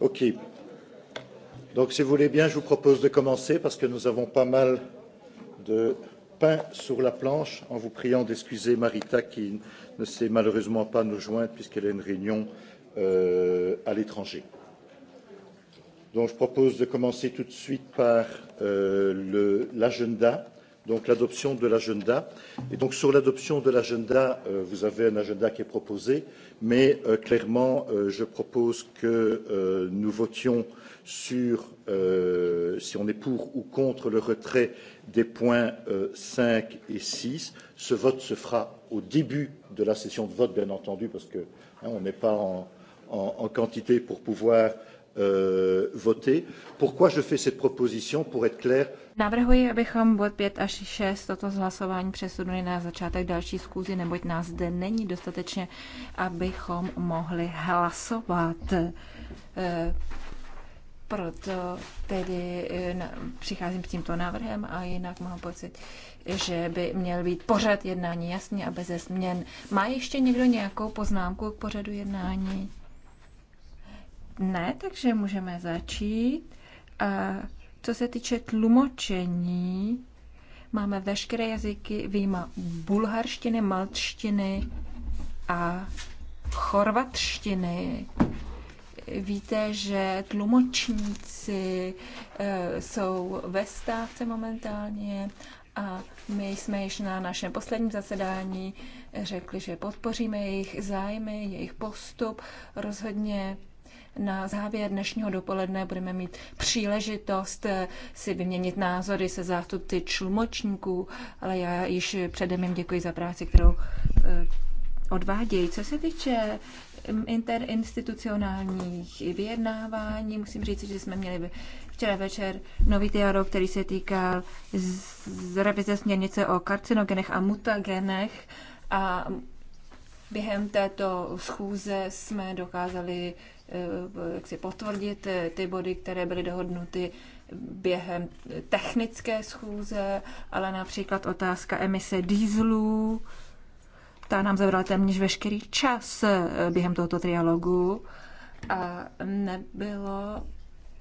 OK. Donc, si vous voulez bien, je vous propose de commencer parce que nous avons pas mal de pain sur la planche en vous priant d'excuser Marita qui ne sait malheureusement pas nous joindre puisqu'elle a une réunion euh, à l'étranger. Donc, je propose de commencer tout de suite par euh, l'agenda donc l'adoption de l'agenda. Et donc sur l'adoption de l'agenda, euh, vous avez un agenda qui est proposé, mais euh, clairement, euh, je propose que euh, nous votions sur euh, si on est pour ou contre le retrait des points euh, 5 et 6. Ce vote se fera au début de la session de vote, bien entendu, parce que hein, on n'est pas en, en, en quantité pour pouvoir euh, euh, voter. Pourquoi je fais cette proposition pour être clair? Navrhuji, abychom bod 5 až 6 toto zhlasování přesunuli na začátek další zkůzy, neboť nás zde není dostatečně, abychom mohli hlasovat. Eh, proto tedy eh, přicházím s tímto návrhem a jinak mám pocit, že by měl být pořad jednání jasný a bez změn. Má ještě někdo nějakou poznámku k pořadu jednání? Ne, takže můžeme začít. A co se týče tlumočení, máme veškeré jazyky výjima bulharštiny, maltštiny a chorvatštiny. Víte, že tlumočníci e, jsou ve stávce momentálně a my jsme již na našem posledním zasedání řekli, že podpoříme jejich zájmy, jejich postup. Rozhodně na závěr dnešního dopoledne budeme mít příležitost eh, si vyměnit názory se zástupci člumočníků, ale já již předem jim děkuji za práci, kterou eh, odvádějí. Co se týče mm, interinstitucionálních vyjednávání, musím říct, že jsme měli včera večer nový dialog, který se týkal z revize směrnice o karcinogenech a mutagenech a během této schůze jsme dokázali Eh, jak si potvrdit eh, ty body, které byly dohodnuty během technické schůze, ale například otázka emise dýzlů, ta nám zabrala téměř veškerý čas eh, během tohoto trialogu a nebylo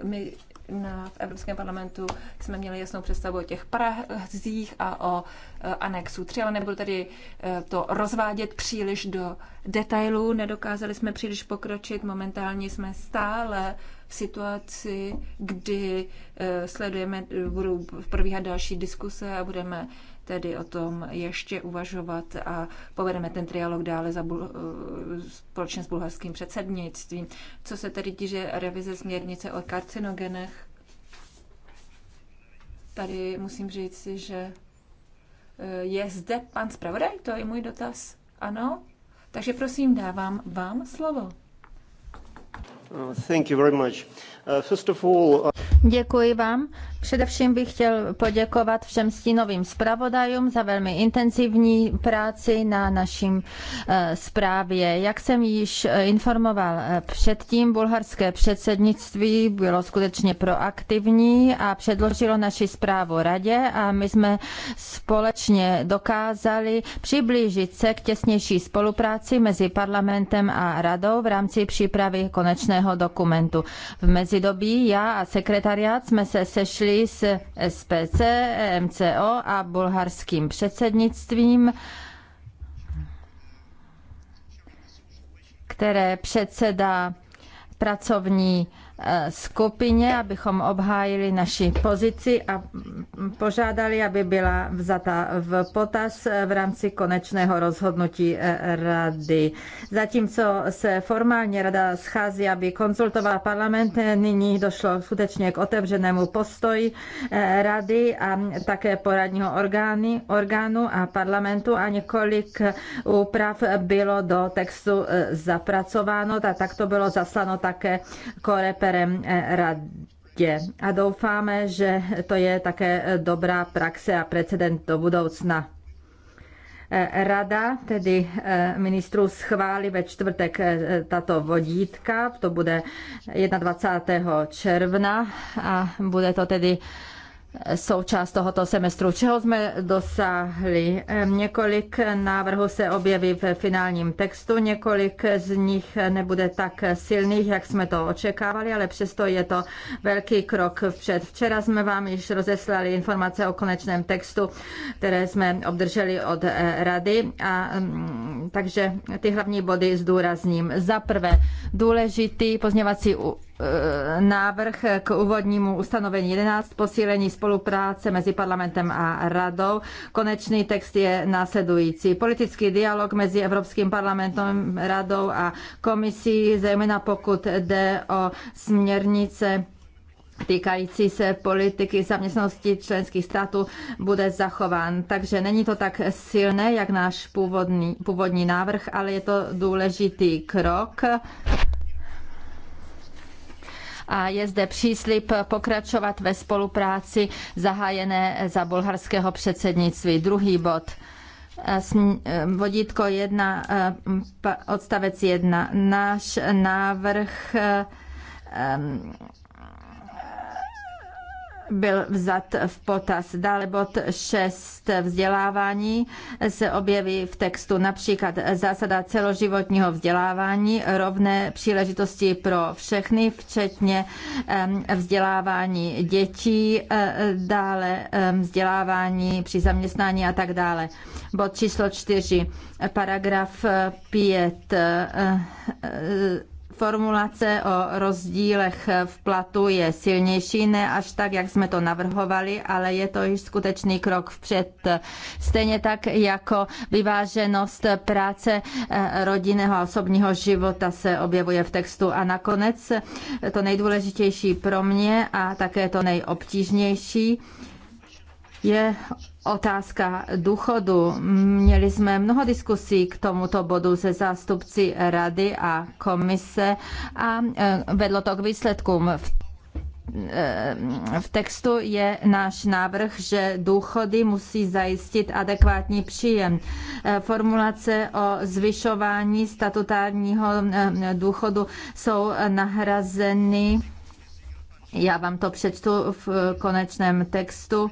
mi na, v Evropském parlamentu jsme měli jasnou představu o těch prahzích a o e, anexu 3, ale nebudu tady e, to rozvádět příliš do detailů. Nedokázali jsme příliš pokročit. Momentálně jsme stále v situaci, kdy e, sledujeme, budou probíhat další diskuse a budeme tedy o tom ještě uvažovat a povedeme ten trialog dále za bul- společně s bulharským předsednictvím. Co se tedy týče revize směrnice o karcinogenech, tady musím říct, že eh, je zde pan zpravodaj, to je můj dotaz. Ano? Takže prosím, dávám vám slovo. Uh, uh, Děkuji vám. Především bych chtěl poděkovat všem stínovým zpravodajům za velmi intenzivní práci na naším eh, zprávě. Jak jsem již eh, informoval eh, předtím, bulharské předsednictví bylo skutečně proaktivní a předložilo naši zprávu radě a my jsme společně dokázali přiblížit se k těsnější spolupráci mezi parlamentem a radou v rámci přípravy konečného společného dokumentu. V mezidobí já a sekretariát jsme se sešli s SPC, MCO a bulharským předsednictvím, které předsedá pracovní Eh, skupině, abychom obhájili naši pozici a požádali, aby byla vzata v potaz v rámci konečného rozhodnutí eh, rady. Zatímco se formálně rada schází, aby konzultovala parlament, nyní došlo skutečně k otevřenému postoji eh, rady a také poradního orgány, orgánu a parlamentu a několik úprav bylo do textu zapracováno a tak to bylo zaslano také korepe koreperem eh, radě. A doufáme, že to je také dobrá praxe a precedent do budoucna. Eh, Rada tedy eh, ministrů schválí ve čtvrtek tato vodítka, to bude 21. června a bude to tedy součást tohoto semestru. Čeho jsme dosáhli? Několik návrhů se objeví v finálním textu, několik z nich nebude tak silných, jak jsme to očekávali, ale přesto je to velký krok vpřed. Včera jsme vám již rozeslali informace o konečném textu, které jsme obdrželi od eh, Rady, a, mm, takže ty hlavní body zdůrazním. Za prvé, důležitý pozněvací Eh, návrh k úvodnímu ustanovení 11, posílení spolupráce mezi parlamentem a radou. Konečný text je následující. Politický dialog mezi Evropským parlamentem, radou a komisí, zejména pokud jde o směrnice týkající se politiky zaměstnanosti členských států bude zachován. Takže není to tak silné, jak náš původní, původní návrh, ale je to důležitý krok a je zde příslip pokračovat ve spolupráci zahájené za bulharského předsednictví. Druhý bod vodítko 1, eh, odstavec 1. Náš návrh eh, byl vzat v potaz. Dále bod 6 vzdělávání se objeví v textu například zásada celoživotního vzdělávání, rovné příležitosti pro všechny, včetně vzdělávání dětí, e, dále vzdělávání při zaměstnání a tak dále. Bod číslo 4, paragraf 5 Formulace o rozdílech v platu je silnější, ne až tak, jak jsme to navrhovali, ale je to již skutečný krok vpřed. Stejně tak jako vyváženost práce eh, rodinného a osobního života se objevuje v textu. A nakonec to nejdůležitější pro mě a také to nejobtížnější je Otázka důchodu. Měli jsme mnoho diskusí k tomuto bodu se zástupci rady a komise a eh, vedlo to k výsledkům. Eh, v textu je náš návrh, že důchody musí zajistit adekvátní příjem. Eh, formulace o zvyšování statutárního důchodu jsou nahrazeny. Já vám to přečtu v konečném textu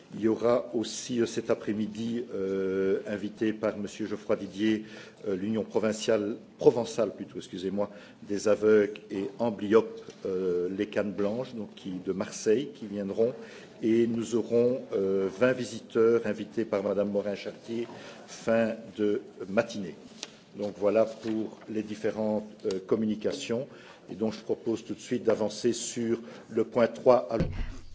Il y aura aussi euh, cet après-midi, euh, invité par M. Geoffroy Didier, euh, l'Union provinciale, provençale plutôt, excusez-moi, des aveugles et Ambliop, euh, les Cannes Blanches, donc qui, de Marseille, qui viendront. Et nous aurons euh, 20 visiteurs invités par Mme Morin-Chartier fin de matinée. Donc voilà pour les différentes euh, communications. Et donc je propose tout de suite d'avancer sur le point 3. À...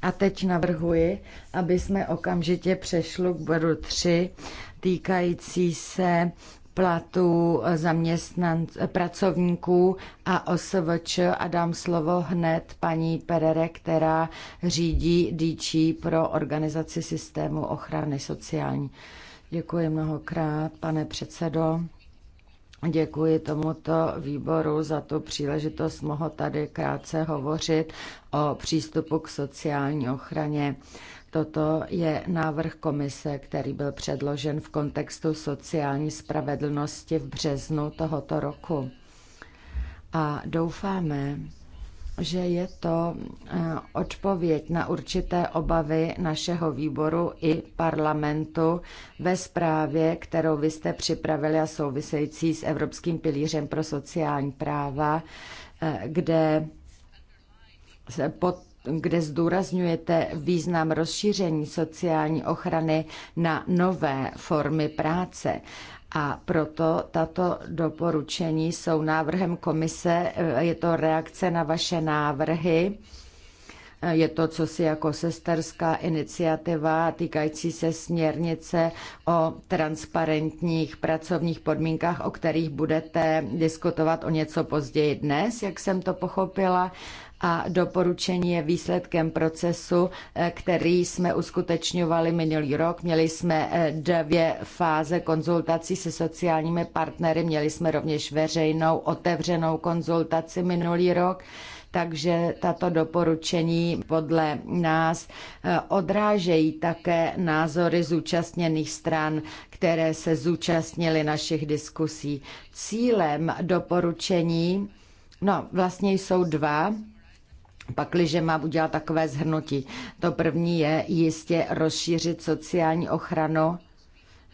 A teď navrhuji, aby jsme okamžitě přešli k bodu 3 týkající se platů zaměstnanc, pracovníků a OSVČ a dám slovo hned paní Perere, která řídí DČ pro organizaci systému ochrany sociální. Děkuji mnohokrát, pane předsedo. Děkuji tomuto výboru za tu příležitost. Mohu tady krátce hovořit o přístupu k sociální ochraně. Toto je návrh komise, který byl předložen v kontextu sociální spravedlnosti v březnu tohoto roku. A doufáme, že je to eh, odpověď na určité obavy našeho výboru i parlamentu ve zprávě, kterou vy jste připravili a související s Evropským pilířem pro sociální práva, eh, kde se pod kde zdůrazňujete význam rozšíření sociální ochrany na nové formy práce. A proto tato doporučení jsou návrhem komise, je to reakce na vaše návrhy, je to co si jako sesterská iniciativa týkající se směrnice o transparentních pracovních podmínkách, o kterých budete diskutovat o něco později dnes, jak jsem to pochopila a doporučení je výsledkem procesu, eh, který jsme uskutečňovali minulý rok. Měli jsme eh, dvě fáze konzultací se sociálními partnery, měli jsme rovněž veřejnou otevřenou konzultaci minulý rok takže tato doporučení podle nás eh, odrážejí také názory zúčastněných stran, které se zúčastnily našich diskusí. Cílem doporučení, no vlastně jsou dva, Pakliže mám udělat takové zhrnutí. To první je jistě rozšířit sociální ochranu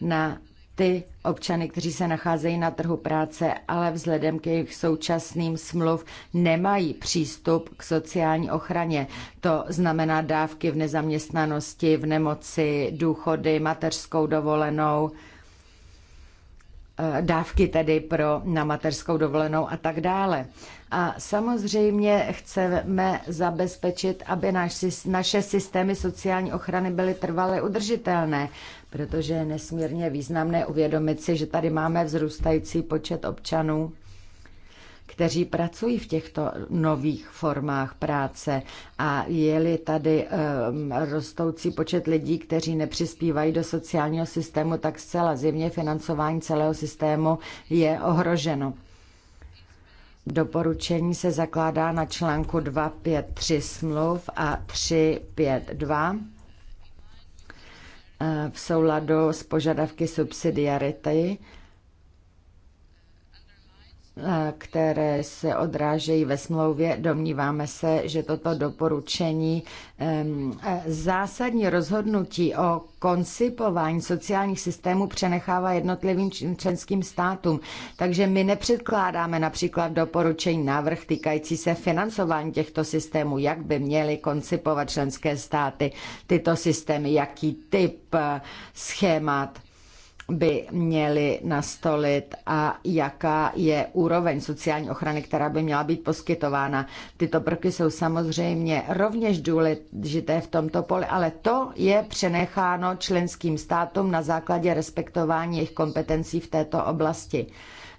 na ty občany, kteří se nacházejí na trhu práce, ale vzhledem k jejich současným smluv nemají přístup k sociální ochraně. To znamená dávky v nezaměstnanosti, v nemoci, důchody, mateřskou dovolenou Eh, dávky tedy pro na mateřskou dovolenou a tak dále. A samozřejmě chceme zabezpečit, aby naš, naše systémy sociální ochrany byly trvale udržitelné, protože je nesmírně významné uvědomit si, že tady máme vzrůstající počet občanů, kteří pracují v těchto nových formách práce a je-li tady um, rostoucí počet lidí, kteří nepřispívají do sociálního systému, tak zcela zjevně financování celého systému je ohroženo. Doporučení se zakládá na článku 253 smluv a 352 eh, v souladu s požadavky subsidiarity které se odrážejí ve smlouvě. Domníváme se, že toto doporučení zásadní rozhodnutí o koncipování sociálních systémů přenechává jednotlivým členským státům. Takže my nepředkládáme například doporučení návrh týkající se financování těchto systémů, jak by měly koncipovat členské státy tyto systémy, jaký typ eh, schémat by měli nastolit a jaká je úroveň sociální ochrany, která by měla být poskytována. Tyto prvky jsou samozřejmě rovněž důležité v tomto poli, ale to je přenecháno členským státům na základě respektování jejich kompetencí v této oblasti.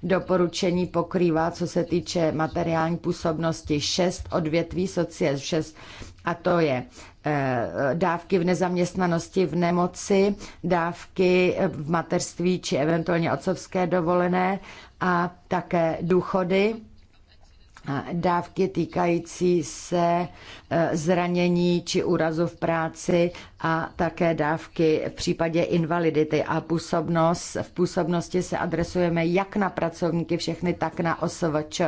Doporučení pokrývá, co se týče materiální působnosti, šest odvětví socie, šest a to je eh, dávky v nezaměstnanosti, v nemoci, dávky v mateřství či eventuálně otcovské dovolené a také důchody, dávky týkající se eh, zranění či úrazu v práci a také dávky v případě invalidity a působnost. V působnosti se adresujeme jak na pracovníky všechny, tak na OSVČ.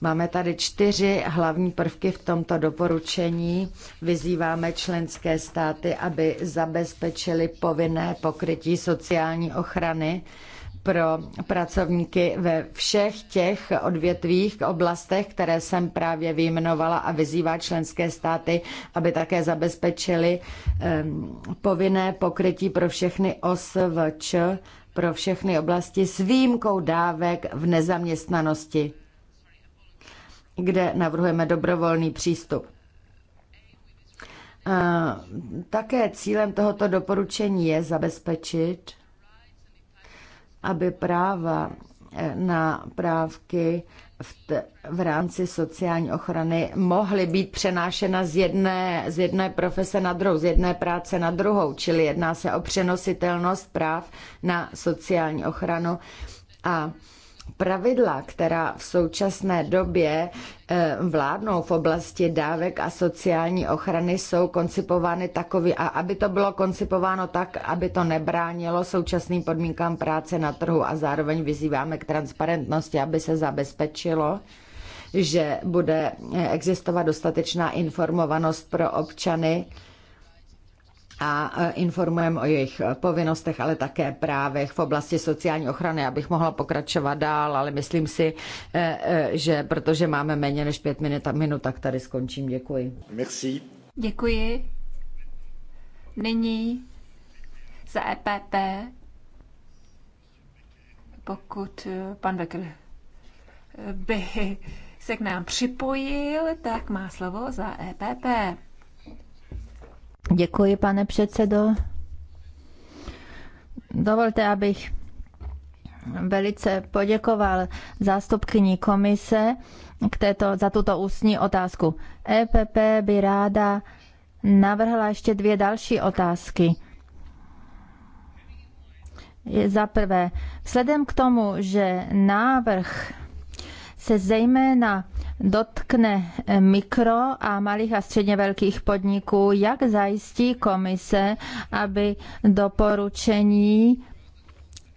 Máme tady čtyři hlavní prvky v tomto doporučení. Vyzýváme členské státy, aby zabezpečili povinné pokrytí sociální ochrany pro pracovníky ve všech těch odvětvích, oblastech, které jsem právě vyjmenovala a vyzývá členské státy, aby také zabezpečili um, povinné pokrytí pro všechny OSVČ, pro všechny oblasti s výjimkou dávek v nezaměstnanosti kde navrhujeme dobrovolný přístup. Eh, také cílem tohoto doporučení je zabezpečit, aby práva eh, na právky v, t, v rámci sociální ochrany mohly být přenášena z jedné, z jedné profese na druhou, z jedné práce na druhou, čili jedná se o přenositelnost práv na sociální ochranu a pravidla, která v současné době eh, vládnou v oblasti dávek a sociální ochrany, jsou koncipovány takový, a aby to bylo koncipováno tak, aby to nebránilo současným podmínkám práce na trhu a zároveň vyzýváme k transparentnosti, aby se zabezpečilo, že bude eh, existovat dostatečná informovanost pro občany, a e, informujeme o jejich povinnostech, ale také právech v oblasti sociální ochrany, abych mohla pokračovat dál, ale myslím si, e, e, že protože máme méně než pět minut, minut tak tady skončím. Děkuji. Merci. Děkuji. Nyní za EPP, pokud pan Vekr by se k nám připojil, tak má slovo za EPP. Děkuji, pane předsedo. Dovolte, abych velice poděkoval zástupkyní komise k této, za tuto ústní otázku. EPP by ráda navrhla ještě dvě další otázky. Za prvé, vzhledem k tomu, že návrh se zejména dotkne eh, mikro a malých a středně velkých podniků, jak zajistí komise, aby doporučení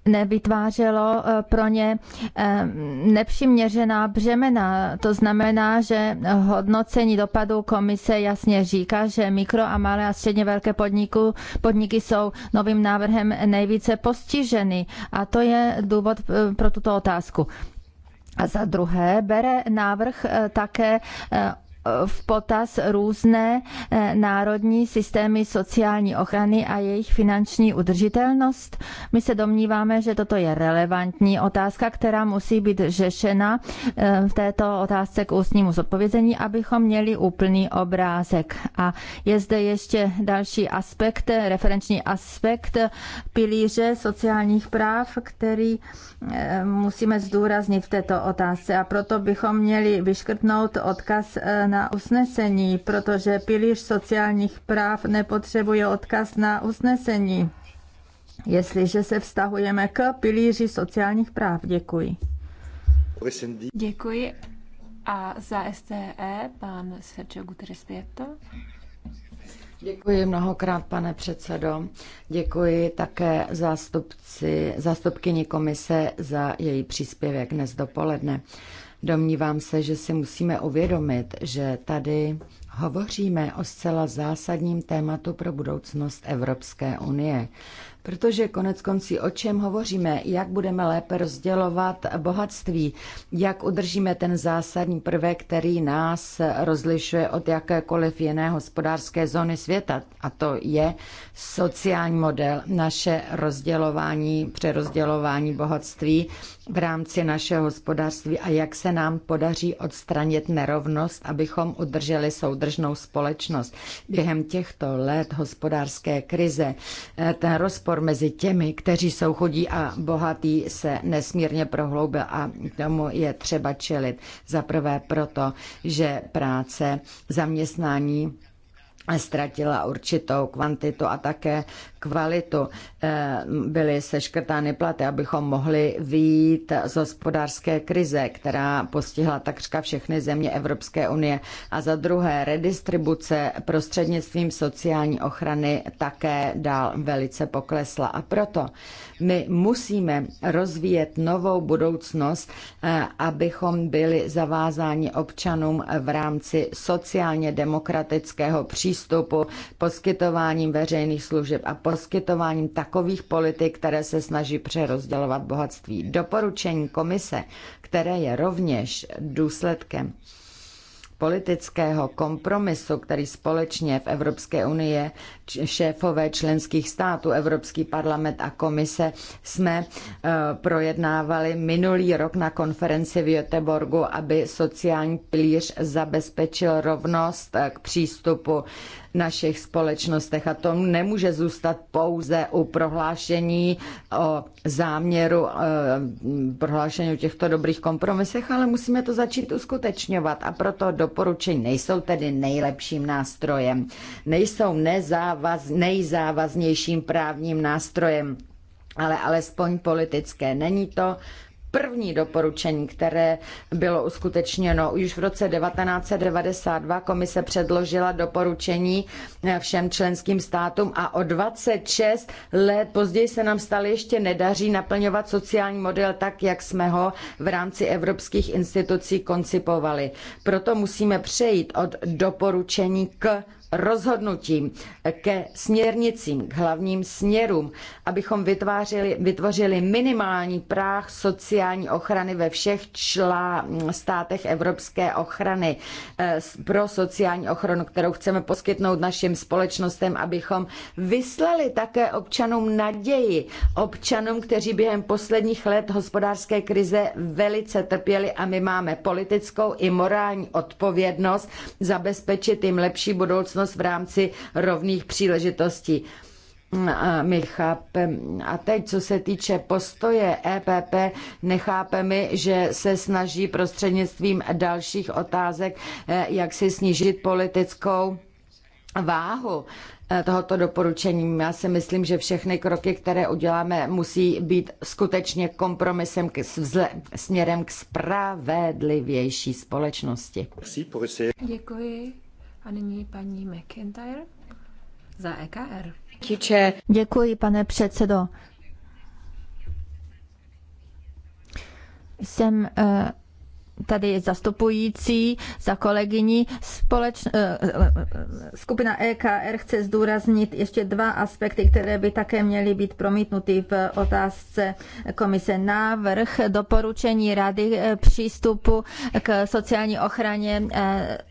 nevytvářelo eh, pro ně eh, nepřiměřená břemena. To znamená, že hodnocení dopadů komise jasně říká, že mikro a malé a středně velké podniku, podniky jsou novým návrhem nejvíce postiženy. A to je důvod pro tuto otázku. A za druhé bere návrh eh, také eh, v potaz různé eh, národní systémy sociální ochrany a jejich finanční udržitelnost? My se domníváme, že toto je relevantní otázka, která musí být řešena eh, v této otázce k ústnímu zodpovězení, abychom měli úplný obrázek. A je zde ještě další aspekt, eh, referenční aspekt pilíře sociálních práv, který musíme zdůraznit v této otázce. A proto bychom měli vyškrtnout odkaz na na usnesení, protože pilíř sociálních práv nepotřebuje odkaz na usnesení, jestliže se vztahujeme k pilíři sociálních práv. Děkuji. Děkuji. A za STE pan Sergio Guterres Pieto. Děkuji mnohokrát, pane předsedo. Děkuji také zástupci, zástupkyni komise za její příspěvek dnes dopoledne. Domnívám se, že si musíme uvědomit, že tady hovoříme o zcela zásadním tématu pro budoucnost Evropské unie. Protože konec koncí o čem hovoříme, jak budeme lépe rozdělovat bohatství, jak udržíme ten zásadní prvek, který nás rozlišuje od jakékoliv jiné hospodářské zóny světa, a to je sociální model, naše rozdělování, přerozdělování bohatství v rámci našeho hospodářství a jak se nám podaří odstranit nerovnost, abychom udrželi soudržnou společnost. Během těchto let hospodářské krize eh, ten rozpor mezi těmi, kteří jsou chudí a bohatí, se nesmírně prohloubil a tomu je třeba čelit. Za prvé proto, že práce, zaměstnání eh, ztratila určitou kvantitu a také kvalitu. Eh, byly seškrtány platy, abychom mohli výjít z hospodářské krize, která postihla takřka všechny země Evropské unie. A za druhé, redistribuce prostřednictvím sociální ochrany také dál velice poklesla. A proto my musíme rozvíjet novou budoucnost, eh, abychom byli zavázáni občanům v rámci sociálně demokratického přístupu, poskytováním veřejných služeb a poskytováním takových politik, které se snaží přerozdělovat bohatství. Doporučení komise, které je rovněž důsledkem politického kompromisu, který společně v Evropské unii šéfové členských států, Evropský parlament a komise jsme eh, projednávali minulý rok na konferenci v Göteborgu, aby sociální pilíř zabezpečil rovnost eh, k přístupu našich společnostech. A to nemůže zůstat pouze u prohlášení o záměru, eh, prohlášení o těchto dobrých kompromisech, ale musíme to začít uskutečňovat. A proto doporučení nejsou tedy nejlepším nástrojem. Nejsou nezávaz, nejzávaznějším právním nástrojem ale alespoň politické. Není to první doporučení, které bylo uskutečněno. Už v roce 1992 komise předložila doporučení eh, všem členským státům a o 26 let později se nám stále ještě nedaří naplňovat sociální model tak, jak jsme ho v rámci evropských institucí koncipovali. Proto musíme přejít od doporučení k rozhodnutím, ke směrnicím, k hlavním směrům, abychom vytvářeli, vytvořili minimální práh sociální ochrany ve všech člá státech evropské ochrany eh, pro sociální ochranu, kterou chceme poskytnout našim společnostem, abychom vyslali také občanům naději, občanům, kteří během posledních let hospodářské krize velice trpěli a my máme politickou i morální odpovědnost zabezpečit jim lepší budoucnost budoucnost v rámci rovných příležitostí. My chápeme. A teď, co se týče postoje EPP, nechápeme, že se snaží prostřednictvím dalších otázek, eh, jak si snížit politickou váhu eh, tohoto doporučení. Já si myslím, že všechny kroky, které uděláme, musí být skutečně kompromisem k vzle, směrem k spravedlivější společnosti. Děkuji a nyní paní McIntyre za EKR. Děkuji, pane předsedo. Jsem uh, tady zastupující za kolegyni. Společ... Eh, eh, skupina EKR chce zdůraznit ještě dva aspekty, které by také měly být promítnuty v otázce komise. Návrh doporučení rady přístupu k sociální ochraně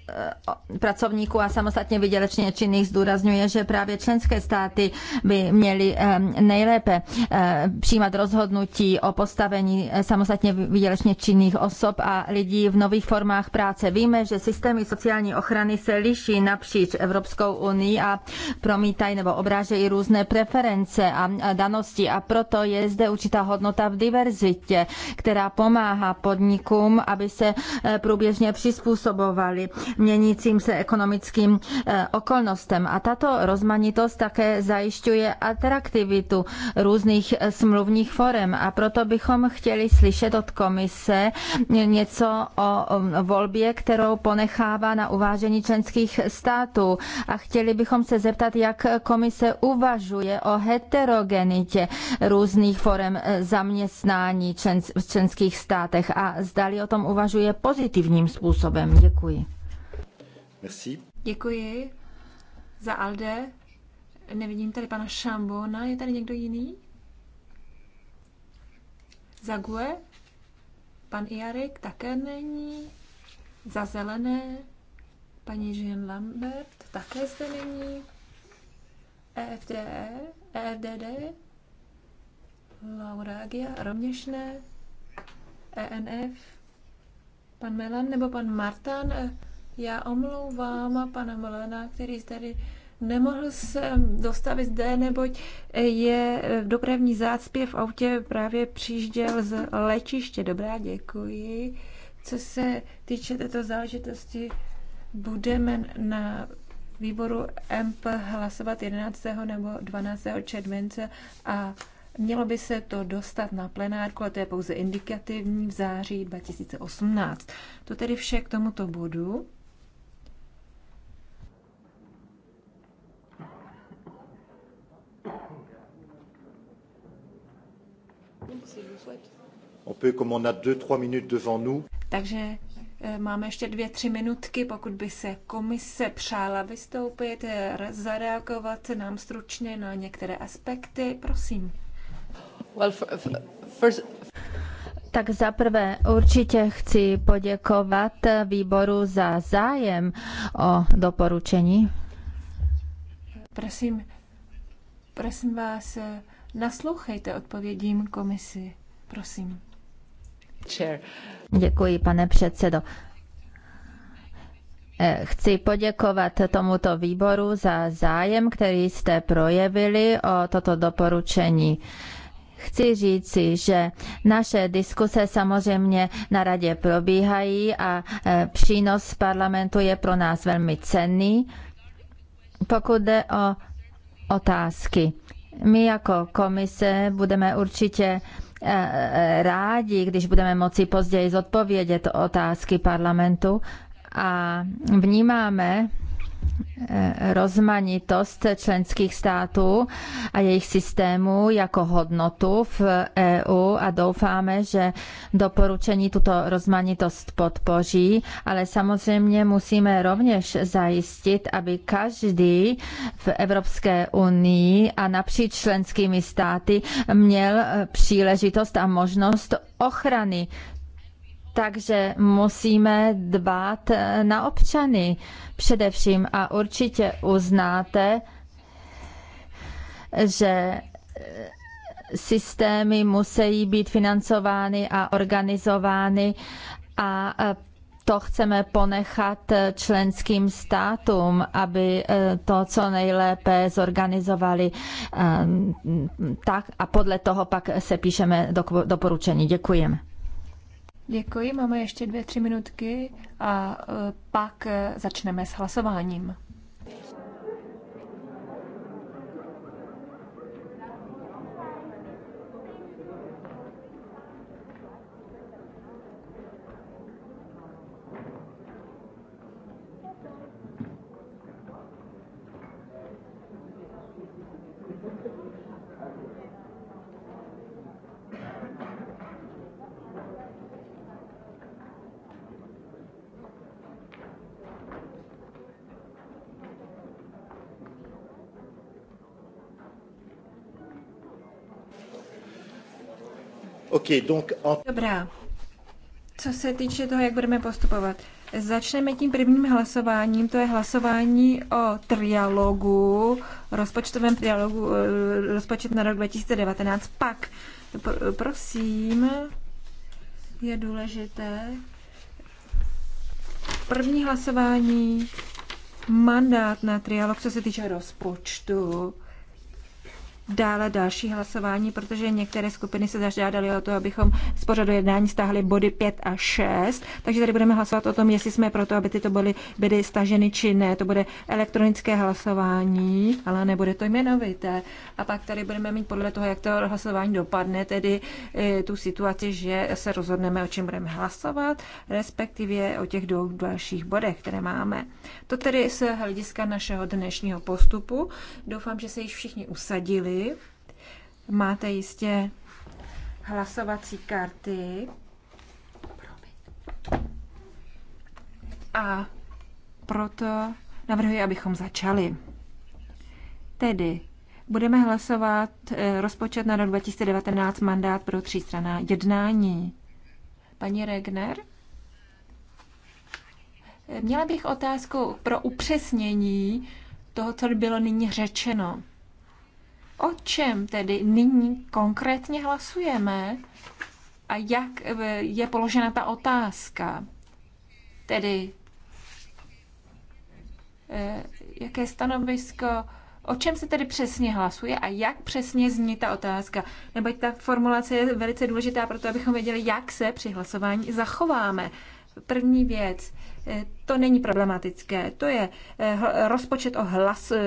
Eh, pracovníků a samostatně vydělečně činných zdůrazňuje, že právě členské státy by měly eh, nejlépe eh, přijímat rozhodnutí o postavení samostatně vydělečně činných osob a lidí v nových formách práce. Víme, že systémy sociální ochrany se liší napříč Evropskou unii a promítají nebo obrážejí různé preference a danosti a proto je zde určitá hodnota v diverzitě, která pomáhá podnikům, aby se průběžně přizpůsobovali měnícím se ekonomickým eh, okolnostem. A tato rozmanitost také zajišťuje atraktivitu různých eh, smluvních forem a proto bychom chtěli slyšet od komise něco o volbě, kterou ponechává na uvážení členských států a chtěli bychom se zeptat, jak komise uvažuje o heterogenitě různých forem eh, zaměstnání v členských státech a zdali o tom uvažuje pozitivním způsobem. Děkuji. Merci. Děkuji za Alde. Nevidím tady pana Šambona. Je tady někdo jiný? Za GUE? Pan Iarik také není. Za zelené? Paní Jean Lambert také zde není. EFD, EFDD? E Laura Agia rovněž ne. ENF? Pan Melan nebo pan Martan? Já omlouvám pana Molena, který tady nemohl se dostavit zde, neboť je v dopravní zácpě v autě právě přijížděl z letiště. Dobrá, děkuji. Co se týče této záležitosti, budeme na výboru MP hlasovat 11. nebo 12. července a Mělo by se to dostat na plenárku, ale to je pouze indikativní v září 2018. To tedy vše k tomuto bodu. On Takže eh, Máme ještě dvě, tři minutky, pokud by se komise přála vystoupit, eh, zareagovat nám stručně na některé aspekty. Prosím. Well, for... Tak zaprvé určitě chci poděkovat eh, výboru za zájem o doporučení. Prosím, prosím vás, Naslouchejte odpovědím komisi, prosím. Děkuji, pane předsedo. Eh, chci poděkovat tomuto výboru za zájem, který jste projevili o toto doporučení. Chci říci, že naše diskuse samozřejmě na radě probíhají a eh, přínos parlamentu je pro nás velmi cenný. Pokud jde o otázky, my jako komise budeme určitě eh, eh, rádi, když budeme moci později zodpovědět otázky parlamentu a vnímáme Eh, rozmanitost členských států a jejich systémů jako hodnotu v EU a doufáme, že doporučení tuto rozmanitost podpoří, ale samozřejmě musíme rovněž zajistit, aby každý v Evropské unii a napříč členskými státy měl eh, příležitost a možnost ochrany takže musíme dbát eh, na občany především a určitě uznáte, že eh, systémy musí být financovány a organizovány a eh, to chceme ponechat členským státům, aby to co nejlépe zorganizovali tak a podle toho pak se píšeme doporučení. Děkujeme. Děkuji, máme ještě dvě, tři minutky a e, pak e, začneme s hlasováním. Dobrá. Co se týče toho, jak budeme postupovat. Začneme tím prvním hlasováním, to je hlasování o trialogu, rozpočtovém trialogu, eh, rozpočet na rok 2019. Pak, prosím, je důležité první hlasování, mandát na trialog, co se týče rozpočtu dále další hlasování, protože některé skupiny se zažádaly o to, abychom z pořadu jednání stáhli body 5 a 6. Takže tady budeme hlasovat o tom, jestli jsme pro to, aby tyto body byly staženy či ne. To bude elektronické hlasování, ale nebude to jmenovité. A pak tady budeme mít podle toho, jak to hlasování dopadne, tedy e, tu situaci, že se rozhodneme, o čem budeme hlasovat, respektive o těch dvou dalších bodech, které máme. To tedy z hlediska našeho dnešního postupu. Doufám, že se již všichni usadili Máte jistě hlasovací karty. A proto navrhuji, abychom začali. Tedy budeme hlasovat eh, rozpočet na rok 2019 mandát pro třístraná jednání. Paní Regner? Měla bych otázku pro upřesnění toho, co bylo nyní řečeno. O čem tedy nyní konkrétně hlasujeme a jak e, je položena ta otázka? Tedy e, jaké stanovisko, o čem se tedy přesně hlasuje a jak přesně zní ta otázka. Neboť ta formulace je velice důležitá pro to, abychom věděli, jak se při hlasování zachováme. První věc, Eh, to není problematické. To je eh, rozpočet o hlas, eh,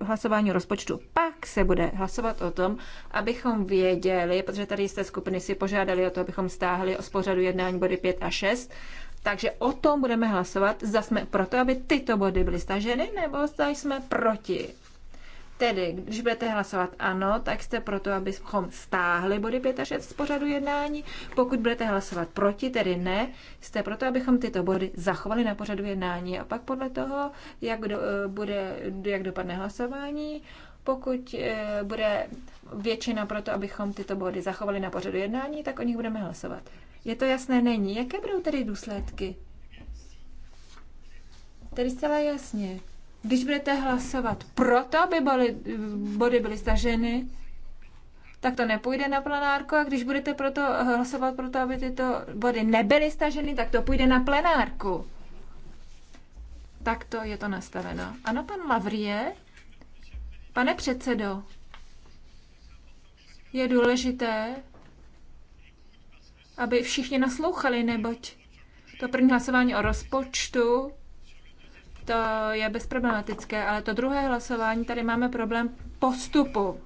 hlasování rozpočtu. Pak se bude hlasovat o tom, abychom věděli, protože tady jste skupiny si požádali o to, abychom stáhli o spořadu jednání body 5 a 6, takže o tom budeme hlasovat, zda jsme proto, aby tyto body byly staženy, nebo zda jsme proti. Tedy, když budete hlasovat ano, tak jste proto, abychom stáhli body 5 a 6 z pořadu jednání. Pokud budete hlasovat proti, tedy ne, jste proto, abychom tyto body zachovali na pořadu jednání. A pak podle toho, jak, do, eh, bude, jak dopadne hlasování, pokud eh, bude většina proto, abychom tyto body zachovali na pořadu jednání, tak o nich budeme hlasovat. Je to jasné? Není. Jaké budou tedy důsledky? Tedy zcela jasně. Když budete hlasovat proto, aby body, body byly staženy, tak to nepůjde na plenárko a když budete proto eh, hlasovat pro to aby tyto body nebyly staženy, tak to půjde na plenárku. Tak to je to nastaveno. Ano, pan Lavrie? Pane předsedo, je důležité, aby všichni naslouchali, neboť to první hlasování o rozpočtu to je bezproblematické, ale to druhé hlasování, tady máme problém postupu.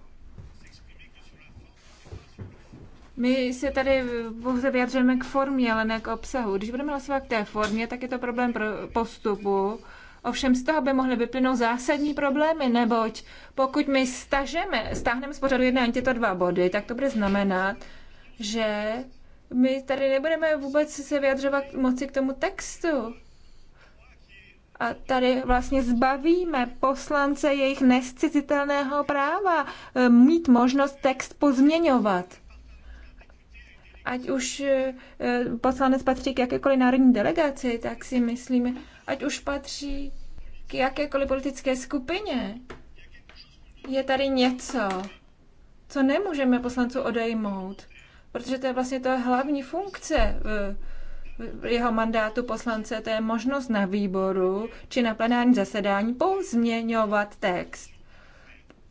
My se tady pouze vyjadřujeme k formě, ale ne k obsahu. Když budeme hlasovat k té formě, tak je to problém pro postupu. Ovšem z toho by mohly vyplynout zásadní problémy, neboť pokud my stažeme, stáhneme z pořadu jednání tyto dva body, tak to bude znamenat, že my tady nebudeme vůbec se vyjadřovat moci k tomu textu. A tady vlastně zbavíme poslance jejich nescizitelného práva eh, mít možnost text pozměňovat. Ať už eh, poslanec patří k jakékoliv národní delegaci, tak si myslíme, ať už patří k jakékoliv politické skupině, je tady něco, co nemůžeme poslanců odejmout, protože to je vlastně ta hlavní funkce eh, jeho mandátu poslance, to je možnost na výboru či na plenární zasedání pozměňovat text.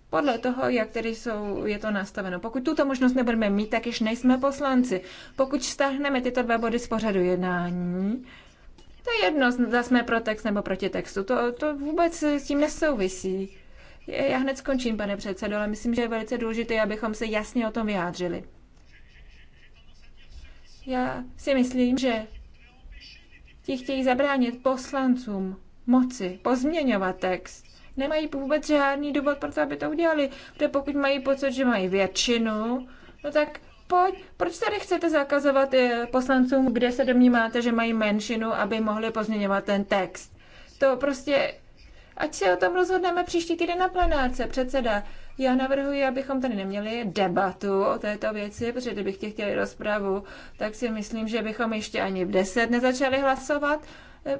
Podle toho, jak tedy jsou, je to nastaveno. Pokud tuto možnost nebudeme mít, tak již nejsme poslanci. Pokud stáhneme tyto dva body z pořadu jednání, to je jedno, zda jsme pro text nebo proti textu. To, to vůbec s tím nesouvisí. Já hned skončím, pane předsedo, ale myslím, že je velice důležité, abychom se jasně o tom vyjádřili. Já si myslím, že ti chtějí zabránit poslancům moci pozměňovat text. Nemají vůbec žádný důvod pro to, aby to udělali, protože pokud mají pocit, že mají většinu, no tak pojď, proč tady chcete zakazovat eh, poslancům, kde se domníváte, že mají menšinu, aby mohli pozměňovat ten text? To prostě, ať se o tom rozhodneme příští týden na plenárce, předseda. Já navrhuji, abychom tady neměli debatu o této věci, protože kdybych tě chtěli rozpravu, tak si myslím, že bychom ještě ani v 10 nezačali hlasovat. Eh,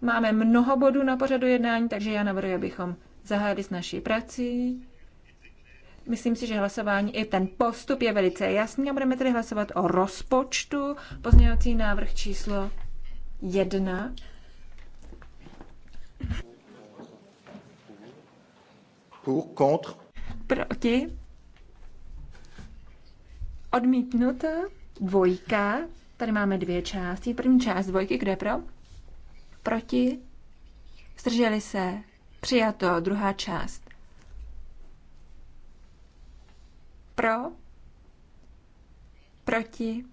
máme mnoho bodů na pořadu jednání, takže já navrhuji, abychom zahájili s naší prací. Myslím si, že hlasování i ten postup je velice jasný a budeme tedy hlasovat o rozpočtu. Pozměňovací návrh číslo jedna. Pour, contre. Proti. Odmítnut. Dvojka. Tady máme dvě části. První část dvojky, kde pro? Proti. Zdrželi se. Přijato. Druhá část. Pro. Proti.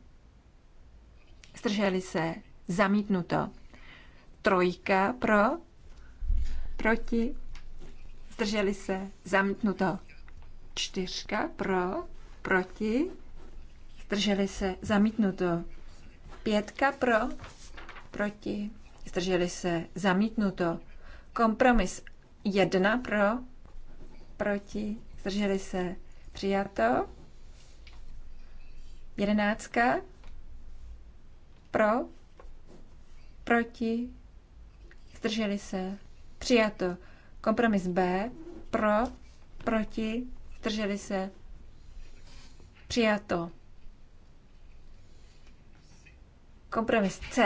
Zdrželi se. Zamítnuto. Trojka pro. Proti zdrželi se, zamítnuto. Čtyřka pro, proti, zdrželi se, zamítnuto. Pětka pro, proti, zdrželi se, zamítnuto. Kompromis jedna pro, proti, zdrželi se, přijato. Jedenáctka pro, proti, zdrželi se, přijato. Kompromis B. Pro, proti, drželi se. Přijato. Kompromis C.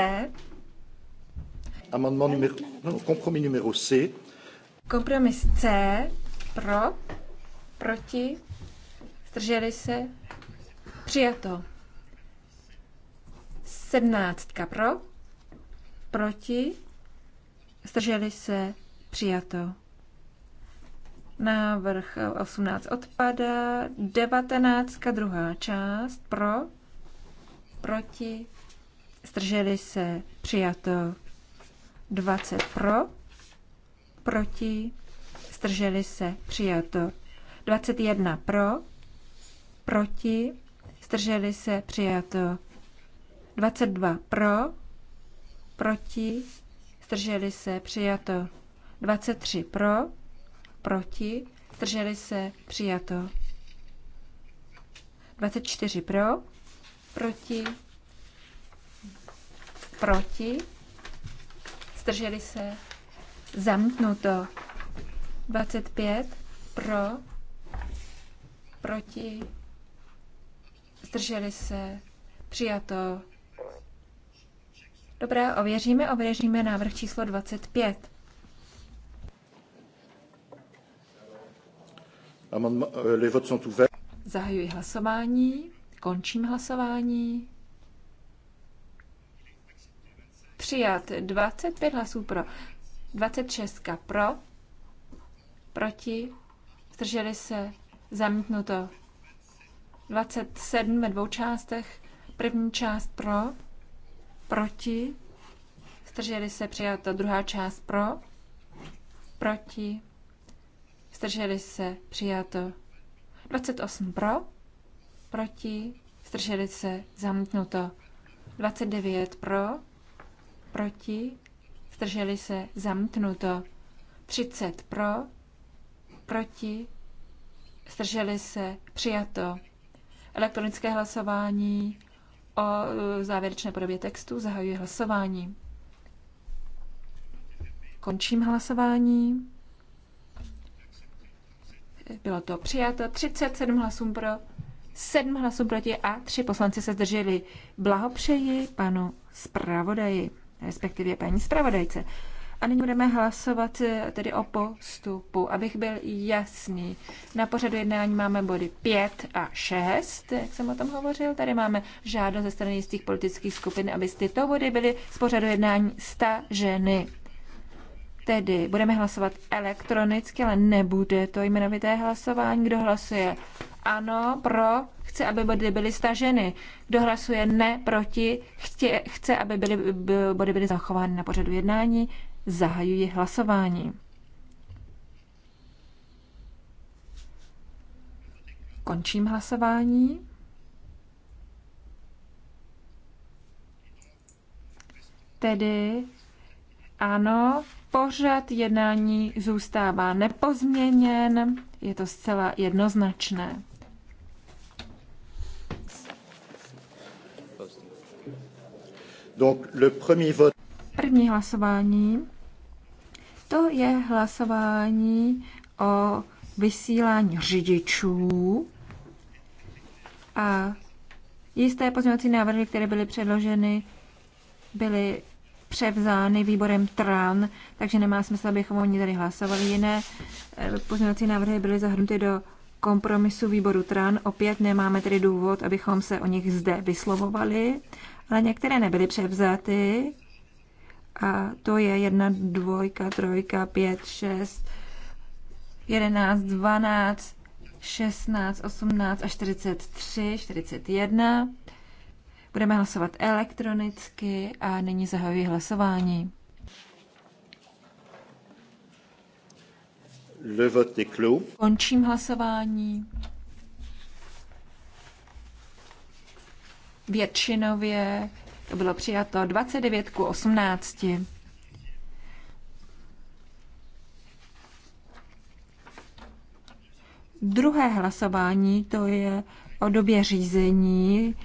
Amendement numéro, non, kompromis numéro C. Kompromis C. Pro, proti, zdrželi se. Přijato. Sedmnáctka pro, proti, zdrželi se, přijato. Návrh 18 odpadá. 19. druhá část pro, proti, Strželi se, přijato. 20 pro, proti, Strželi se, přijato. 21 pro, proti, Strželi se, přijato. 22 pro, proti, Strželi se, přijato. 23 pro, proti, drželi se, přijato. 24 pro, proti, proti, zdrželi se, zamknuto. 25 pro, proti, zdrželi se, přijato. Dobré, ověříme, ověříme návrh číslo 25. Euh, Zahajuji hlasování, končím hlasování. Přijat 25 hlasů pro, 26 pro, proti, zdrželi se, zamítnuto. 27 ve dvou částech, první část pro, proti, zdrželi se, přijato, druhá část pro, proti, zdrželi se, přijato. 28 pro, proti, zdrželi se, zamítnuto. 29 pro, proti, zdrželi se, zamítnuto. 30 pro, proti, zdrželi se, přijato. Elektronické hlasování o e, závěrečné podobě textu zahajuji hlasování. Končím hlasování. Bylo to přijato 37 hlasů pro, 7 hlasů proti a 3 poslanci se zdrželi. Blahopřeji panu zpravodaji, respektive paní zpravodajce. A nyní budeme hlasovat eh, tedy o postupu. Abych byl jasný, na pořadu jednání máme body 5 a 6, jak jsem o tom hovořil. Tady máme žádost ze strany jistých politických skupin, aby tyto body byly z pořadu jednání staženy. Tedy budeme hlasovat elektronicky, ale nebude to jmenovité hlasování. Kdo hlasuje ano, pro, chce, aby body byly staženy. Kdo hlasuje ne, proti, chtě, chce, aby byly, body byly zachovány na pořadu jednání, zahajuji hlasování. Končím hlasování. Tedy ano, Pořad jednání zůstává nepozměněn, je to zcela jednoznačné. První hlasování, to je hlasování o vysílání řidičů a jisté pozměňovací návrhy, které byly předloženy, byly převzány výborem TRAN, takže nemá smysl, abychom o ní tady hlasovali. Jiné eh, pozměňovací návrhy byly zahrnuty do kompromisu výboru TRAN. Opět nemáme tedy důvod, abychom se o nich zde vyslovovali, ale některé nebyly převzaty. A to je jedna, dvojka, trojka, pět, šest, jedenáct, dvanáct, šestnáct, osmnáct a čtyřicet tři, čtyřicet jedna. Budeme hlasovat elektronicky a nyní zahajuji hlasování. Le vote est clos. Končím hlasování. Většinově to bylo přijato 29 ku 18. Druhé hlasování to je o době řízení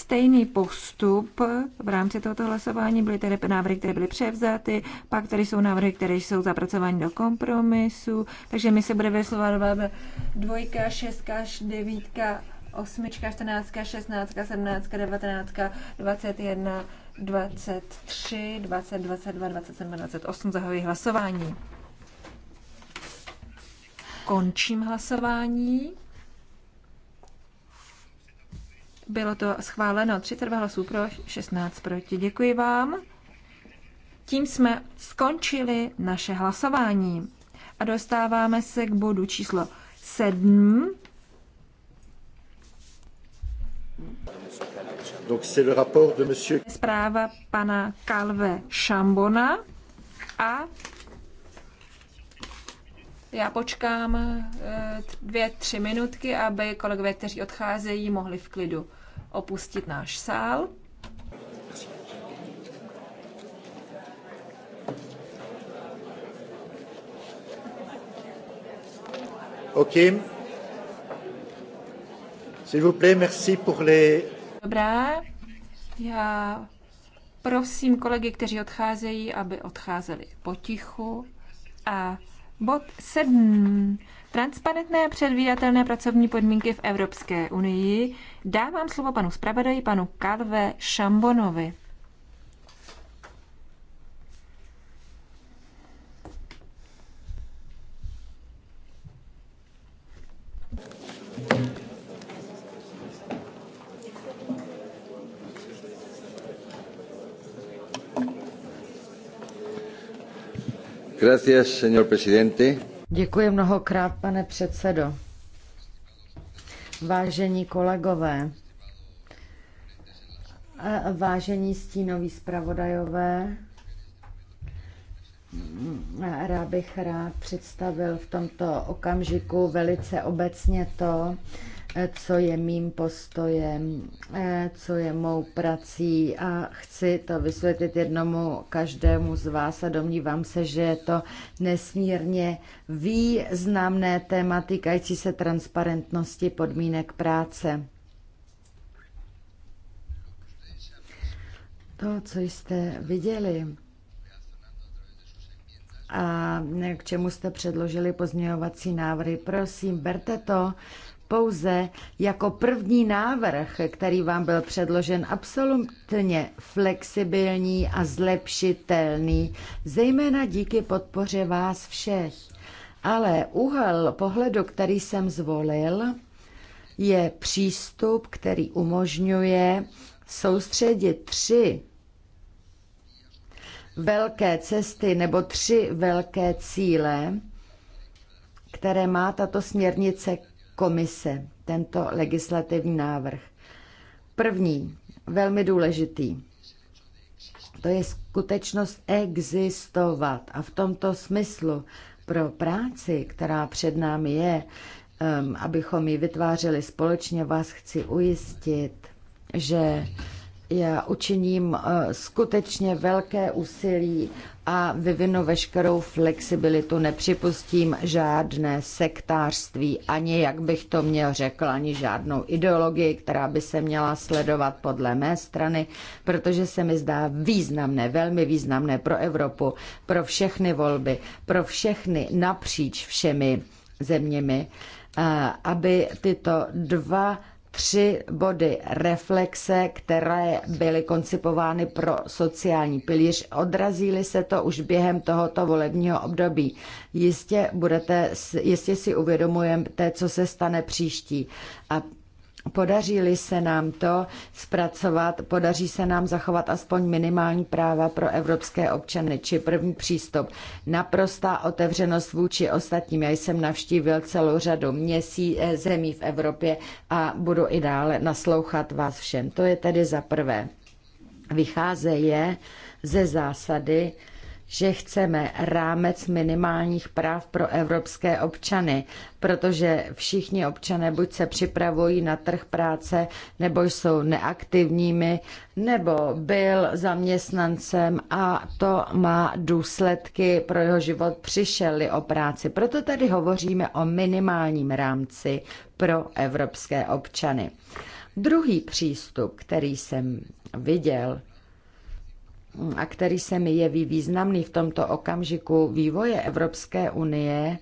stejný postup v rámci tohoto hlasování. Byly tedy návrhy, které byly převzaty, pak tady jsou návrhy, které jsou zapracovány do kompromisu, takže my se bude vyslovovat dvojka, šestka, devítka, osmička, čtrnáctka, šestnáctka, sedmnáctka, devatenáctka, dvacet jedna, dvacet tři, dvacet, dvacet dva, dvacet sedm, dvacet osm. Zahajuji hlasování. Končím hlasování. Bylo to schváleno 32 hlasů pro, 16 proti. Děkuji vám. Tím jsme skončili naše hlasování a dostáváme se k bodu číslo 7. Donc c'est le rapport de monsieur... Zpráva pana Calve Šambona a já počkám eh, dvě, tři minutky, aby kolegové, kteří odcházejí, mohli v klidu opustit náš sál. OK. S'il vous plaît, merci pour les... Dobrá. Já prosím kolegy, kteří odcházejí, aby odcházeli potichu. A bod sedm transparentné a předvídatelné pracovní podmínky v Evropské unii. Dávám slovo panu zpravodaji, panu Karve Šambonovi. Gracias, señor presidente. Děkuji mnohokrát, pane předsedo. Vážení kolegové, vážení stínoví zpravodajové, rád bych rád představil v tomto okamžiku velice obecně to, Eh, co je mým postojem, eh, co je mou prací a chci to vysvětlit jednomu každému z vás a domnívám se, že je to nesmírně významné téma týkající se transparentnosti podmínek práce. To, co jste viděli, a k čemu jste předložili pozměňovací návrhy. Prosím, berte to pouze jako první návrh, který vám byl předložen, absolutně flexibilní a zlepšitelný, zejména díky podpoře vás všech. Ale úhel pohledu, který jsem zvolil, je přístup, který umožňuje soustředit tři velké cesty nebo tři velké cíle, které má tato směrnice komise, tento legislativní návrh. První, velmi důležitý, to je skutečnost existovat. A v tomto smyslu pro práci, která před námi je, um, abychom ji vytvářeli společně, vás chci ujistit, že já učiním uh, skutečně velké úsilí a vyvinu veškerou flexibilitu. Nepřipustím žádné sektářství, ani jak bych to měl řekl, ani žádnou ideologii, která by se měla sledovat podle mé strany, protože se mi zdá významné, velmi významné pro Evropu, pro všechny volby, pro všechny napříč všemi zeměmi, aby tyto dva tři body reflexe, které byly koncipovány pro sociální pilíř. Odrazíli se to už během tohoto volebního období. Jistě, budete, jistě si uvědomujete, co se stane příští. A Podaří-li se nám to zpracovat, podaří se nám zachovat aspoň minimální práva pro evropské občany, či první přístup. Naprostá otevřenost vůči ostatním. Já jsem navštívil celou řadu měsí eh, zemí v Evropě a budu i dále naslouchat vás všem. To je tedy za prvé. Vycházeje ze zásady, že chceme rámec minimálních práv pro evropské občany, protože všichni občané buď se připravují na trh práce, nebo jsou neaktivními, nebo byl zaměstnancem a to má důsledky pro jeho život, přišeli o práci. Proto tady hovoříme o minimálním rámci pro evropské občany. Druhý přístup, který jsem viděl, a který se mi jeví významný v tomto okamžiku vývoje Evropské unie,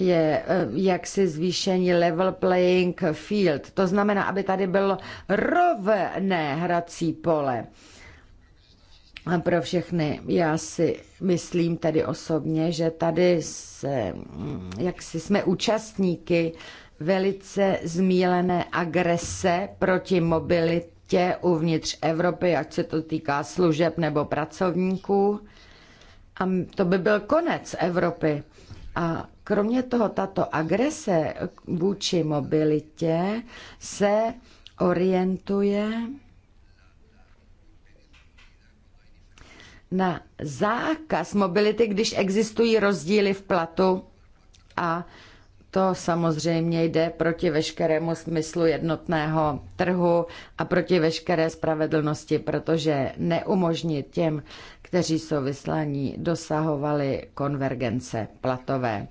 je eh, jaksi zvýšení level playing field. To znamená, aby tady bylo rovné hrací pole pro všechny. Já si myslím tedy osobně, že tady se, mm, jak si jsme účastníky velice zmílené agrese proti mobilitě místě uvnitř Evropy, ať se to týká služeb nebo pracovníků. A to by byl konec Evropy. A kromě toho tato agrese vůči mobilitě se orientuje na zákaz mobility, když existují rozdíly v platu a to samozřejmě jde proti veškerému smyslu jednotného trhu a proti veškeré spravedlnosti, protože neumožnit těm, kteří jsou vyslaní, dosahovali konvergence platové.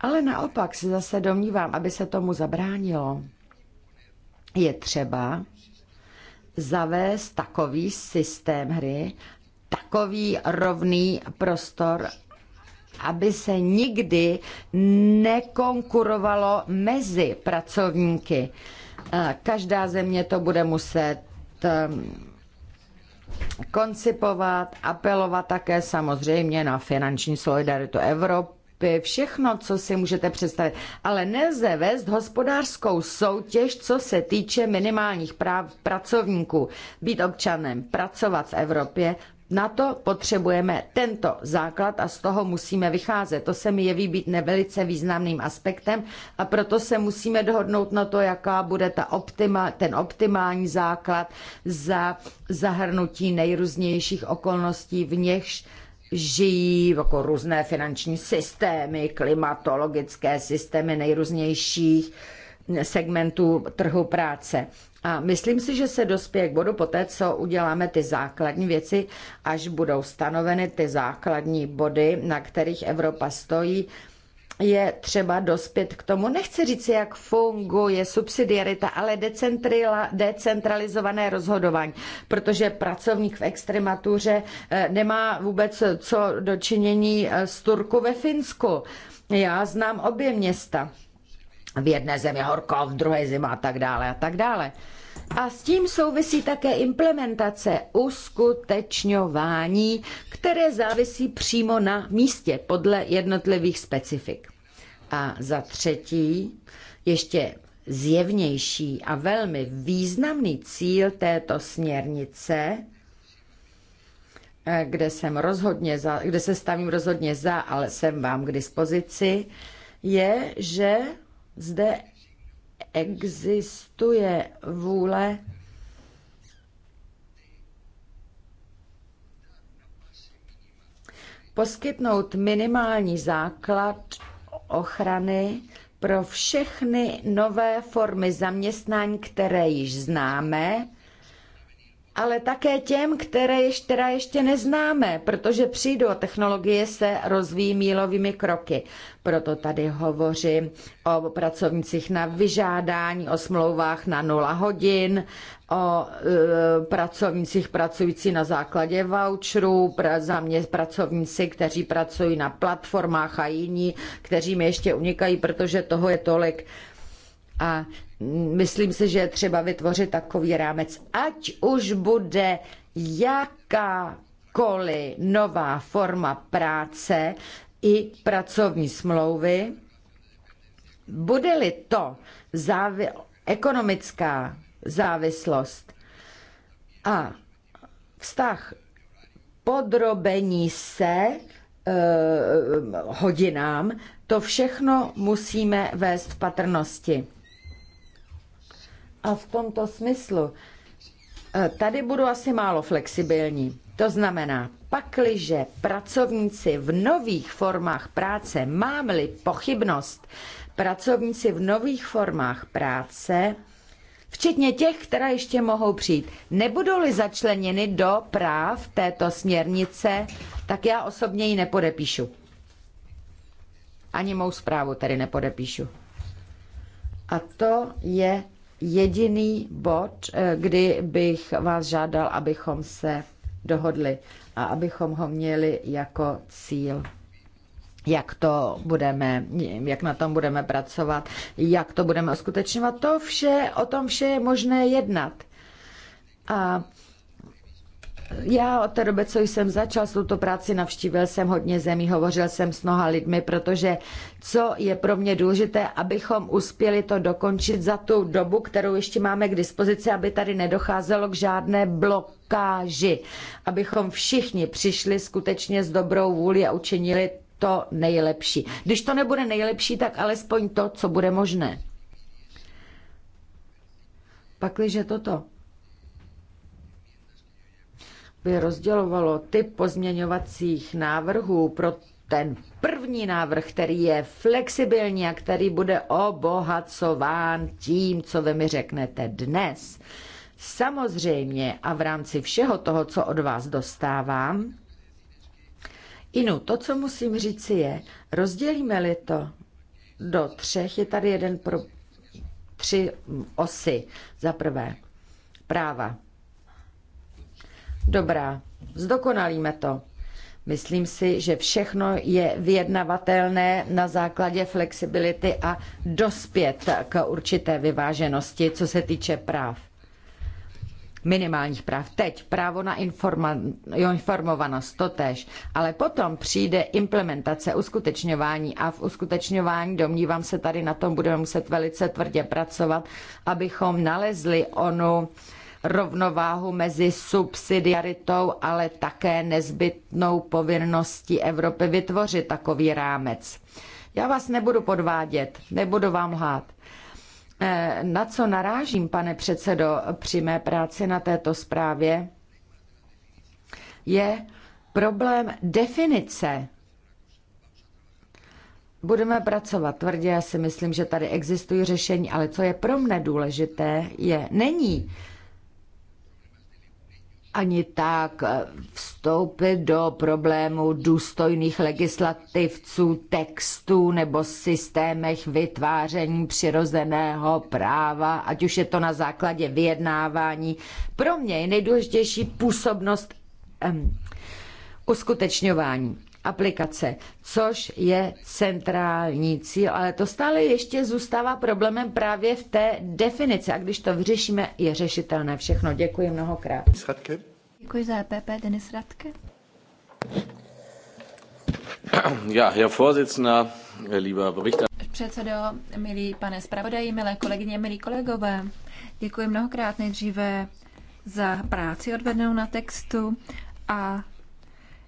Ale naopak si zase domnívám, aby se tomu zabránilo, je třeba zavést takový systém hry, takový rovný prostor aby se nikdy nekonkurovalo mezi pracovníky. Eh, každá země to bude muset ehm, koncipovat, apelovat také samozřejmě na finanční solidaritu Evropy, všechno, co si můžete představit. Ale nelze vést hospodářskou soutěž, co se týče minimálních práv pracovníků. Být občanem, pracovat v Evropě, na to potřebujeme tento základ a z toho musíme vycházet. To se mi jeví být nevelice významným aspektem a proto se musíme dohodnout na to, jaká bude ta optima, ten optimální základ za zahrnutí nejrůznějších okolností, v nichž žijí jako různé finanční systémy, klimatologické systémy nejrůznějších segmentů trhu práce. A myslím si, že se dospěje k bodu poté, co uděláme ty základní věci, až budou stanoveny ty základní body, na kterých Evropa stojí, je třeba dospět k tomu, nechci říct, jak funguje subsidiarita, ale decentralizované rozhodování, protože pracovník v extrematuře eh, nemá vůbec eh, co dočinění eh, s Turku ve Finsku. Já znám obě města. V jedné zemi horko, v druhé zima a tak dále a tak dále. A s tím souvisí také implementace, uskutečňování, které závisí přímo na místě podle jednotlivých specifik. A za třetí, ještě zjevnější a velmi významný cíl této směrnice, eh, kde, jsem rozhodně za, kde se stavím rozhodně za, ale jsem vám k dispozici, je, že zde existuje vůle poskytnout minimální základ ochrany pro všechny nové formy zaměstnání, které již známe, ale také těm, které ještě, ještě neznáme, protože přijdou technologie se rozvíjí mílovými kroky. Proto tady hovořím o pracovnicích na vyžádání, o smlouvách na nula hodin, o e, pracovnicích pracující na základě voucherů, pra, zamě, pracovníci, kteří pracují na platformách a jiní, kteří mi ještě unikají, protože toho je tolik. A Myslím si, že je třeba vytvořit takový rámec, ať už bude jakákoliv nová forma práce i pracovní smlouvy, bude-li to závi- ekonomická závislost a vztah podrobení se eh, hodinám, to všechno musíme vést v patrnosti. A v tomto smyslu e, tady budu asi málo flexibilní. To znamená, pakliže pracovníci v nových formách práce, mám-li pochybnost, pracovníci v nových formách práce, včetně těch, které ještě mohou přijít, nebudou-li začleněny do práv této směrnice, tak já osobně ji nepodepíšu. Ani mou zprávu tady nepodepíšu. A to je jediný bod, eh, kdy bych vás žádal, abychom se dohodli a abychom ho měli jako cíl jak to budeme, jak na tom budeme pracovat, jak to budeme uskutečňovat. To vše, o tom vše je možné jednat. A já od té doby, co jsem začal s touto práci, navštívil jsem hodně zemí, hovořil jsem s mnoha lidmi, protože co je pro mě důležité, abychom uspěli to dokončit za tu dobu, kterou ještě máme k dispozici, aby tady nedocházelo k žádné blokáži, abychom všichni přišli skutečně s dobrou vůli a učinili to nejlepší. Když to nebude nejlepší, tak alespoň to, co bude možné. Pakliže toto by rozdělovalo typ pozměňovacích návrhů pro ten první návrh, který je flexibilní a který bude obohacován tím, co vy mi řeknete dnes. Samozřejmě a v rámci všeho toho, co od vás dostávám, Inu, to, co musím říci je, rozdělíme-li to do třech, je tady jeden pro tři osy. Za prvé, práva dobrá. Zdokonalíme to. Myslím si, že všechno je vyjednavatelné na základě flexibility a dospět k určité vyváženosti, co se týče práv. Minimálních práv. Teď právo na informovanost, to tež. Ale potom přijde implementace, uskutečňování a v uskutečňování, domnívám se, tady na tom budeme muset velice tvrdě pracovat, abychom nalezli onu rovnováhu mezi subsidiaritou, ale také nezbytnou povinností Evropy vytvořit takový rámec. Já vás nebudu podvádět, nebudu vám lhát. Eh, na co narážím, pane předsedo, při mé práci na této zprávě, je problém definice. Budeme pracovat tvrdě, já si myslím, že tady existují řešení, ale co je pro mne důležité, je není ani tak vstoupit do problému důstojných legislativců, textů nebo systémech vytváření přirozeného práva, ať už je to na základě vyjednávání. Pro mě je nejdůležitější působnost um, uskutečňování aplikace, což je centrální cíl, ale to stále ještě zůstává problémem právě v té definici a když to vyřešíme, je řešitelné všechno. Děkuji mnohokrát. Radke. Děkuji za EPP, Denis Radke. Ja, Herr Vorsitzender, lieber Berichter. Předsedo, milý pane zpravodaji, milé kolegyně, milí kolegové, děkuji mnohokrát nejdříve za práci odvedenou na textu a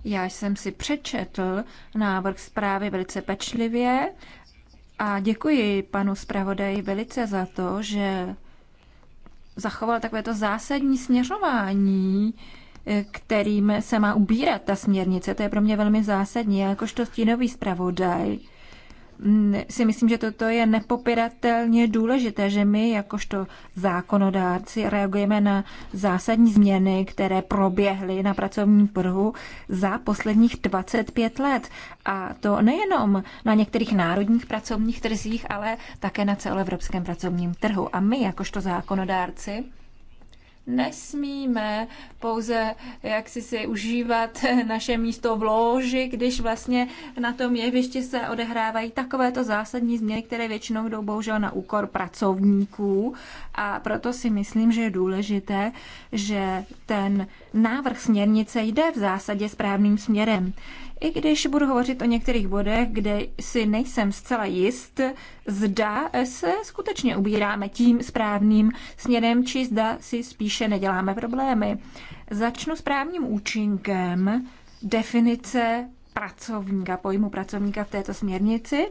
já jsem si přečetl návrh zprávy velice pečlivě a děkuji panu zpravodaji velice za to, že zachoval takovéto zásadní směřování, kterým se má ubírat ta směrnice. To je pro mě velmi zásadní. jakožto stínový zpravodaj si myslím, že toto je nepopiratelně důležité, že my jakožto zákonodárci reagujeme na zásadní změny, které proběhly na pracovním trhu za posledních 25 let. A to nejenom na některých národních pracovních trzích, ale také na celoevropském pracovním trhu. A my jakožto zákonodárci nesmíme pouze jak si si užívat naše místo v lóži, když vlastně na tom jevišti se odehrávají takovéto zásadní změny, které většinou jdou bohužel na úkor pracovníků a proto si myslím, že je důležité, že ten návrh směrnice jde v zásadě správným směrem. I když budu hovořit o některých bodech, kde si nejsem zcela jist, zda se skutečně ubíráme tím správným směrem, či zda si spíše neděláme problémy. Začnu správným účinkem definice pracovníka, pojmu pracovníka v této směrnici,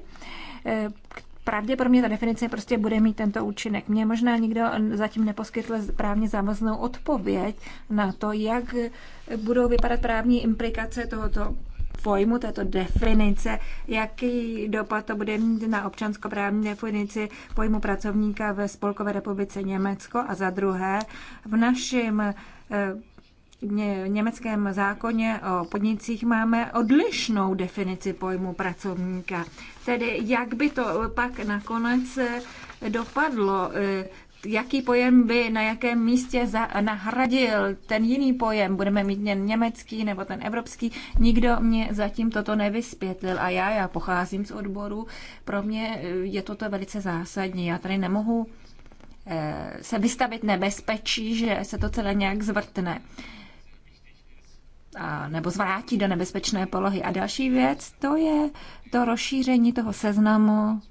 pravděpodobně ta definice prostě bude mít tento účinek. Mě možná nikdo zatím neposkytl právně závaznou odpověď na to, jak budou vypadat právní implikace tohoto pojmu, této definice, jaký dopad to bude mít na občanskoprávní definici pojmu pracovníka ve Spolkové republice Německo a za druhé v našem eh, německém zákoně o podnicích máme odlišnou definici pojmu pracovníka. Tedy jak by to pak nakonec eh, dopadlo, eh, jaký pojem by na jakém místě nahradil ten jiný pojem, budeme mít jen německý nebo ten evropský, nikdo mě zatím toto nevyspětlil a já, já pocházím z odboru, pro mě eh, je toto velice zásadní, já tady nemohu se vystavit nebezpečí, že se to celé nějak zvrtne a, nebo zvrátí do nebezpečné polohy. A další věc, to je to rozšíření toho seznamu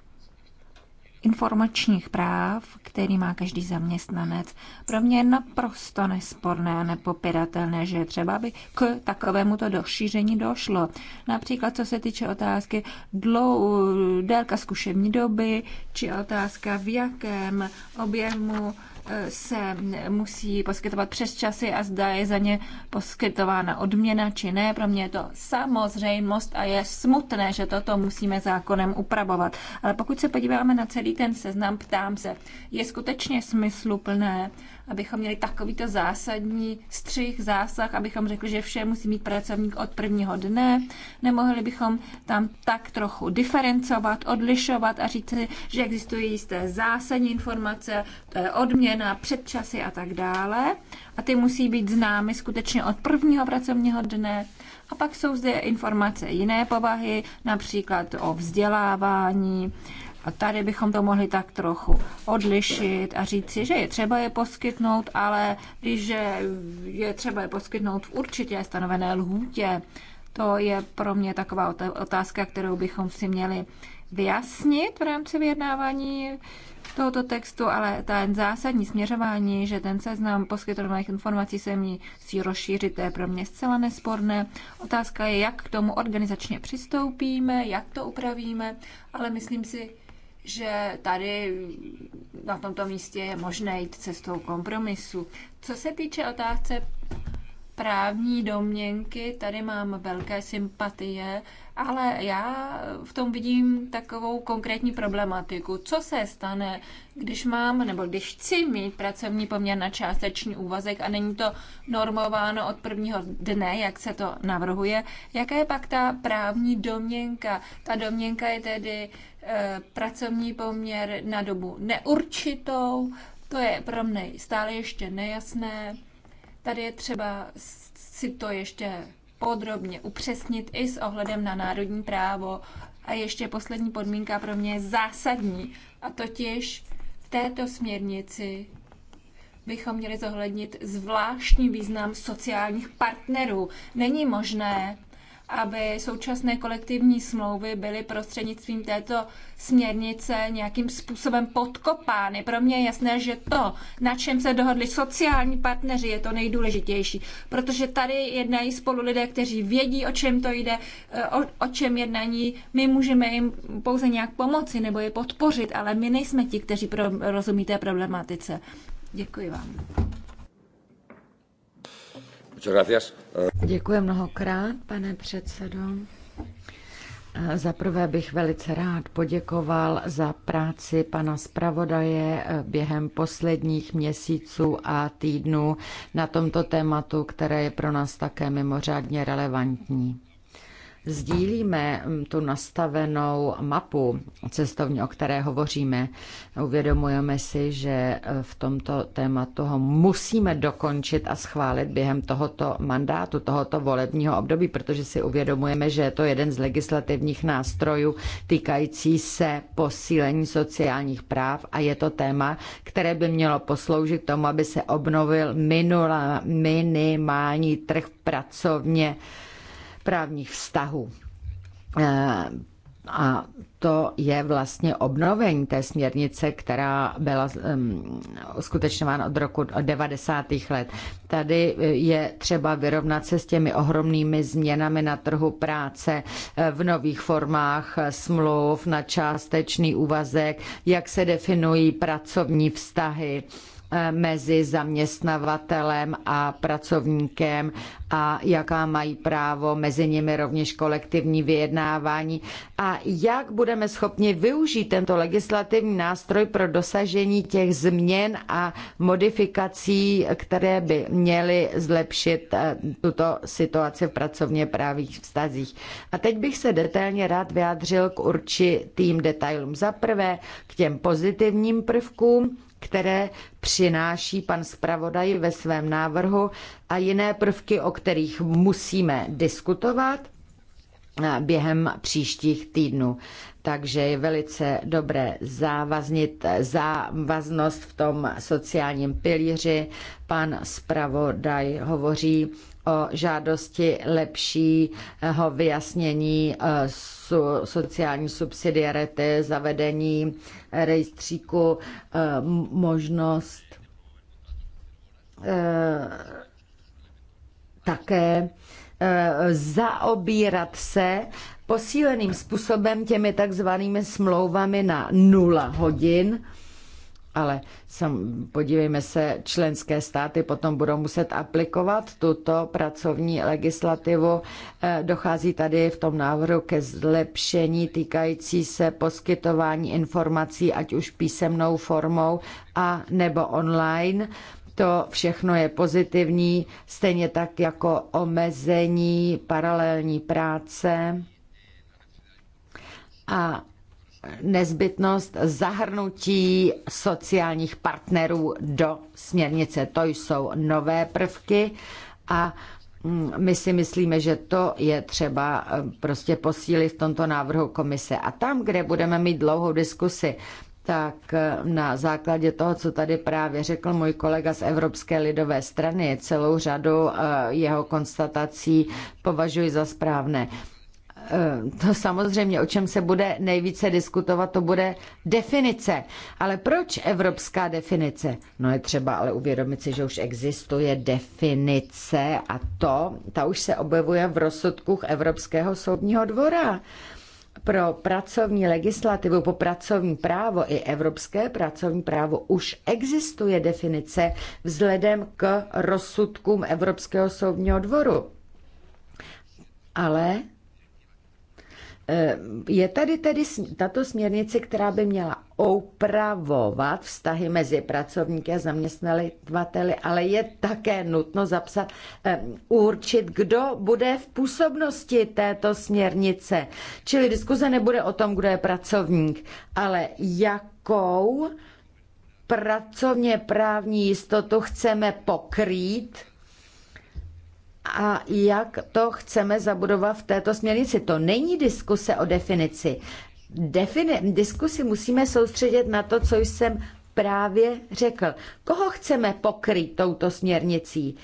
informačních práv, který má každý zaměstnanec. Pro mě je naprosto nesporné a nepopiratelné, že třeba by k takovému to rozšíření došlo. Například co se týče otázky dlou, délka zkušební doby, či otázka v jakém objemu se musí poskytovat přes časy a zda je za ně poskytována odměna či ne. Pro mě je to samozřejmost a je smutné, že toto musíme zákonem upravovat. Ale pokud se podíváme na celý ten seznam, ptám se, je skutečně smysluplné, abychom měli takovýto zásadní střih, zásah, abychom řekli, že vše musí mít pracovník od prvního dne. Nemohli bychom tam tak trochu diferencovat, odlišovat a říct, že existují jisté zásadní informace, to je odměna, předčasy a tak dále. A ty musí být známy skutečně od prvního pracovního dne. A pak jsou zde informace jiné povahy, například o vzdělávání, a tady bychom to mohli tak trochu odlišit a říct si, že je třeba je poskytnout, ale že je třeba je poskytnout v určitě stanovené lhůtě, to je pro mě taková otázka, kterou bychom si měli vyjasnit v rámci vyjednávání tohoto textu, ale ten zásadní směřování, že ten seznam poskytovaných informací se si rozšířit, to je pro mě zcela nesporné. Otázka je, jak k tomu organizačně přistoupíme, jak to upravíme, ale myslím si, že tady na tomto místě je možné jít cestou kompromisu. Co se týče otázce právní domněnky, tady mám velké sympatie, ale já v tom vidím takovou konkrétní problematiku. Co se stane, když mám nebo když chci mít pracovní poměr na částečný úvazek a není to normováno od prvního dne, jak se to navrhuje? Jaká je pak ta právní domněnka? Ta domněnka je tedy Eh, pracovní poměr na dobu neurčitou. To je pro mě stále ještě nejasné. Tady je třeba si to ještě podrobně upřesnit i s ohledem na národní právo. A ještě poslední podmínka pro mě je zásadní, a totiž v této směrnici bychom měli zohlednit zvláštní význam sociálních partnerů. Není možné aby současné kolektivní smlouvy byly prostřednictvím této směrnice nějakým způsobem podkopány. Pro mě je jasné, že to, na čem se dohodli sociální partneři, je to nejdůležitější, protože tady jednají spolu lidé, kteří vědí, o čem to jde, o, o čem jednají. My můžeme jim pouze nějak pomoci nebo je podpořit, ale my nejsme ti, kteří pro, rozumí té problematice. Děkuji vám. Děkuji mnohokrát, pane předsedo. Za prvé bych velice rád poděkoval za práci pana zpravodaje během posledních měsíců a týdnů na tomto tématu, které je pro nás také mimořádně relevantní sdílíme mm, tu nastavenou mapu cestovní, o které hovoříme, uvědomujeme si, že e, v tomto tématu ho musíme dokončit a schválit během tohoto mandátu, tohoto volebního období, protože si uvědomujeme, že je to jeden z legislativních nástrojů týkající se posílení sociálních práv a je to téma, které by mělo posloužit tomu, aby se obnovil minula, minimální trh pracovně právních vztahů. Eh, a to je vlastně obnovení té směrnice, která byla uskutečňována od roku 90. let. Tady je třeba vyrovnat se s těmi ohromnými změnami na trhu práce eh, v nových formách eh, smluv, na částečný úvazek, jak se definují pracovní vztahy. Eh, mezi zaměstnavatelem a pracovníkem a jaká mají právo mezi nimi rovněž kolektivní vyjednávání a jak budeme schopni využít tento legislativní nástroj pro dosažení těch změn a modifikací, které by měly zlepšit eh, tuto situaci v pracovně právých vztazích. A teď bych se detailně rád vyjádřil k určitým detailům. Za prvé k těm pozitivním prvkům, které přináší pan zpravodaj ve svém návrhu a jiné prvky, o kterých musíme diskutovat během příštích týdnů. Takže je velice dobré závaznit závaznost v tom sociálním pilíři. Pan zpravodaj hovoří o žádosti lepšího vyjasnění e, sociální subsidiarity, zavedení rejstříku, e, možnost e, také zaobírat se posíleným způsobem těmi takzvanými smlouvami na nula hodin, ale sam, podívejme se, členské státy potom budou muset aplikovat tuto pracovní legislativu. E, dochází tady v tom návrhu ke zlepšení týkající se poskytování informací, ať už písemnou formou a nebo online. To všechno je pozitivní, stejně tak jako omezení paralelní práce a nezbytnost zahrnutí sociálních partnerů do směrnice. To jsou nové prvky a mm, my si myslíme, že to je třeba eh, prostě posílit v tomto návrhu komise. A tam, kde budeme mít dlouhou diskusi, tak eh, na základě toho, co tady právě řekl můj kolega z Evropské lidové strany, celou řadu eh, jeho konstatací považuji za správné. Eh, to samozřejmě, o čem se bude nejvíce diskutovat, to bude definice. Ale proč evropská definice? No je třeba ale uvědomit si, že už existuje definice a to, ta už se objevuje v rozsudkách Evropského soudního dvora pro pracovní legislativu, po pracovní právo i evropské pracovní právo už existuje definice vzhledem k rozsudkům Evropského soudního dvoru. Ale Eh, je tady tedy tato směrnice, která by měla opravovat vztahy mezi pracovníky a zaměstnavateli, ale je také nutno zapsat, eh, určit, kdo bude v působnosti této směrnice. Čili diskuze nebude o tom, kdo je pracovník, ale jakou pracovně právní jistotu chceme pokrýt a jak to chceme zabudovat v této směrnici. To není diskuse o definici. Defini- diskusi musíme soustředit na to, co jsem právě řekl. Koho chceme pokryt touto směrnicí?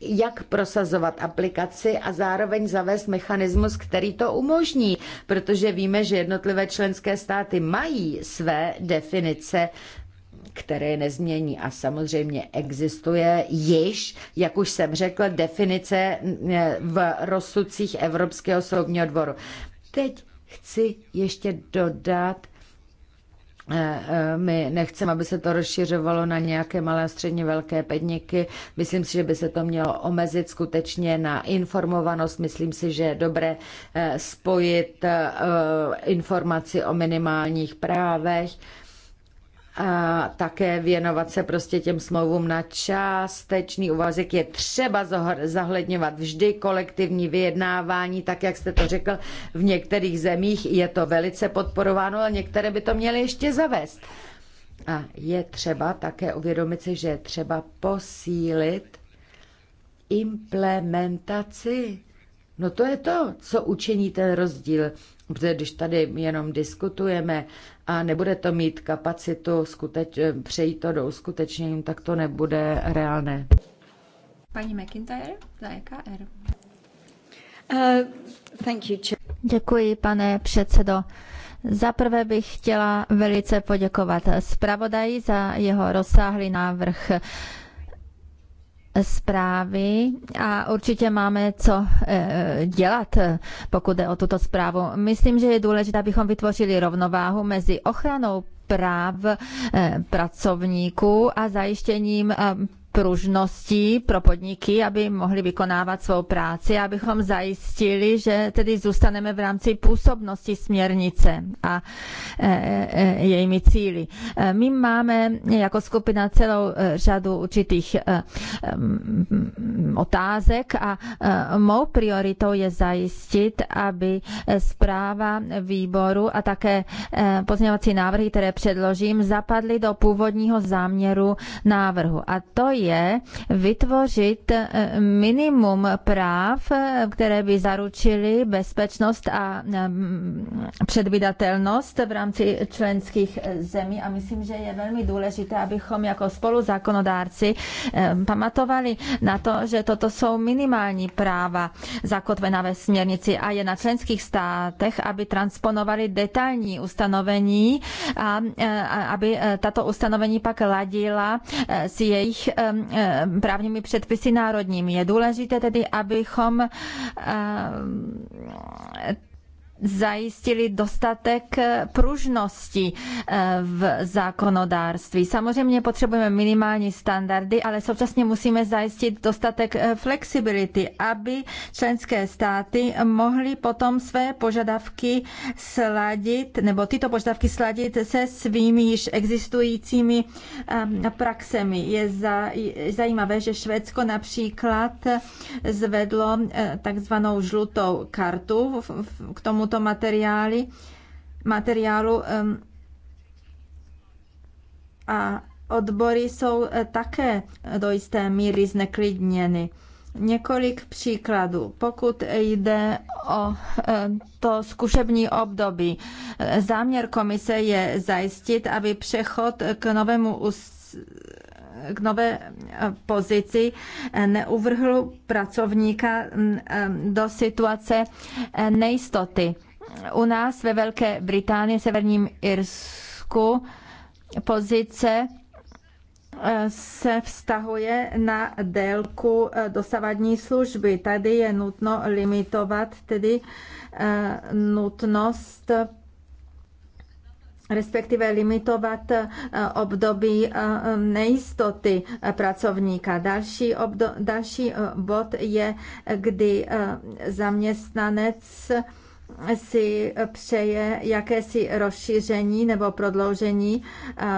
jak prosazovat aplikaci a zároveň zavést mechanismus, který to umožní, protože víme, že jednotlivé členské státy mají své definice které nezmění. A samozřejmě existuje již, jak už jsem řekl, definice e, v rozsudcích Evropského soudního dvoru. Teď chci ještě dodat, e, e, my nechceme, aby se to rozšiřovalo na nějaké malé a středně velké podniky. Myslím si, že by se to mělo omezit skutečně na informovanost. Myslím si, že je dobré spojit informaci o minimálních právech a také věnovat se prostě těm smlouvům na částečný uvazek je třeba zahledňovat vždy kolektivní vyjednávání, tak jak jste to řekl, v některých zemích je to velice podporováno, ale některé by to měly ještě zavést. A je třeba také uvědomit si, že je třeba posílit implementaci. No to je to, co učiní ten rozdíl. Protože když tady jenom diskutujeme a nebude to mít kapacitu skuteč, přejít to do uskutečnění, tak to nebude reálné. Paní McIntyre za EKR. Uh, thank you. Děkuji, pane předsedo. Zaprvé bych chtěla velice poděkovat zpravodaji za jeho rozsáhlý návrh. Uh, zprávy a určitě máme co e, dělat, e, pokud jde o tuto zprávu. Myslím, že je důležité, abychom vytvořili rovnováhu mezi ochranou práv e, pracovníků a zajištěním pružnosti pro podniky, aby mohli vykonávat svou práci, abychom zajistili, že tedy zůstaneme v rámci působnosti směrnice a e, e, jejími cíly. E, my máme jako skupina celou řadu určitých mm, otázek a mou prioritou je zajistit, aby zpráva výboru a také pozměňovací návrhy, které předložím, zapadly do původního záměru návrhu. A to je je vytvořit eh, minimum práv, eh, které by zaručily bezpečnost a mm, předvydatelnost v rámci členských eh, zemí a myslím, že je velmi důležité, abychom jako spoluzákonodárci pamatovali na to, že toto jsou minimální práva zakotvená ve směrnici a je na členských státech, aby transponovali detailní ustanovení a aby tato ustanovení pak ladila s jejich Eh, právními předpisy národními. Je důležité tedy, abychom eh, zajistili dostatek eh, pružnosti eh, v zákonodárství. Samozřejmě potřebujeme minimální standardy, ale současně musíme zajistit dostatek eh, flexibility, aby členské státy mohly potom své požadavky sladit, nebo tyto požadavky sladit se svými již existujícími ehm, praxemi. Je zajímavé, že Švédsko například zvedlo takzvanou žlutou kartu k tomu tomuto materiáli, materiálu a odbory jsou eh, také do jisté míry zneklidněny. Několik příkladů. Pokud jde o eh, to zkušební období, eh, záměr komise je zajistit, aby přechod k novému k nové eh, pozici eh, neuvrhl pracovníka mm, eh, do situace nejistoty. U nás ve Velké Británii, Severním Irsku, pozice se vztahuje na délku dosavadní služby. Tady je nutno limitovat tedy nutnost respektive limitovat eh, období eh, nejistoty eh, pracovníka. Další, obdo, další bod je, kdy zaměstnanec si přeje jakési rozšíření nebo prodloužení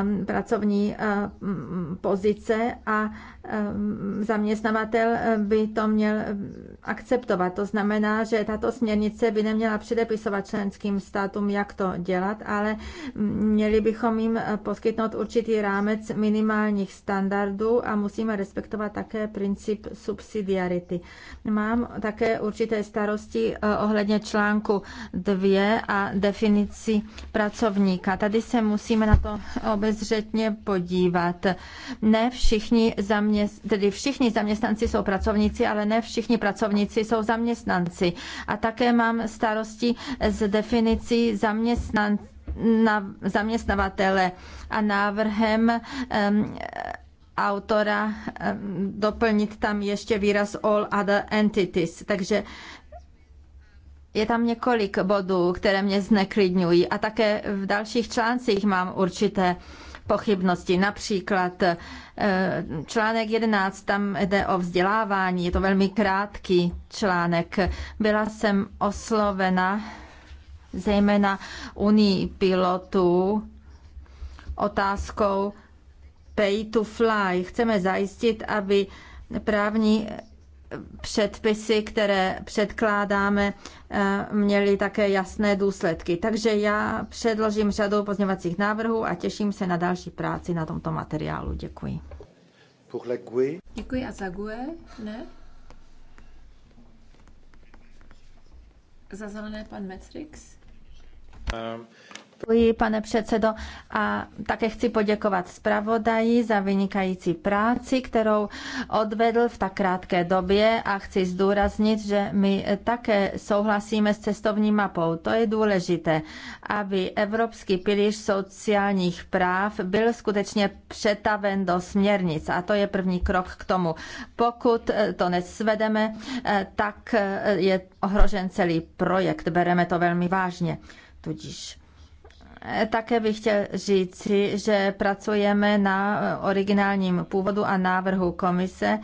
um, pracovní uh, pozice a um, zaměstnavatel by to měl akceptovat. To znamená, že tato směrnice by neměla předepisovat členským státům, jak to dělat, ale měli bychom jim poskytnout určitý rámec minimálních standardů a musíme respektovat také princip subsidiarity. Mám také určité starosti eh, ohledně článku dvě a definici pracovníka. Tady se musíme na to obezřetně podívat. Ne všichni, zaměst, tedy všichni zaměstnanci jsou pracovníci, ale ne všichni pracovníci jsou zaměstnanci. A také mám starosti s definicí zaměstnan, na, zaměstnavatele a návrhem um, autora doplnit tam ještě výraz all other entities. Takže je tam několik bodů, které mě zneklidňují a také v dalších článcích mám určité pochybnosti. Například eh, článek 11, tam jde o vzdělávání, je to velmi krátký článek. Byla jsem oslovena zejména unii pilotů otázkou pay to fly. Chceme zajistit, aby právní předpisy, které předkládáme, eh, měly také jasné důsledky. Takže já předložím řadu pozněvacích návrhů a těším se na další práci na tomto materiálu. Děkuji. Děkuji a za GUE? Ne? Za zelené pan Metrix? Um, Děkuji, pane předsedo, a také chci poděkovat zpravodaji za vynikající práci, kterou odvedl v tak krátké době a chci zdůraznit, že my také souhlasíme s cestovní mapou. To je důležité, aby Evropský pilíř sociálních práv byl skutečně přetaven do směrnic a to je první krok k tomu. Pokud to nesvedeme, tak je ohrožen celý projekt. Bereme to velmi vážně. Tudíž také bych chtěl říci, že pracujeme na originálním původu a návrhu komise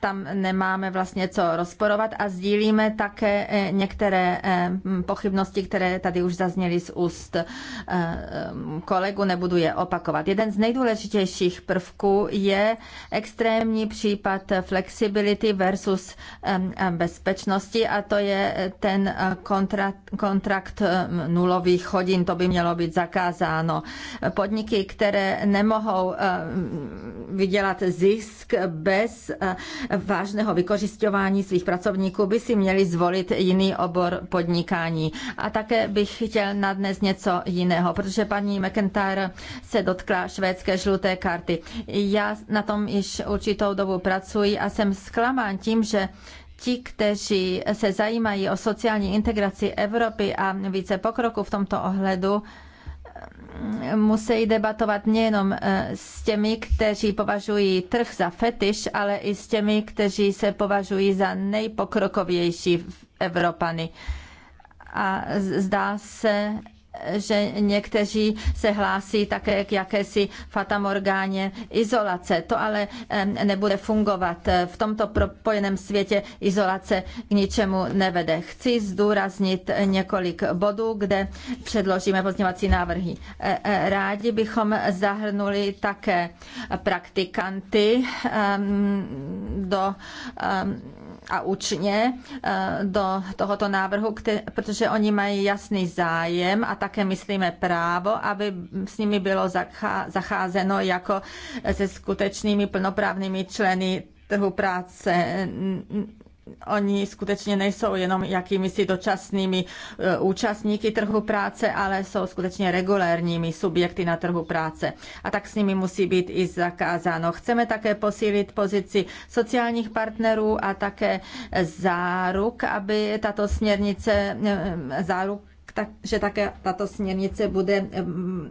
tam nemáme vlastně co rozporovat a sdílíme také eh, některé eh, pochybnosti, které tady už zazněly z úst eh, kolegu, nebudu je opakovat. Jeden z nejdůležitějších prvků je extrémní případ flexibility versus bezpečnosti a to je ten kontrakt, kontrakt nulových hodin, to by mělo být zakázáno. Podniky, které nemohou vydělat zisk, bez eh, vážného vykořišťování svých pracovníků by si měli zvolit jiný obor podnikání. A také bych chtěl na dnes něco jiného, protože paní McIntyre se dotkla švédské žluté karty. Já na tom již určitou dobu pracuji a jsem zklamán tím, že ti, kteří se zajímají o sociální integraci Evropy a více pokroku v tomto ohledu, musí debatovat nejenom eh, s těmi, kteří považují trh za fetiš, ale i s těmi, kteří se považují za nejpokrokovější Evropany. A zdá se, že někteří se hlásí také k jakési fatamorgáně izolace. To ale nebude fungovat. V tomto propojeném světě izolace k ničemu nevede. Chci zdůraznit několik bodů, kde předložíme pozněvací návrhy. E, e, rádi bychom zahrnuli také praktikanty do a učně eh, do tohoto návrhu, protože oni mají jasný zájem a také myslíme právo, aby s nimi bylo zacházeno jako se skutečnými plnoprávnými členy trhu práce. Oni skutečně nejsou jenom jakými si dočasnými e, účastníky trhu práce, ale jsou skutečně regulérními subjekty na trhu práce. A tak s nimi musí být i zakázáno. Chceme také posílit pozici sociálních partnerů a také záruk, aby tato směrnice e, záruk tak, že také tato směrnice bude mm,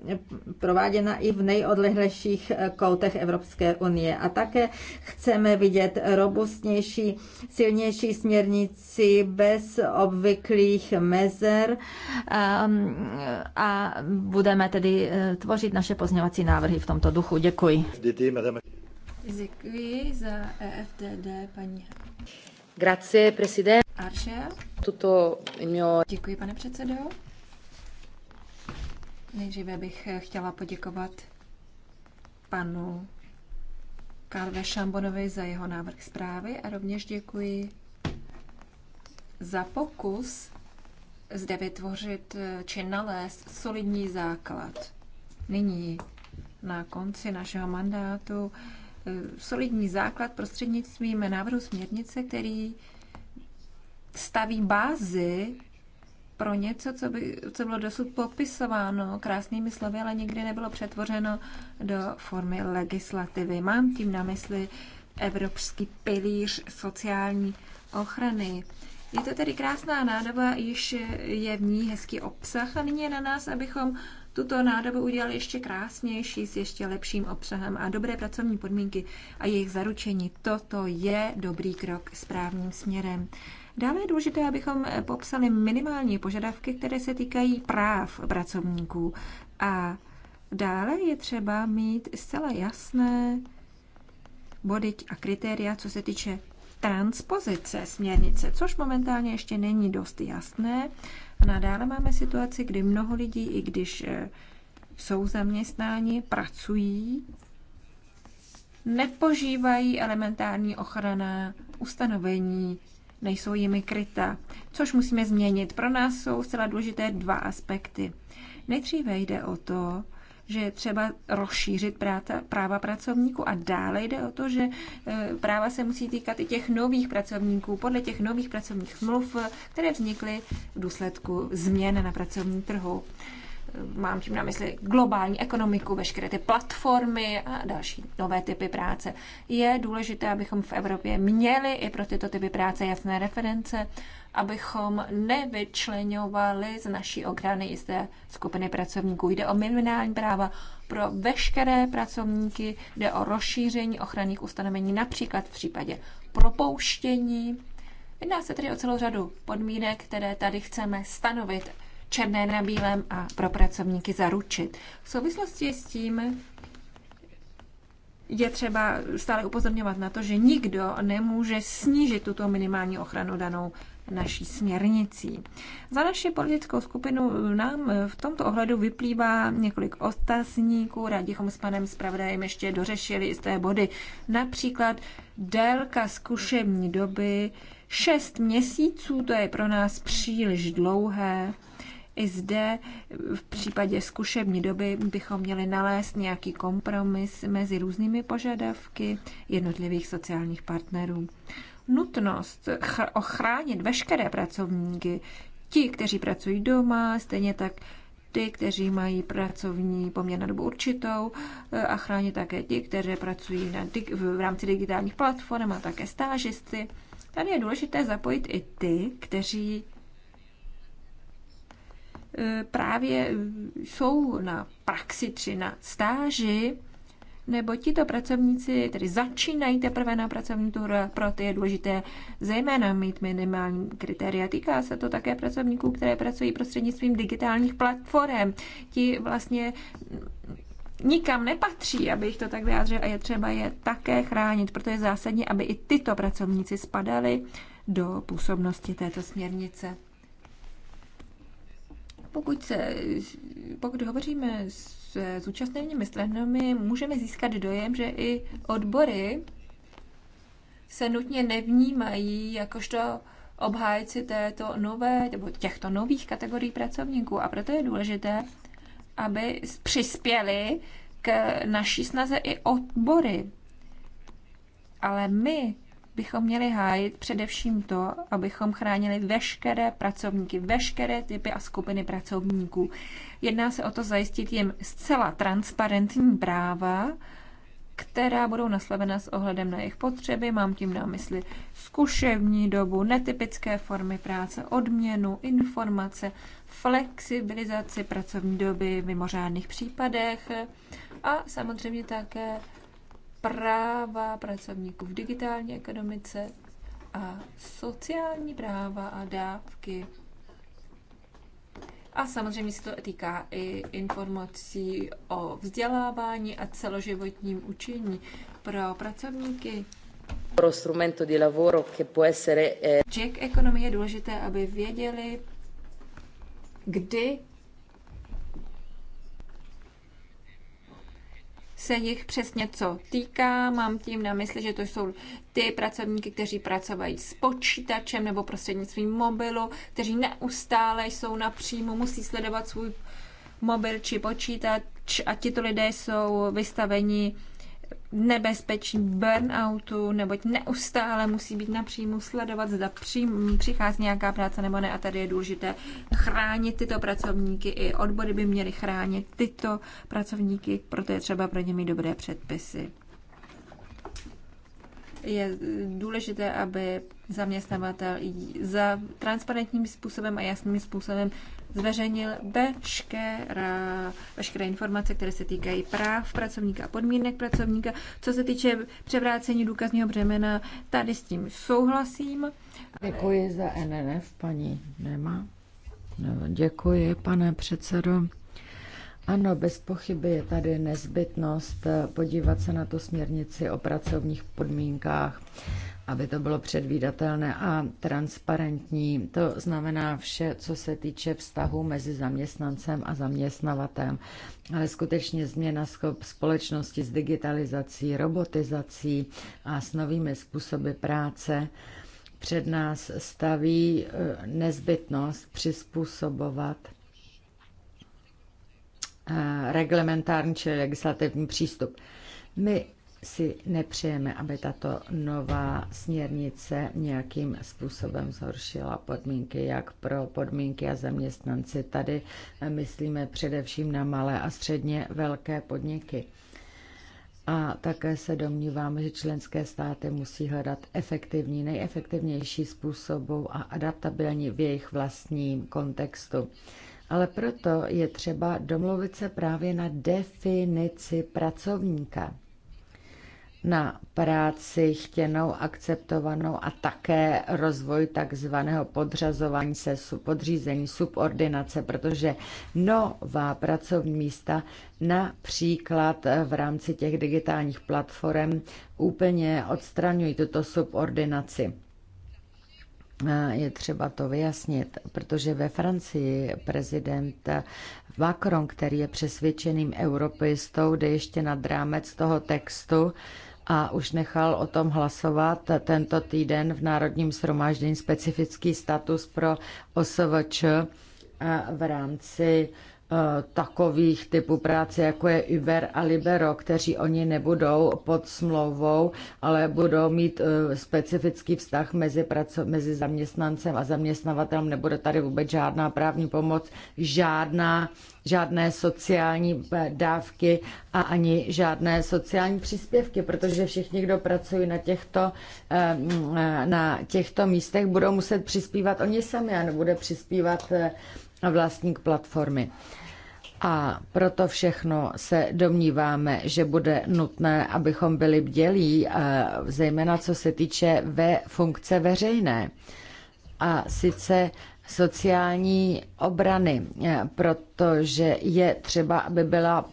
prováděna i v nejodlehlejších eh, koutech Evropské unie. A také chceme vidět robustnější, silnější směrnici bez obvyklých mezer a, ehm, a budeme tedy eh, tvořit naše pozněvací návrhy v tomto duchu. Děkuji. Děkuji za EFDD, paní. Grazie, presidente tuto mělo... Děkuji, pane předsedo. Nejdříve bych chtěla poděkovat panu Karve Šambonovi za jeho návrh zprávy a rovněž děkuji za pokus zde vytvořit či nalézt solidní základ. Nyní na konci našeho mandátu eh, solidní základ prostřednictvím návrhu směrnice, který staví bázy pro něco, co, by, co bylo dosud popisováno krásnými slovy, ale nikdy nebylo přetvořeno do formy legislativy. Mám tím na mysli Evropský pilíř sociální ochrany. Je to tedy krásná nádoba, již je v ní hezký obsah a nyní je na nás, abychom tuto nádobu udělali ještě krásnější, s ještě lepším obsahem a dobré pracovní podmínky a jejich zaručení. Toto je dobrý krok správným směrem. Dále je důležité, abychom eh, popsali minimální požadavky, které se týkají práv pracovníků. A dále je třeba mít zcela jasné body a kritéria, co se týče transpozice směrnice, což momentálně ještě není dost jasné. Nadále no máme situaci, kdy mnoho lidí, i když eh, jsou zaměstnáni, pracují, nepožívají elementární ochrana ustanovení nejsou jimi kryta, což musíme změnit. Pro nás jsou zcela důležité dva aspekty. Nejdříve jde o to, že je třeba rozšířit práta, práva pracovníků a dále jde o to, že e, práva se musí týkat i těch nových pracovníků, podle těch nových pracovních smluv, které vznikly v důsledku změn na pracovním trhu mám tím na mysli globální ekonomiku, veškeré ty platformy a další nové typy práce. Je důležité, abychom v Evropě měli i pro tyto typy práce jasné reference, abychom nevyčlenovali z naší ochrany jisté skupiny pracovníků. Jde o minimální práva pro veškeré pracovníky, jde o rozšíření ochranných ustanovení, například v případě propouštění. Jedná se tedy o celou řadu podmínek, které tady chceme stanovit černé na bílém a pro pracovníky zaručit. V souvislosti s tím je třeba stále upozorňovat na to, že nikdo nemůže snížit tuto minimální ochranu danou naší směrnicí. Za naši politickou skupinu nám v tomto ohledu vyplývá několik otazníků. Rádichom s panem zpravodajem ještě dořešili té body. Například délka zkušební doby 6 měsíců, to je pro nás příliš dlouhé. I zde v případě zkušební doby bychom měli nalézt nějaký kompromis mezi různými požadavky jednotlivých sociálních partnerů. Nutnost ochránit veškeré pracovníky, ti, kteří pracují doma, stejně tak ty, kteří mají pracovní poměr na dobu určitou eh, a chránit také ti, kteří pracují na v rámci digitálních platform a také stážisty. Tady je důležité zapojit i ty, kteří E, právě jsou na praxi či na stáži, nebo tito pracovníci tedy začínají teprve na pracovní tour, proto je důležité zejména mít minimální kritéria. Týká se to také pracovníků, které pracují prostřednictvím digitálních platform. Ti vlastně nikam nepatří, abych to tak vyjádřil, a je třeba je také chránit, proto je zásadní, aby i tyto pracovníci spadali do působnosti této směrnice. Pokud, se, pokud hovoříme s zúčastněnými stranami, můžeme získat dojem, že i odbory se nutně nevnímají jakožto obhájci této nové, nebo těchto nových kategorií pracovníků. A proto je důležité, aby přispěli k naší snaze i odbory. Ale my bychom měli hájit především to, abychom chránili veškeré pracovníky, veškeré typy a skupiny pracovníků. Jedná se o to zajistit jim zcela transparentní práva, která budou naslavena s ohledem na jejich potřeby. Mám tím na mysli zkuševní dobu, netypické formy práce, odměnu, informace, flexibilizaci pracovní doby v mimořádných případech a samozřejmě také práva pracovníků v digitální ekonomice a sociální práva a dávky. A samozřejmě se to týká i informací o vzdělávání a celoživotním učení pro pracovníky. Pro strumento di lavoro che può essere... Eh... Jack ekonomie je důležité, aby věděli, kdy se jich přesně co týká. Mám tím na mysli, že to jsou ty pracovníky, kteří pracovají s počítačem nebo prostřednictvím mobilu, kteří neustále jsou napřímo, musí sledovat svůj mobil či počítač a tito lidé jsou vystaveni nebezpečí burnoutu, neboť neustále musí být napřímo sledovat, zda přijím, přichází nějaká práce nebo ne. A tady je důležité chránit tyto pracovníky. I odbory by měly chránit tyto pracovníky, proto je třeba pro ně mít dobré předpisy. Je důležité, aby zaměstnavatel za transparentním způsobem a jasným způsobem zveřejnil veškerá, veškeré informace, které se týkají práv pracovníka a podmínek pracovníka. Co se týče převrácení důkazního břemena, tady s tím souhlasím. Děkuji za NNF, paní Nema. No, děkuji, pane předsedo. Ano, bez pochyby je tady nezbytnost podívat se na tu směrnici o pracovních podmínkách aby to bylo předvídatelné a transparentní. To znamená vše, co se týče vztahu mezi zaměstnancem a zaměstnavatem. Ale skutečně změna společnosti s digitalizací, robotizací a s novými způsoby práce před nás staví eh, nezbytnost přizpůsobovat eh, reglementární či legislativní přístup. My si nepřejeme, aby tato nová směrnice nějakým způsobem zhoršila podmínky, jak pro podmínky a zaměstnanci. Tady eh, myslíme především na malé a středně velké podniky. A také se domníváme, že členské státy musí hledat efektivní, nejefektivnější způsobu a adaptabilní v jejich vlastním kontextu. Ale proto je třeba domluvit se právě na definici pracovníka na práci chtěnou, akceptovanou a také rozvoj takzvaného podřazování se, podřízení, subordinace, protože nová pracovní místa například v rámci těch digitálních platform úplně odstraňují tuto subordinaci. Je třeba to vyjasnit, protože ve Francii prezident Macron, který je přesvědčeným europejstou, jde ještě nad rámec toho textu, a už nechal o tom hlasovat tento týden v Národním shromáždění specifický status pro OSVČ v rámci Eh, takových typů práce, jako je Uber a Libero, kteří oni nebudou pod smlouvou, ale budou mít eh, specifický vztah mezi, praco- mezi zaměstnancem a zaměstnavatelem. Nebude tady vůbec žádná právní pomoc, žádná, žádné sociální dávky a ani žádné sociální příspěvky, protože všichni, kdo pracují na těchto, eh, na těchto místech, budou muset přispívat oni sami a nebude přispívat vlastník platformy. A proto všechno se domníváme, že bude nutné, abychom byli bdělí, eh, zejména co se týče ve funkce veřejné. A sice sociální obrany, eh, protože je třeba, aby byla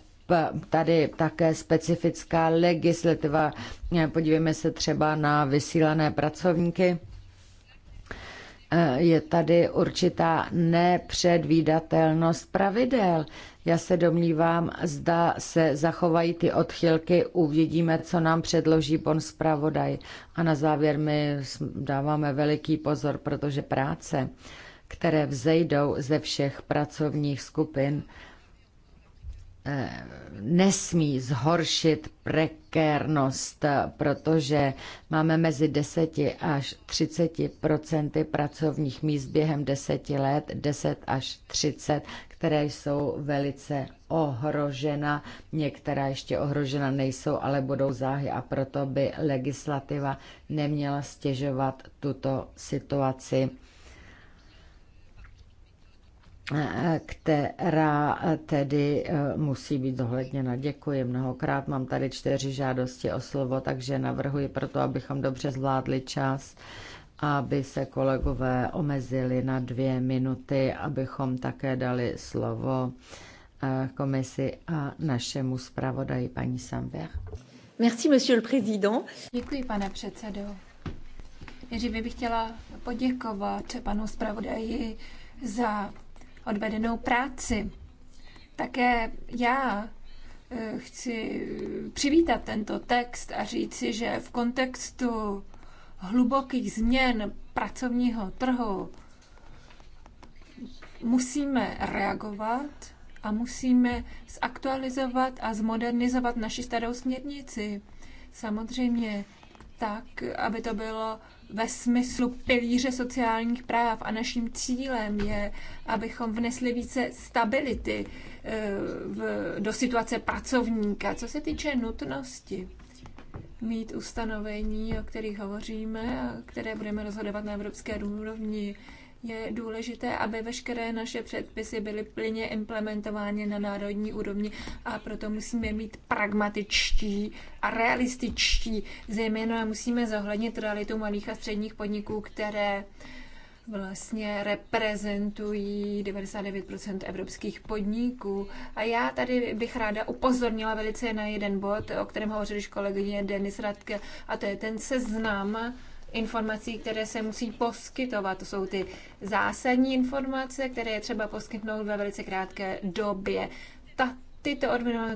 tady také specifická legislativa. Eh, podívejme se třeba na vysílané pracovníky. Je tady určitá nepředvídatelnost pravidel. Já se domnívám, zda se zachovají ty odchylky, uvidíme, co nám předloží bon zpravodaj. A na závěr my dáváme veliký pozor, protože práce, které vzejdou ze všech pracovních skupin, eh, nesmí zhoršit prekérnost, protože máme mezi 10 až 30 procenty pracovních míst během 10 let, 10 až 30, které jsou velice ohrožena. Některá ještě ohrožena nejsou, ale budou záhy a proto by legislativa neměla stěžovat tuto situaci která tedy eh, musí být zohledněna. Děkuji mnohokrát. Mám tady čtyři žádosti o slovo, takže navrhuji proto, abychom dobře zvládli čas aby se kolegové omezili na dvě minuty, abychom také dali slovo eh, komisi a našemu zpravodaji paní Samber. Merci, monsieur le président. Děkuji, pane předsedo. Nejdříve bych chtěla poděkovat panu zpravodaji za odvedenou práci. Také já eh, chci přivítat tento text a říci, že v kontextu hlubokých změn pracovního trhu musíme reagovat a musíme zaktualizovat a zmodernizovat naši starou směrnici. Samozřejmě tak, aby to bylo ve smyslu pilíře sociálních práv a naším cílem je, abychom vnesli více stability eh, do situace pracovníka, co se týče nutnosti mít ustanovení, o kterých hovoříme a které budeme rozhodovat na evropské úrovni. Je důležité, aby veškeré naše předpisy byly plně implementovány na národní úrovni a proto musíme mít pragmatičtí a realističtí. Zejména musíme zohlednit realitu malých a středních podniků, které uh, vlastně reprezentují 99% evropských podniků. A já tady bych ráda upozornila velice na jeden bod, o kterém hovořili kolegyně Denis Radke, a to je ten seznam informací, které se musí poskytovat. To jsou ty zásadní informace, které je třeba poskytnout ve velice krátké době. Tato Tyto uh,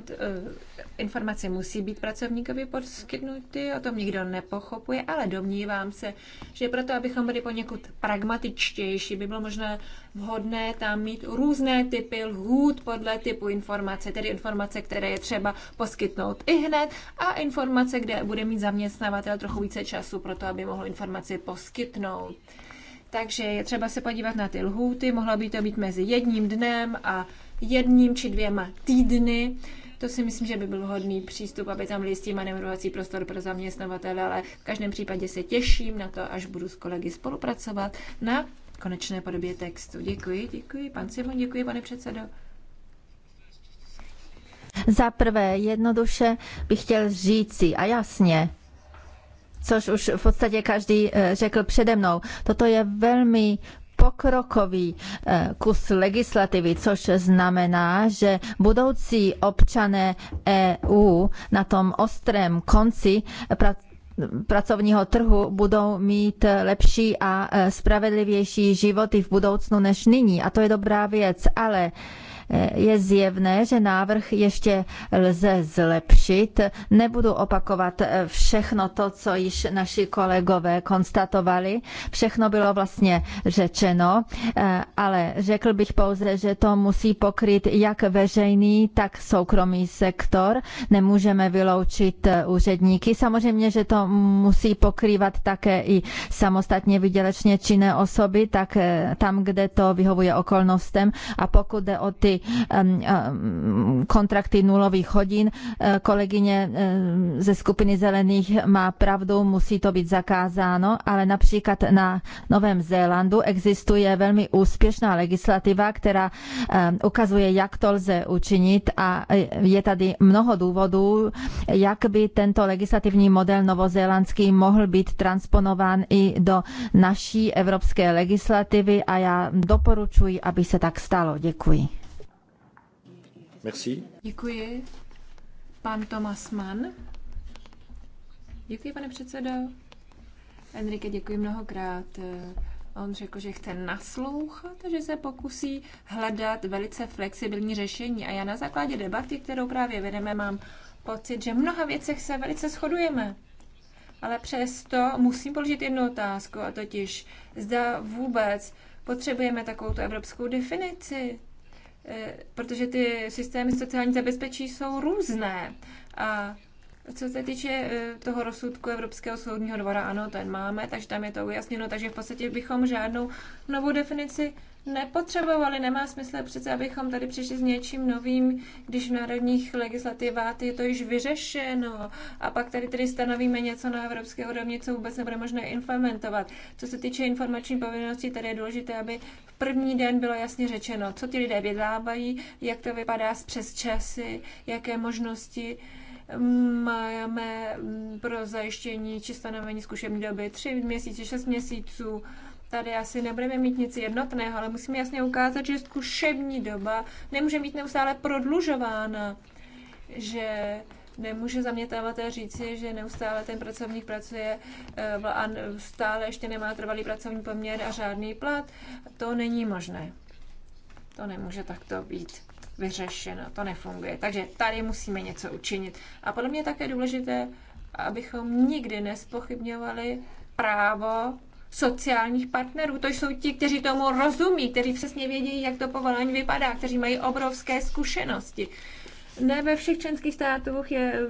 informace musí být pracovníkovi poskytnuty, o tom nikdo nepochopuje, ale domnívám se, že proto, abychom byli poněkud pragmatičtější, by bylo možná vhodné tam mít různé typy lhůt podle typu informace, tedy informace, které je třeba poskytnout i hned a informace, kde bude mít zaměstnavatel trochu více času pro to, aby mohl informaci poskytnout. Takže je třeba se podívat na ty lhůty, mohlo by to být mezi jedním dnem a jedním či dvěma týdny. To si myslím, že by byl hodný přístup, aby tam byl jistý manevrovací prostor pro zaměstnavatele, ale v každém případě se těším na to, až budu s kolegy spolupracovat na konečné podobě textu. Děkuji, děkuji. Pan Simon, děkuji, pane předsedo. Za prvé, jednoduše bych chtěl říci a jasně, což už v podstatě každý eh, řekl přede mnou. Toto je velmi pokrokový eh, kus legislativy, což znamená, že budoucí občané EU na tom ostrém konci eh, pracovního trhu budou mít lepší a eh, spravedlivější životy v budoucnu než nyní. A to je dobrá věc, ale je zjevné, že návrh ještě lze zlepšit. Nebudu opakovat všechno to, co již naši kolegové konstatovali. Všechno bylo vlastně řečeno, ale řekl bych pouze, že to musí pokryt jak veřejný, tak soukromý sektor. Nemůžeme vyloučit úředníky. Samozřejmě, že to musí pokrývat také i samostatně vydělečně činné osoby, tak tam, kde to vyhovuje okolnostem. A pokud jde o ty kontrakty nulových hodin. Eh, kolegyně eh, ze skupiny zelených má pravdu, musí to být zakázáno, ale například na Novém Zélandu existuje velmi úspěšná legislativa, která ukazuje, jak to lze učinit a eh, je tady mnoho důvodů, jak by tento legislativní model novozélandský mohl být transponován i do naší evropské legislativy a já doporučuji, aby se tak stalo. Děkuji. Merci. Děkuji. Pan Tomas Mann. Děkuji, pane předsedo. Enrique, děkuji mnohokrát. On řekl, že chce naslouchat, že se pokusí hledat velice flexibilní řešení. A já na základě debaty, kterou právě vedeme, mám pocit, že v mnoha věcech se velice shodujeme. Ale přesto musím položit jednu otázku, a totiž zda vůbec potřebujeme takovou evropskou definici Eh, protože ty systémy sociální zabezpečí jsou různé. A co se týče eh, toho rozsudku Evropského soudního dvora, ano, ten máme, takže tam je to ujasněno, takže v podstatě bychom žádnou novou definici nepotřebovali. Nemá smysl přece, abychom tady přišli s něčím novým, když v národních legislativách je to již vyřešeno. A pak tady tedy stanovíme něco na evropské úrovni, co vůbec nebude možné implementovat. Co se týče informační povinnosti, tady je důležité, aby v první den bylo jasně řečeno, co ty lidé vydávají, jak to vypadá s přes časy, jaké možnosti mm, máme mm, pro zajištění či stanovení zkušební doby tři měsíce, šest měsíců Tady asi nebudeme mít nic jednotného, ale musíme jasně ukázat, že zkušební doba nemůže být neustále prodlužována, že nemůže zaměstnavatel říci, že neustále ten pracovník pracuje eh, a stále ještě nemá trvalý pracovní poměr a žádný plat. To není možné. To nemůže takto být vyřešeno, to nefunguje. Takže tady musíme něco učinit. A podle mě je také důležité, abychom nikdy nespochybňovali právo sociálních partnerů. To jsou ti, kteří tomu rozumí, kteří přesně vědí, jak to povolání vypadá, kteří mají obrovské zkušenosti. Ne ve všech členských státech je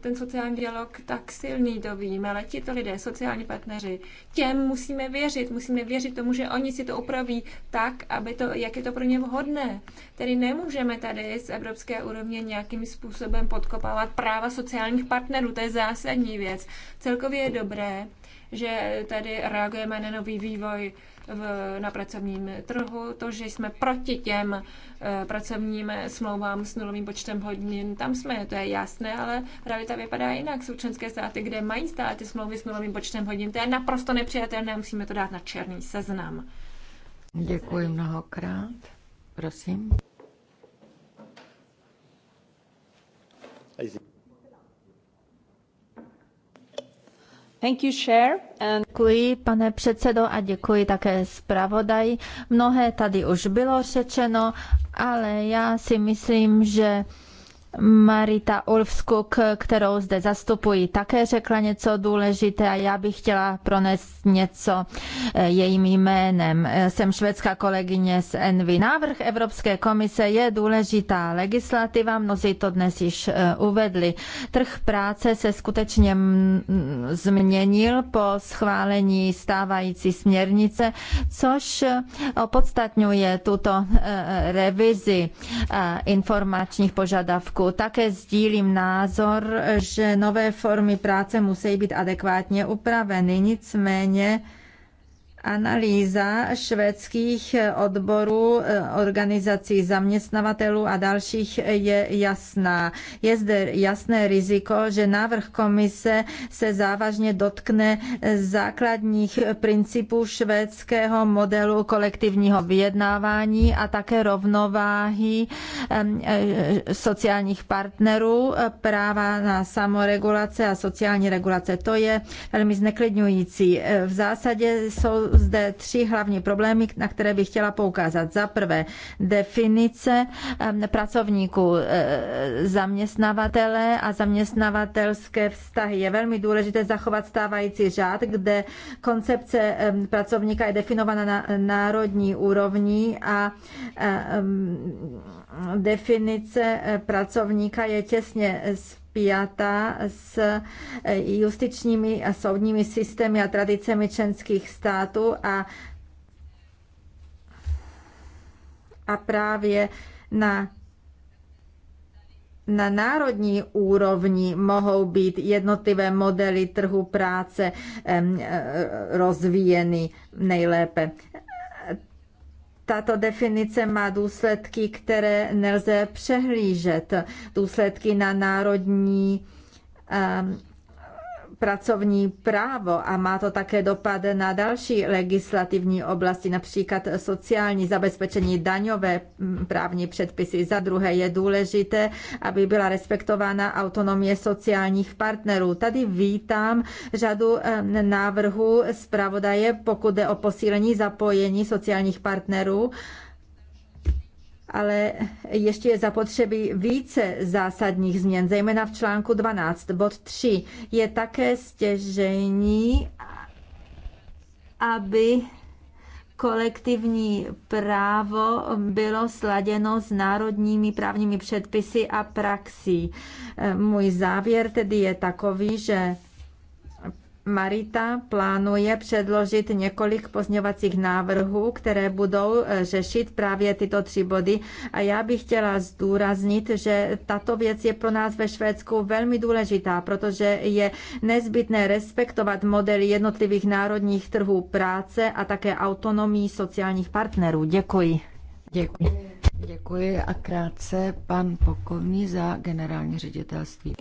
ten sociální dialog tak silný, to víme, ale tito lidé, sociální partneři, těm musíme věřit, musíme věřit tomu, že oni si to upraví tak, aby to, jak je to pro ně vhodné. Tedy nemůžeme tady z evropské úrovně nějakým způsobem podkopávat práva sociálních partnerů, to je zásadní věc. Celkově je dobré, že tady reagujeme na nový vývoj v, na pracovním trhu, to, že jsme proti těm e, pracovním smlouvám s nulovým počtem hodin, tam jsme, to je jasné, ale realita vypadá jinak. Jsou členské státy, kde mají stále ty smlouvy s nulovým počtem hodin, to je naprosto nepřijatelné, musíme to dát na černý seznam. Děkuji mnohokrát. Prosím. Děkuji, pane předsedo, a děkuji také zpravodaji. Mnohé tady už bylo řečeno, ale já si myslím, že Marita Ulfskuk, kterou zde zastupuji, také řekla něco důležité a já bych chtěla pronést něco eh, jejím jménem. Jsem švédská kolegyně z Envy. Návrh Evropské komise je důležitá legislativa, mnozí to dnes již eh, uvedli. Trh práce se skutečně změnil po schválení stávající směrnice, což eh, opodstatňuje tuto revizi informačních požadavků Řecku. Také sdílím názor, že nové formy práce musí být adekvátně upraveny. Nicméně Analýza švédských odborů, eh, organizací zaměstnavatelů a dalších je jasná. Je zde jasné riziko, že návrh komise se závažně dotkne eh, základních principů švédského modelu kolektivního vyjednávání a také rovnováhy eh, sociálních partnerů, práva na samoregulace a sociální regulace. To je velmi zneklidňující. V zásadě jsou zde tři hlavní problémy, na které bych chtěla poukázat. Za prvé, definice pracovníků, e, zaměstnavatele a zaměstnavatelské vztahy. Je velmi důležité zachovat stávající řád, kde koncepce pracovníka je definována na národní úrovni a definice e, pracovníka je těsně spjata s eh, justičními a soudními systémy a tradicemi členských států a, a právě na na národní úrovni mohou být jednotlivé modely trhu práce eh, rozvíjeny nejlépe. Tato definice má důsledky, které nelze přehlížet. Důsledky na národní ehm, pracovní právo a má to také dopad na další legislativní oblasti, například sociální zabezpečení, daňové mm, právní předpisy. Za druhé je důležité, aby byla respektována autonomie sociálních partnerů. Tady vítám řadu eh, návrhů zpravodaje, pokud jde o posílení zapojení sociálních partnerů ale ještě je zapotřebí více zásadních změn, zejména v článku 12. Bod 3 je také stěžení, aby kolektivní právo bylo sladěno s národními právními předpisy a praxí. Můj závěr tedy je takový, že Marita plánuje předložit několik pozněvacích návrhů, které budou eh, řešit právě tyto tři body. A já bych chtěla zdůraznit, že tato věc je pro nás ve Švédsku velmi důležitá, protože je nezbytné respektovat modely jednotlivých národních trhů práce a také autonomii sociálních partnerů. Děkuji. Děkuji. Děkuji a krátce pan Pokovní za generální ředitelství.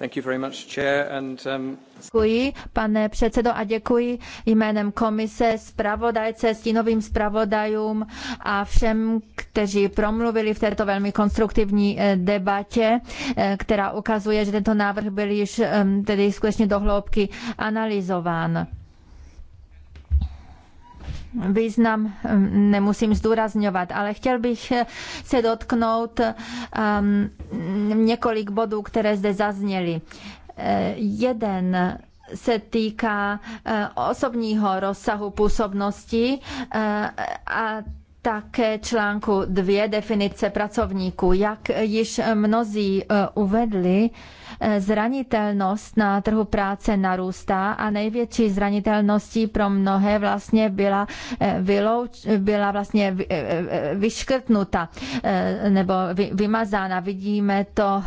Um, děkuji, pane předsedo, a děkuji jménem komise, zpravodajce, stínovým zpravodajům a všem, kteří promluvili v této velmi konstruktivní eh, debatě, eh, která ukazuje, že tento návrh byl již eh, tedy skutečně dohloubky analyzován význam mm, nemusím zdůrazňovat, ale chtěl bych se dotknout um, několik bodů, které zde zazněly. Eh, jeden se týká eh, osobního rozsahu působnosti eh, a také článku dvě definice pracovníků. Jak již mnozí eh, uvedli, eh, zranitelnost na trhu práce narůstá a největší zranitelností pro mnohé vlastně byla, eh, vylouč, byla vlastně vyškrtnuta nebo vymazána. Vidíme to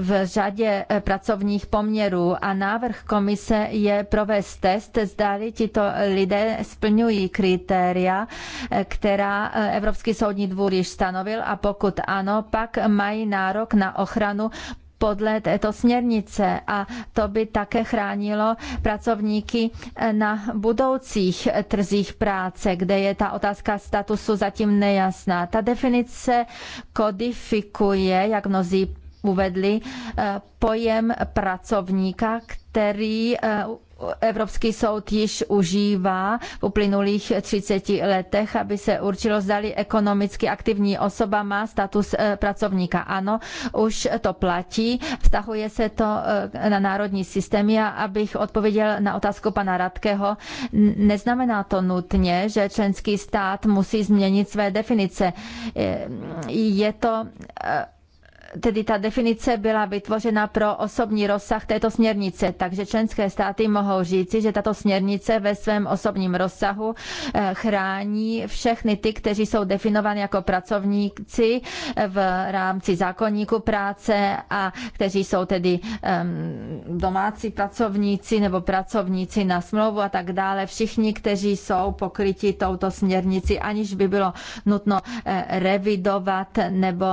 v řadě eh, pracovních poměrů a návrh komise je provést test, zdali tito lidé splňují kritéria, eh, která eh, Evropský soudní dvůr již stanovil a pokud ano, pak mají nárok na ochranu podle této směrnice a to by také chránilo pracovníky na budoucích trzích práce, kde je ta otázka statusu zatím nejasná. Ta definice kodifikuje, jak mnozí uvedli eh, pojem pracovníka, který eh, Evropský soud již užívá v uplynulých 30 letech, aby se určilo, zdali ekonomicky aktivní osoba má status eh, pracovníka. Ano, už to platí, vztahuje se to na národní systémy a abych odpověděl na otázku pana Radkého, neznamená to nutně, že členský stát musí změnit své definice. Je to tedy ta definice byla vytvořena pro osobní rozsah této směrnice, takže členské státy mohou říci, že tato směrnice ve svém osobním rozsahu eh, chrání všechny ty, kteří jsou definováni jako pracovníci eh, v rámci zákonníku práce a kteří jsou tedy ehm, domácí pracovníci nebo pracovníci na smlouvu a tak dále. Všichni, kteří jsou pokryti touto směrnici, aniž by bylo nutno eh, revidovat nebo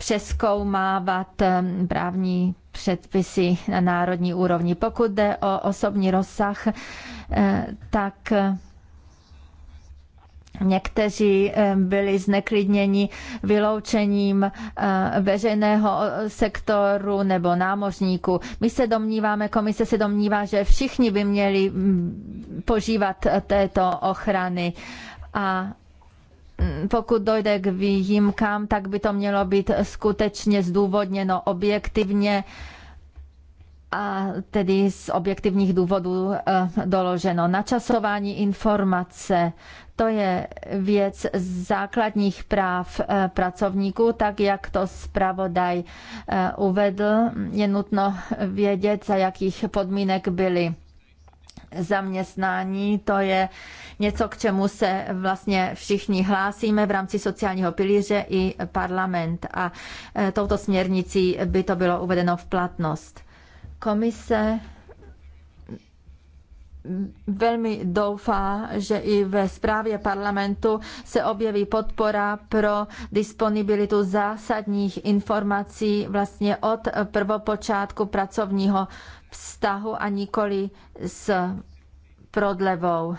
přeskoumávat ehm, právní předpisy na národní úrovni. Pokud jde o osobní rozsah, eh, tak eh, Někteří eh, byli zneklidněni vyloučením veřejného sektoru nebo námořníků. My se domníváme, komise se domnívá, že všichni by měli mm, požívat této ochrany a pokud dojde k výjimkám, tak by to mělo být skutečně zdůvodněno objektivně a tedy z objektivních důvodů eh, doloženo. Načasování informace, to je věc základních práv eh, pracovníků, tak jak to zpravodaj eh, uvedl. Je nutno vědět, za jakých podmínek byly zaměstnání, to je něco, k čemu se vlastně všichni hlásíme v rámci sociálního pilíře i parlament a e, touto směrnicí by to bylo uvedeno v platnost. Komise velmi doufá, že i ve zprávě parlamentu se objeví podpora pro disponibilitu zásadních informací vlastně od prvopočátku pracovního vztahu a nikoli s prodlevou.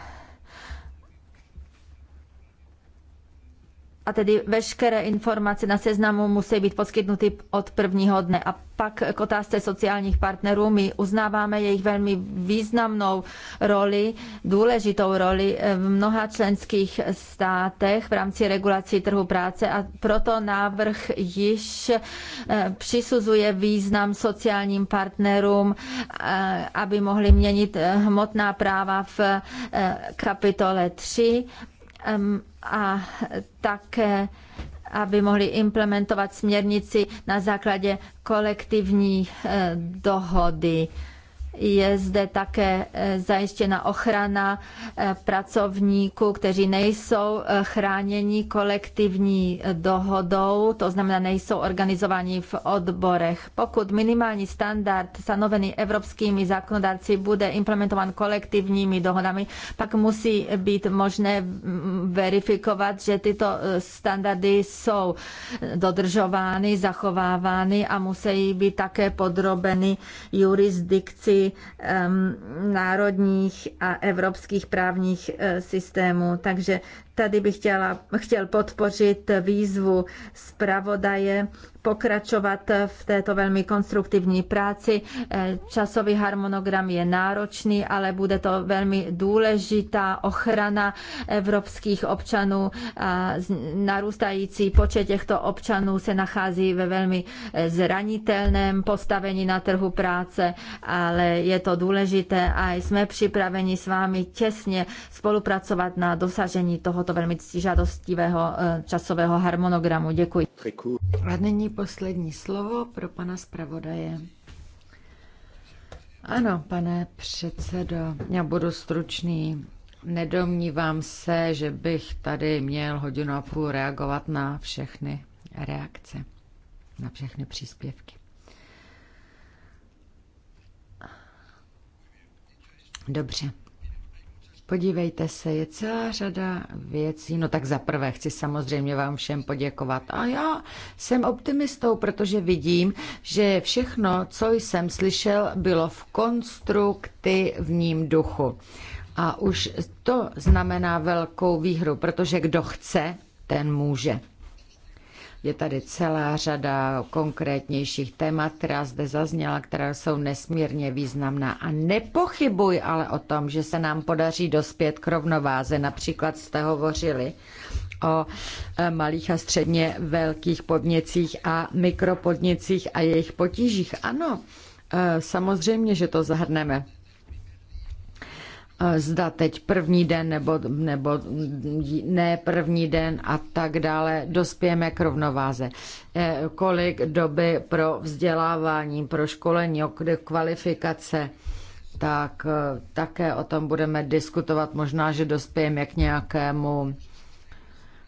a tedy veškeré informace na seznamu musí být poskytnuty od prvního dne. A pak k otázce sociálních partnerů. My uznáváme jejich velmi významnou roli, důležitou roli v mnoha členských státech v rámci regulací trhu práce a proto návrh již eh, přisuzuje význam sociálním partnerům, eh, aby mohli měnit eh, hmotná práva v kapitole 3 a také aby mohli implementovat směrnici na základě kolektivní eh, dohody. Je zde také eh, zajištěna ochrana eh, pracovníků, kteří nejsou eh, chráněni kolektivní dohodou, to znamená nejsou organizováni v odborech. Pokud minimální standard stanovený evropskými zákonodárci bude implementován kolektivními dohodami, pak musí být možné verifikovat, že tyto standardy jsou dodržovány, zachovávány a musí být také podrobeny jurisdikci um, národních a evropských právních eh, systémů. Takže tady bych chtěla, chtěl podpořit výzvu zpravodaje pokračovat v této velmi konstruktivní práci. Časový harmonogram je náročný, ale bude to velmi důležitá ochrana evropských občanů. Narůstající počet těchto občanů se nachází ve velmi zranitelném postavení na trhu práce, ale je to důležité a jsme připraveni s vámi těsně spolupracovat na dosažení tohoto velmi žádostivého e, časového harmonogramu. Děkuji. A nyní poslední slovo pro pana zpravodaje. Ano, pane předsedo, já budu stručný. Nedomnívám se, že bych tady měl hodinu a půl reagovat na všechny reakce, na všechny příspěvky. Dobře. Podívejte se, je celá řada věcí. No tak za prvé chci samozřejmě vám všem poděkovat. A já jsem optimistou, protože vidím, že všechno, co jsem slyšel, bylo v konstruktivním duchu. A už to znamená velkou výhru, protože kdo chce, ten může. Je tady celá řada konkrétnějších témat, která zde zazněla, která jsou nesmírně významná. A nepochybuj ale o tom, že se nám podaří dospět k rovnováze. Například jste hovořili o e, malých a středně velkých podnicích a mikropodnicích a jejich potížích. Ano, e, samozřejmě, že to zahrneme. Eh, zda teď první den nebo, nebo ne první den a tak dále, dospějeme k rovnováze. Eh, kolik doby pro vzdělávání, pro školení, kvalifikace, tak eh, také o tom budeme diskutovat. Možná, že dospějeme k nějakému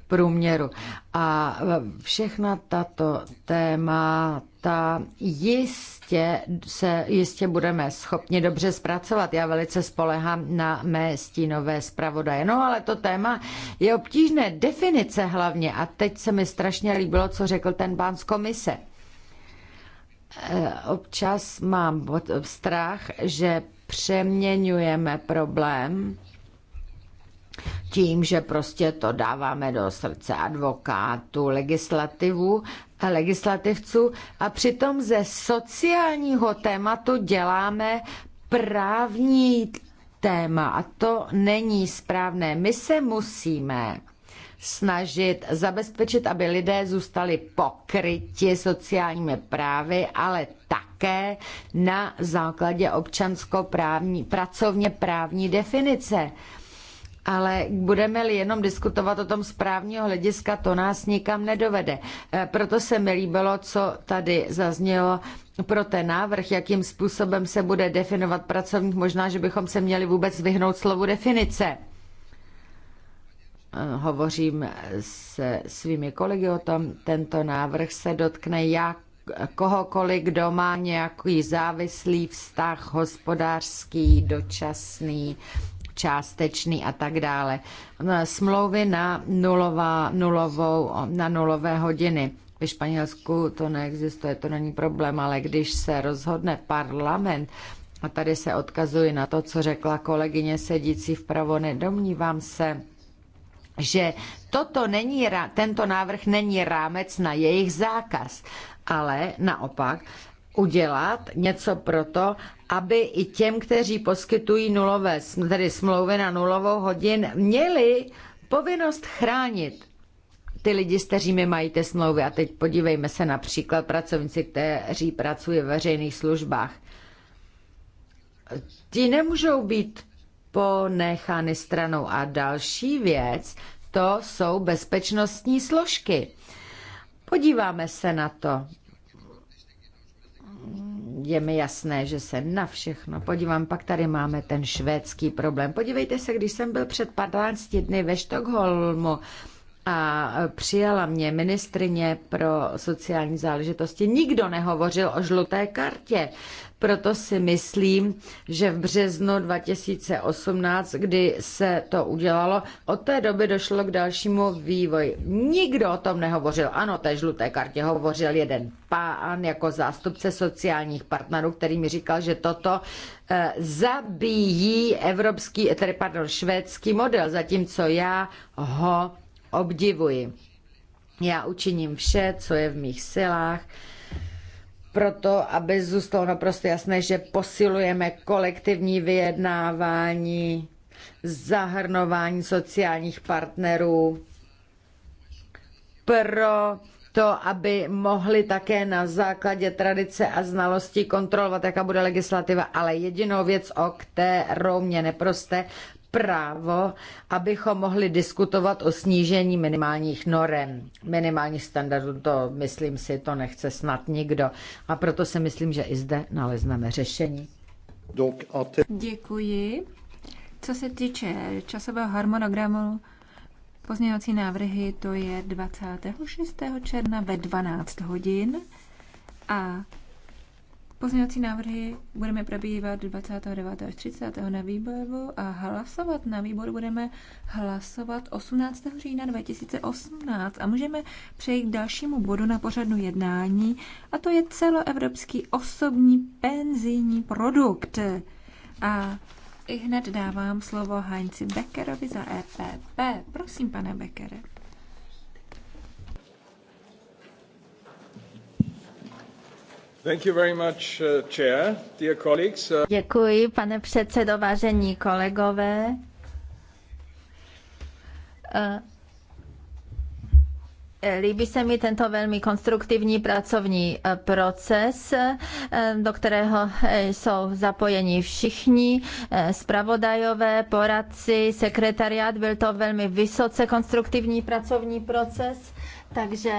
průměru. A všechna tato témata jistě, se, jistě budeme schopni dobře zpracovat. Já velice spolehám na mé stínové zpravodaje. No ale to téma je obtížné, definice hlavně. A teď se mi strašně líbilo, co řekl ten pán z komise. E, občas mám strach, že přeměňujeme problém tím, že prostě to dáváme do srdce advokátu, legislativu, eh, legislativců a přitom ze sociálního tématu děláme právní téma a to není správné. My se musíme snažit zabezpečit, aby lidé zůstali pokryti sociálními právy, ale také na základě občanskoprávní, pracovně právní definice. Ale budeme-li jenom diskutovat o tom správního hlediska, to nás nikam nedovede. E, proto se mi líbilo, co tady zaznělo pro ten návrh, jakým způsobem se bude definovat pracovník. Možná, že bychom se měli vůbec vyhnout slovu definice. E, hovořím se svými kolegy o tom, tento návrh se dotkne jak kohokoliv, kdo má nějaký závislý vztah, hospodářský, dočasný částečný a tak dále. Eh, Smlouvy na, nulová, nulovou, na nulové hodiny. Ve Španělsku to neexistuje, to není problém, ale když se rozhodne parlament, a tady se odkazuji na to, co řekla kolegyně sedící vpravo, nedomnívám se, že toto není, tento návrh není rámec na jejich zákaz, ale naopak udělat něco pro to, aby i těm, kteří poskytují nulové, tedy smlouvy na nulovou hodin, měli povinnost chránit ty lidi, s kterými mají ty smlouvy. A teď podívejme se například pracovníci, kteří pracují ve veřejných službách. Ti nemůžou být ponechány stranou. A další věc, to jsou bezpečnostní složky. Podíváme se na to je mi jasné, že se na všechno podívám. Pak tady máme ten švédský problém. Podívejte se, když jsem byl před 15 dny ve Štokholmu, a přijala mě ministrině pro sociální záležitosti. Nikdo nehovořil o žluté kartě. Proto si myslím, že v březnu 2018, kdy se to udělalo, od té doby došlo k dalšímu vývoji. Nikdo o tom nehovořil. Ano, té žluté kartě hovořil jeden pán jako zástupce sociálních partnerů, který mi říkal, že toto eh, zabíjí evropský, eh, tedy pardon, švédský model, zatímco já ho obdivuji. Já učiním vše, co je v mých silách, proto, aby zůstalo naprosto jasné, že posilujeme kolektivní vyjednávání, zahrnování sociálních partnerů pro to, aby mohli také na základě tradice a znalostí kontrolovat, jaká bude legislativa, ale jedinou věc, o kterou mě neproste, právo, abychom mohli diskutovat o snížení minimálních norem, minimálních standardů. To, myslím si, to nechce snad nikdo. A proto si myslím, že i zde nalezneme řešení. Děkuji. Co se týče časového harmonogramu, pozměňovací návrhy to je 26. června ve 12 hodin a Pozměňovací návrhy budeme probívat 29. až 30. na výboru a hlasovat na výboru budeme hlasovat 18. října 2018 a můžeme přejít k dalšímu bodu na pořadu jednání a to je celoevropský osobní penzijní produkt. A i hned dávám slovo Heinzi Beckerovi za EPP. Prosím, pane Beckere. Uh, uh, Děkuji, pane předsedo, vážení kolegové. Eh, eh, líbí se mi tento velmi konstruktivní pracovní eh, proces, do kterého jsou zapojeni všichni, zpravodajové, poradci, sekretariát. Byl to velmi vysoce konstruktivní pracovní proces, takže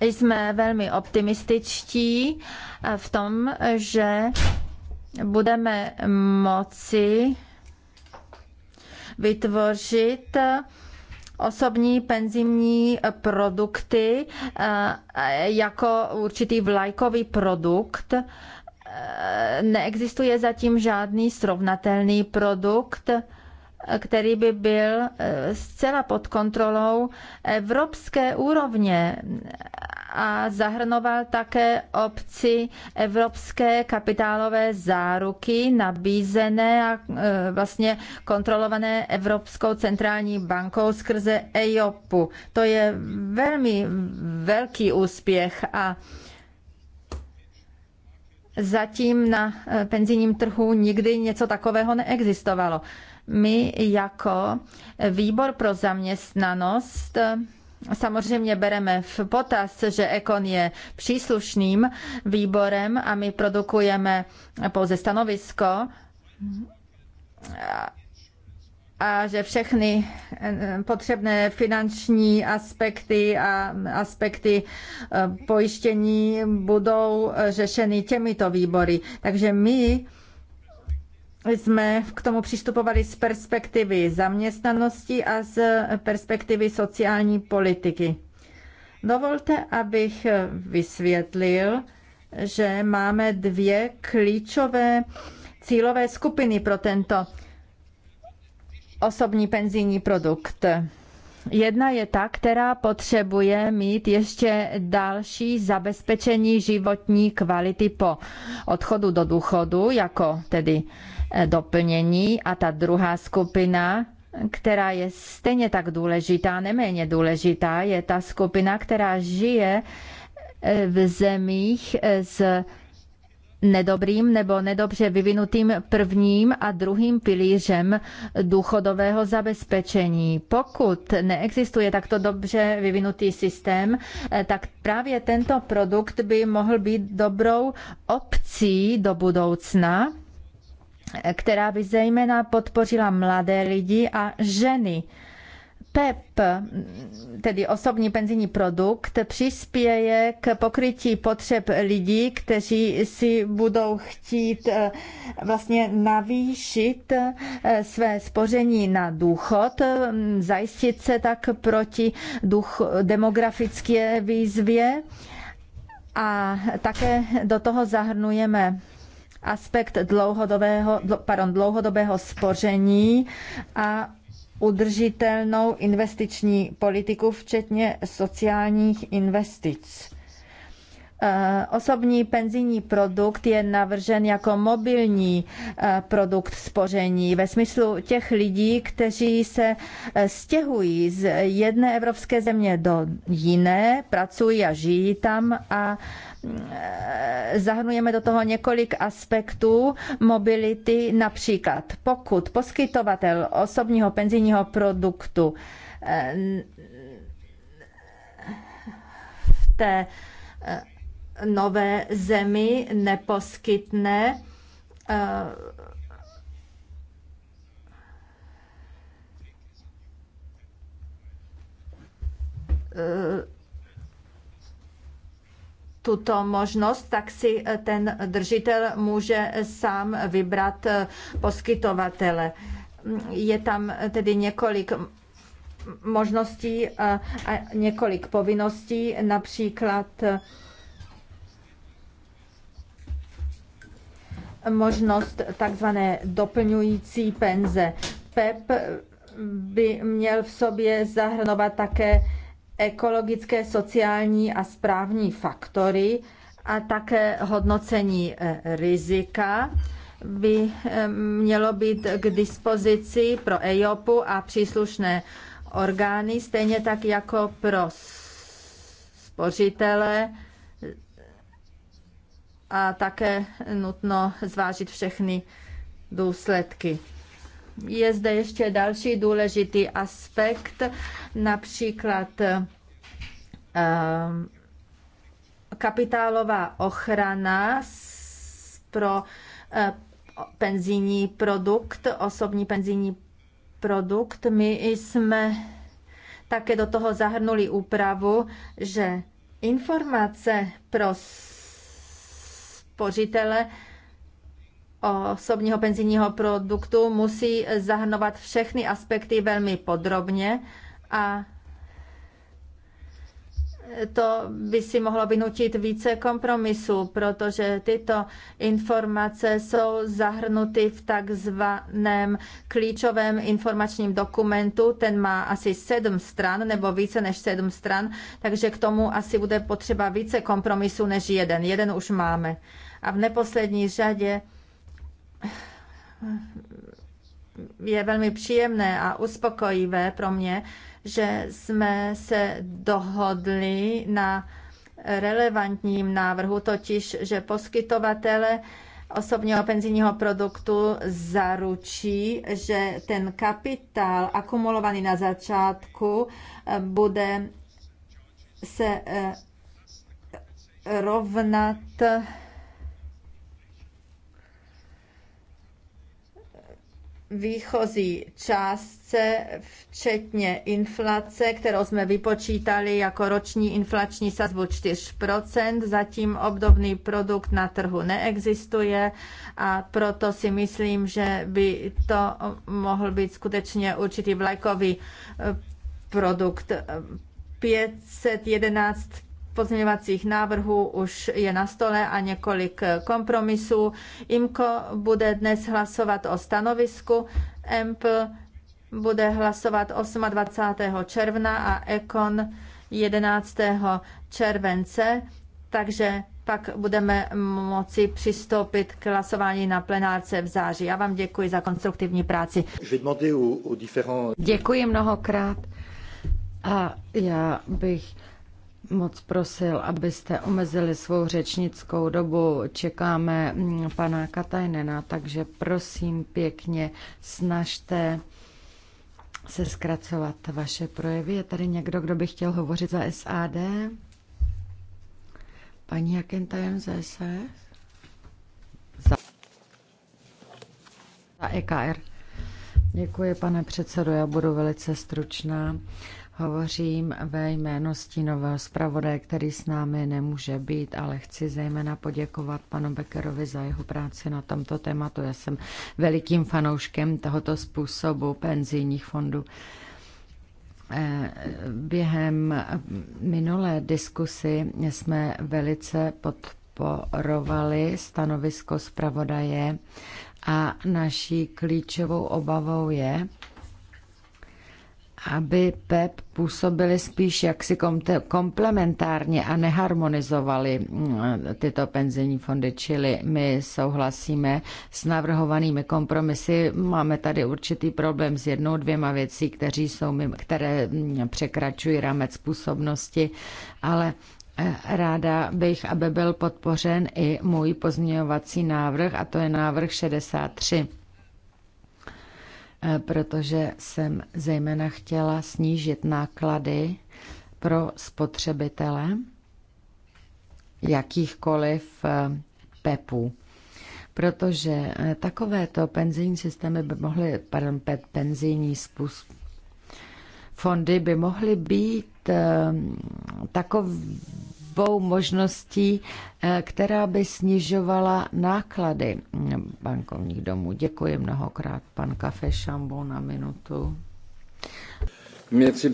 jsme velmi optimističtí eh, v tom, že budeme moci vytvořit eh, osobní penzijní eh, produkty jako určitý vlajkový produkt. Neexistuje zatím žádný srovnatelný produkt, který by byl eh, zcela pod kontrolou evropské úrovně a zahrnoval také obci evropské kapitálové záruky nabízené a eh, vlastně kontrolované Evropskou centrální bankou skrze EIOPu. To je velmi velký úspěch a zatím na eh, penzijním trhu nikdy něco takového neexistovalo. My jako výbor pro zaměstnanost eh, Samozřejmě bereme v potaz, že Ekon je příslušným výborem a my produkujeme pouze stanovisko a že všechny eh, potřebné finanční aspekty a aspekty eh, pojištění budou řešeny těmito výbory. Takže my jsme k tomu přistupovali z perspektivy zaměstnanosti a z perspektivy sociální politiky. Dovolte, abych vysvětlil, že máme dvě klíčové cílové skupiny pro tento osobní penzijní produkt. Jedna je ta, která potřebuje mít ještě další zabezpečení životní kvality po odchodu do důchodu, jako tedy doplnění a ta druhá skupina která je stejně tak důležitá, neméně důležitá, je ta skupina, která žije e, v zemích e, s nedobrým nebo nedobře vyvinutým prvním a druhým pilířem důchodového zabezpečení. Pokud neexistuje takto dobře vyvinutý systém, e, tak právě tento produkt by mohl být dobrou opcí do budoucna která by zejména podpořila mladé lidi a ženy. PEP, e tedy osobní penzijní produkt, přispěje k pokrytí potřeb lidí, kteří si budou chtít eh, vlastně navýšit eh, své spoření na důchod, hm, zajistit se tak proti duch, demografické výzvě a také do toho zahrnujeme aspekt dlouhodobého, pardon, dlouhodobého spoření a udržitelnou investiční politiku, včetně sociálních investic. E, osobní penzijní produkt je navržen jako mobilní e, produkt spoření ve smyslu těch lidí, kteří se e, stěhují z jedné evropské země do jiné, pracují a žijí tam a Eh, zahrnujeme do toho několik aspektů mobility, například pokud poskytovatel osobního penzijního produktu eh, v té eh, nové zemi neposkytne tuto možnost, tak si eh, ten držitel může sám vybrat eh, poskytovatele. Je tam eh, tedy několik možností a několik povinností, například možnost takzvané doplňující penze. PEP by měl v sobě zahrnovat také ekologické, sociální a správní faktory a také hodnocení eh, rizika by eh, mělo být k dispozici pro EIOPu a příslušné orgány, stejně tak jako pro spořitele a také nutno zvážit všechny důsledky. Je zde ještě další důležitý aspekt, například eh, kapitálová ochrana pro eh, penzijní produkt, osobní penzijní produkt. My jsme také do toho zahrnuli úpravu, že informace pro spořitele osobního penzijního produktu musí zahrnovat všechny aspekty velmi podrobně a to by si mohlo vynutit více kompromisů, protože tyto informace jsou zahrnuty v takzvaném klíčovém informačním dokumentu. Ten má asi sedm stran nebo více než sedm stran, takže k tomu asi bude potřeba více kompromisů než jeden. Jeden už máme. A v neposlední řadě je velmi příjemné a uspokojivé pro mě, že jsme se dohodli na relevantním návrhu, totiž, že poskytovatele osobního penzijního produktu zaručí, že ten kapitál akumulovaný na začátku eh, bude se eh, rovnat výchozí částce, včetně inflace, kterou jsme vypočítali jako roční inflační sazbu 4%. Zatím obdobný produkt na trhu neexistuje a proto si myslím, že by to mohl být skutečně určitý vlajkový eh, produkt. 511 pozměňovacích návrhů už je na stole a několik kompromisů. IMKO bude dnes hlasovat o stanovisku, EMP bude hlasovat 28. června a EKON 11. července, takže pak budeme moci přistoupit k hlasování na plenárce v září. Já vám děkuji za konstruktivní práci. Děkuji mnohokrát. A já bych moc prosil, abyste omezili svou řečnickou dobu. Čekáme mm, pana Katajnena, takže prosím pěkně, snažte se zkracovat vaše projevy. Je tady někdo, kdo by chtěl hovořit za SAD? Paní Jakentajem za SAS? Za, za e EKR. Děkuji, pane předsedo, já budu velice stručná. Hovořím ve jménu stínového zpravodaje, který s námi nemůže být, ale chci zejména poděkovat panu Beckerovi za jeho práci na tomto tématu. Já jsem velikým fanouškem tohoto způsobu penzijních fondů. Eh, během minulé diskusy jsme velice podporovali stanovisko zpravodaje a naší klíčovou obavou je, aby PEP působily spíš jaksi komplementárně a neharmonizovaly mm, tyto penzijní fondy, čili my souhlasíme s navrhovanými kompromisy. Máme tady určitý problém s jednou, dvěma věcí, kteří jsou, které mm, překračují rámec působnosti, ale eh, Ráda bych, aby byl podpořen i můj pozměňovací návrh, a to je návrh 63 Eh, protože jsem zejména chtěla snížit náklady pro spotřebitele jakýchkoliv eh, PEPů. Protože eh, takovéto penzijní systémy by mohly, pardon, penzijní způsob, fondy by mohly být takový dvou možností, eh, která by snižovala náklady bankovních domů. Děkuji mnohokrát, pan Kafe Šambo, na minutu. Děkuji,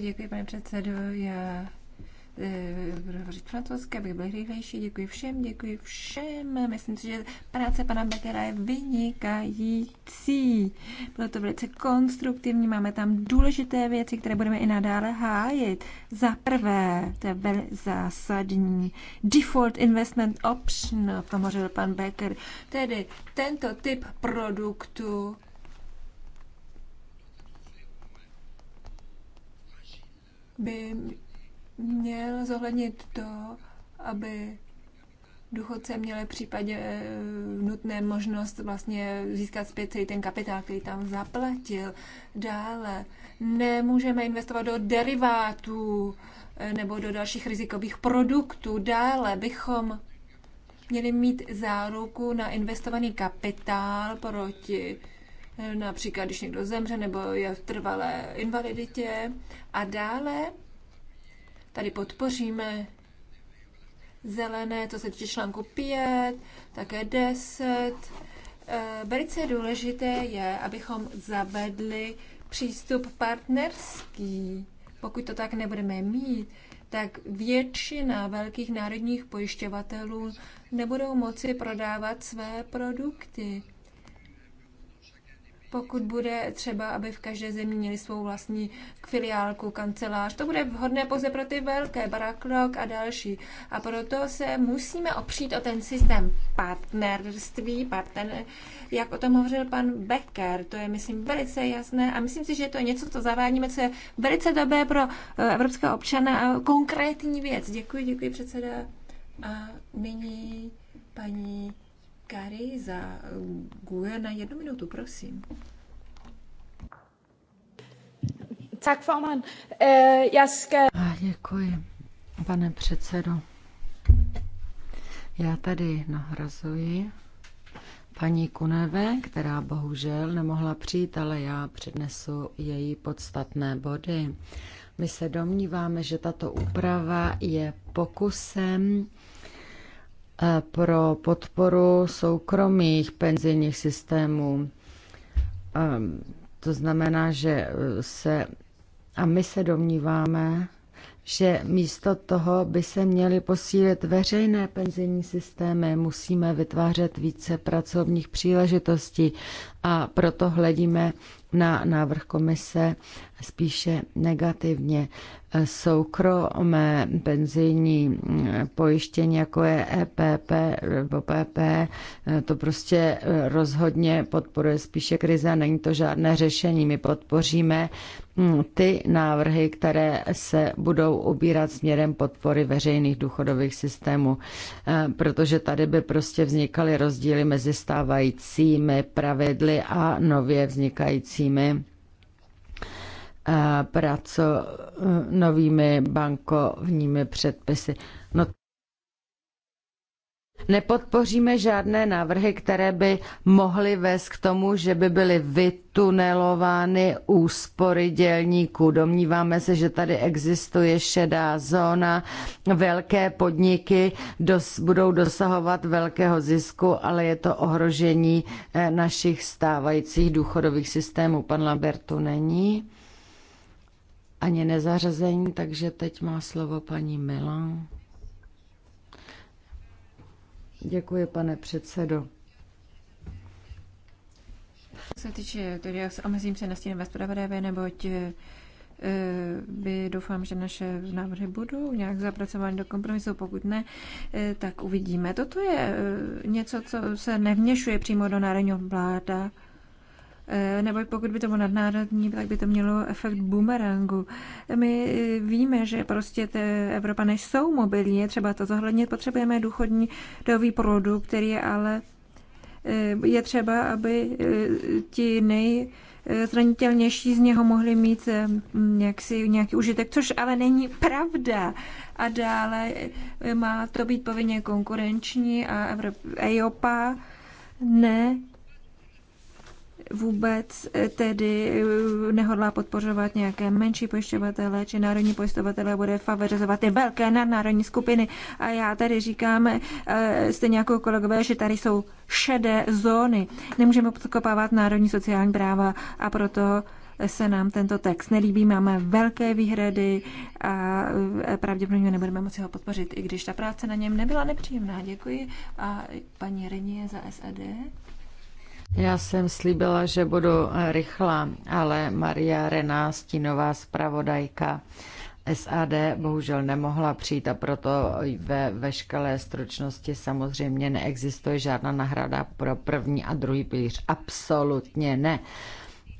děkuji, pane předsedo. Já budu eh, hovořit francouzsky, abych byl rychlejší. Děkuji všem, děkuji všem. Myslím si, že práce pana Bekera je vynikající. Bylo to velice konstruktivní, máme tam důležité věci, které budeme i nadále hájit. Za prvé, to je velmi zásadní, default investment option, pomořil pan Becker. Tedy tento typ produktu by měl zohlednit to, aby důchodce měli v případě eh, nutné možnost vlastně získat zpět celý ten kapitál, který tam zaplatil. Dále nemůžeme investovat do derivátů eh, nebo do dalších rizikových produktů. Dále bychom měli mít záruku na investovaný kapitál proti eh, například, když někdo zemře nebo je v trvalé invaliditě. A dále Tady podpoříme zelené, to se týče článku 5, také 10. Eh, velice důležité je, abychom zavedli přístup partnerský. Pokud to tak nebudeme mít, tak většina velkých národních pojišťovatelů nebudou moci prodávat své produkty pokud bude třeba, aby v každé zemi měli svou vlastní filiálku, kancelář. To bude vhodné pouze pro ty velké, Baraklok a další. A proto se musíme opřít o ten systém partnerství, partner, jak o tom hovořil pan Becker. To je, myslím, velice jasné a myslím si, že to je něco, co zavádíme, co je velice dobré pro eh, evropského občana a konkrétní věc. Děkuji, děkuji předseda. A nyní paní Kary za na jednu minutu, prosím. Tak, Forman. Eh, já ah, Děkuji, pane předsedo. Já tady nahrazuji paní Kuneve, která bohužel nemohla přijít, ale já přednesu její podstatné body. My se domníváme, že tato úprava je pokusem pro podporu soukromých penzijních systémů. Ehm, to znamená, že se a my se domníváme, že místo toho by se měly posílit veřejné penzijní systémy, musíme vytvářet více pracovních příležitostí a proto hledíme na návrh komise spíše negativně. Soukromé penzijní pojištění, jako je EPP nebo PP, to prostě rozhodně podporuje spíše krize a není to žádné řešení. My podpoříme hm, ty návrhy, které se budou ubírat směrem podpory veřejných důchodových systémů, eh, protože tady by prostě vznikaly rozdíly mezi stávajícími pravidly a nově vznikajícími praco e, novými bankovními předpisy. No, Nepodpoříme žádné návrhy, které by mohly vést k tomu, že by byly vytunelovány úspory dělníků. Domníváme se, že tady existuje šedá zóna. Velké podniky dos, budou dosahovat velkého zisku, ale je to ohrožení e, našich stávajících důchodových systémů. Pan Labertu není ani nezařazení, takže teď má slovo paní Milan. Děkuji, pane předsedo. Co se týče, tedy já se omezím se na ve zpravodajové, neboť by eh, eh, doufám, že naše návrhy budou nějak zapracovány do kompromisu. Pokud ne, eh, tak uvidíme. Toto je něco, co se nevněšuje přímo do národního vláda Eh, nebo pokud by to bylo nadnárodní, tak by to mělo efekt boomerangu. My eh, víme, že prostě ty Evropané jsou mobilní, je třeba to zohlednit, potřebujeme důchodní dový produkt, který je ale eh, je třeba, aby ti nej zranitelnější z něho mohli mít jaksi nějaký užitek, což ale není pravda. A dále má to být povinně konkurenční a Evropa EIOPA ne vůbec eh, tedy eh, nehodlá podporovat nějaké menší pojišťovatele či národní pojišťovatele bude favorizovat ty velké nadnárodní skupiny. A já tady říkám, eh, stejně jako kolegové, že tady jsou šedé zóny. Nemůžeme podkopávat národní sociální práva a proto se nám tento text nelíbí, máme velké výhrady a pravděpodobně nebudeme moci ho podpořit, i když ta práce na něm nebyla nepříjemná. Děkuji. A paní Renie za SAD. E já jsem slíbila, že budu eh, rychlá, ale Maria Rená, stínová zpravodajka SAD, bohužel nemohla přijít a proto ve veškeré stručnosti samozřejmě neexistuje žádná nahrada pro první a druhý pilíř. Absolutně ne.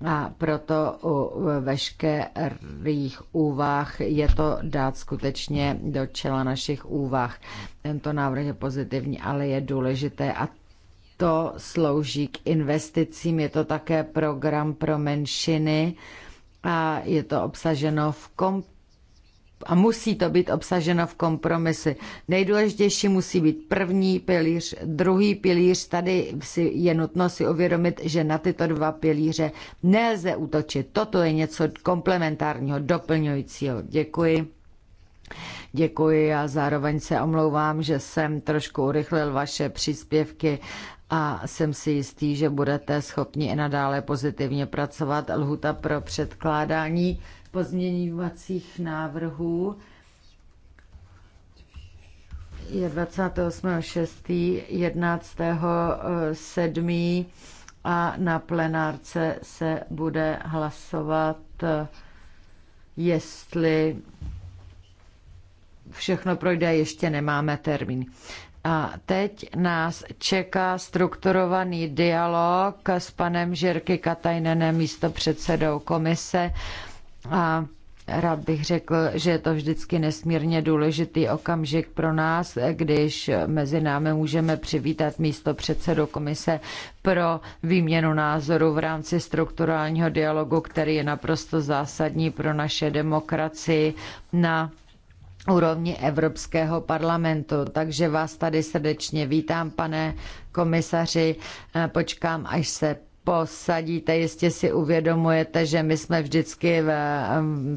A proto u veškerých úvah je to dát skutečně do čela našich úvah. Tento návrh je pozitivní, ale je důležité a to slouží k investicím, je to také program pro menšiny a je to obsaženo v kom a musí to být obsaženo v kompromisy. Nejdůležitější musí být první pilíř, druhý pilíř. Tady si je nutno si uvědomit, že na tyto dva pilíře nelze útočit. Toto je něco komplementárního, doplňujícího. Děkuji. Děkuji a zároveň se omlouvám, že jsem trošku urychlil vaše příspěvky a jsem si jistý, že budete schopni i nadále pozitivně pracovat. Lhuta pro předkládání pozměňovacích návrhů je 28.6., 11.7. Eh, a na plenárce se bude hlasovat, jestli všechno projde, ještě nemáme termín. A teď nás čeká strukturovaný dialog s panem Žirky Katajnenem, místo předsedou komise. A Rád bych řekl, že je to vždycky nesmírně důležitý okamžik pro nás, když mezi námi můžeme přivítat místo předsedou komise pro výměnu názoru v rámci strukturálního dialogu, který je naprosto zásadní pro naše demokracii na úrovni Evropského parlamentu. Takže vás tady srdečně vítám, pane komisaři. Eh, počkám, až se posadíte. Jistě si uvědomujete, že my jsme vždycky v,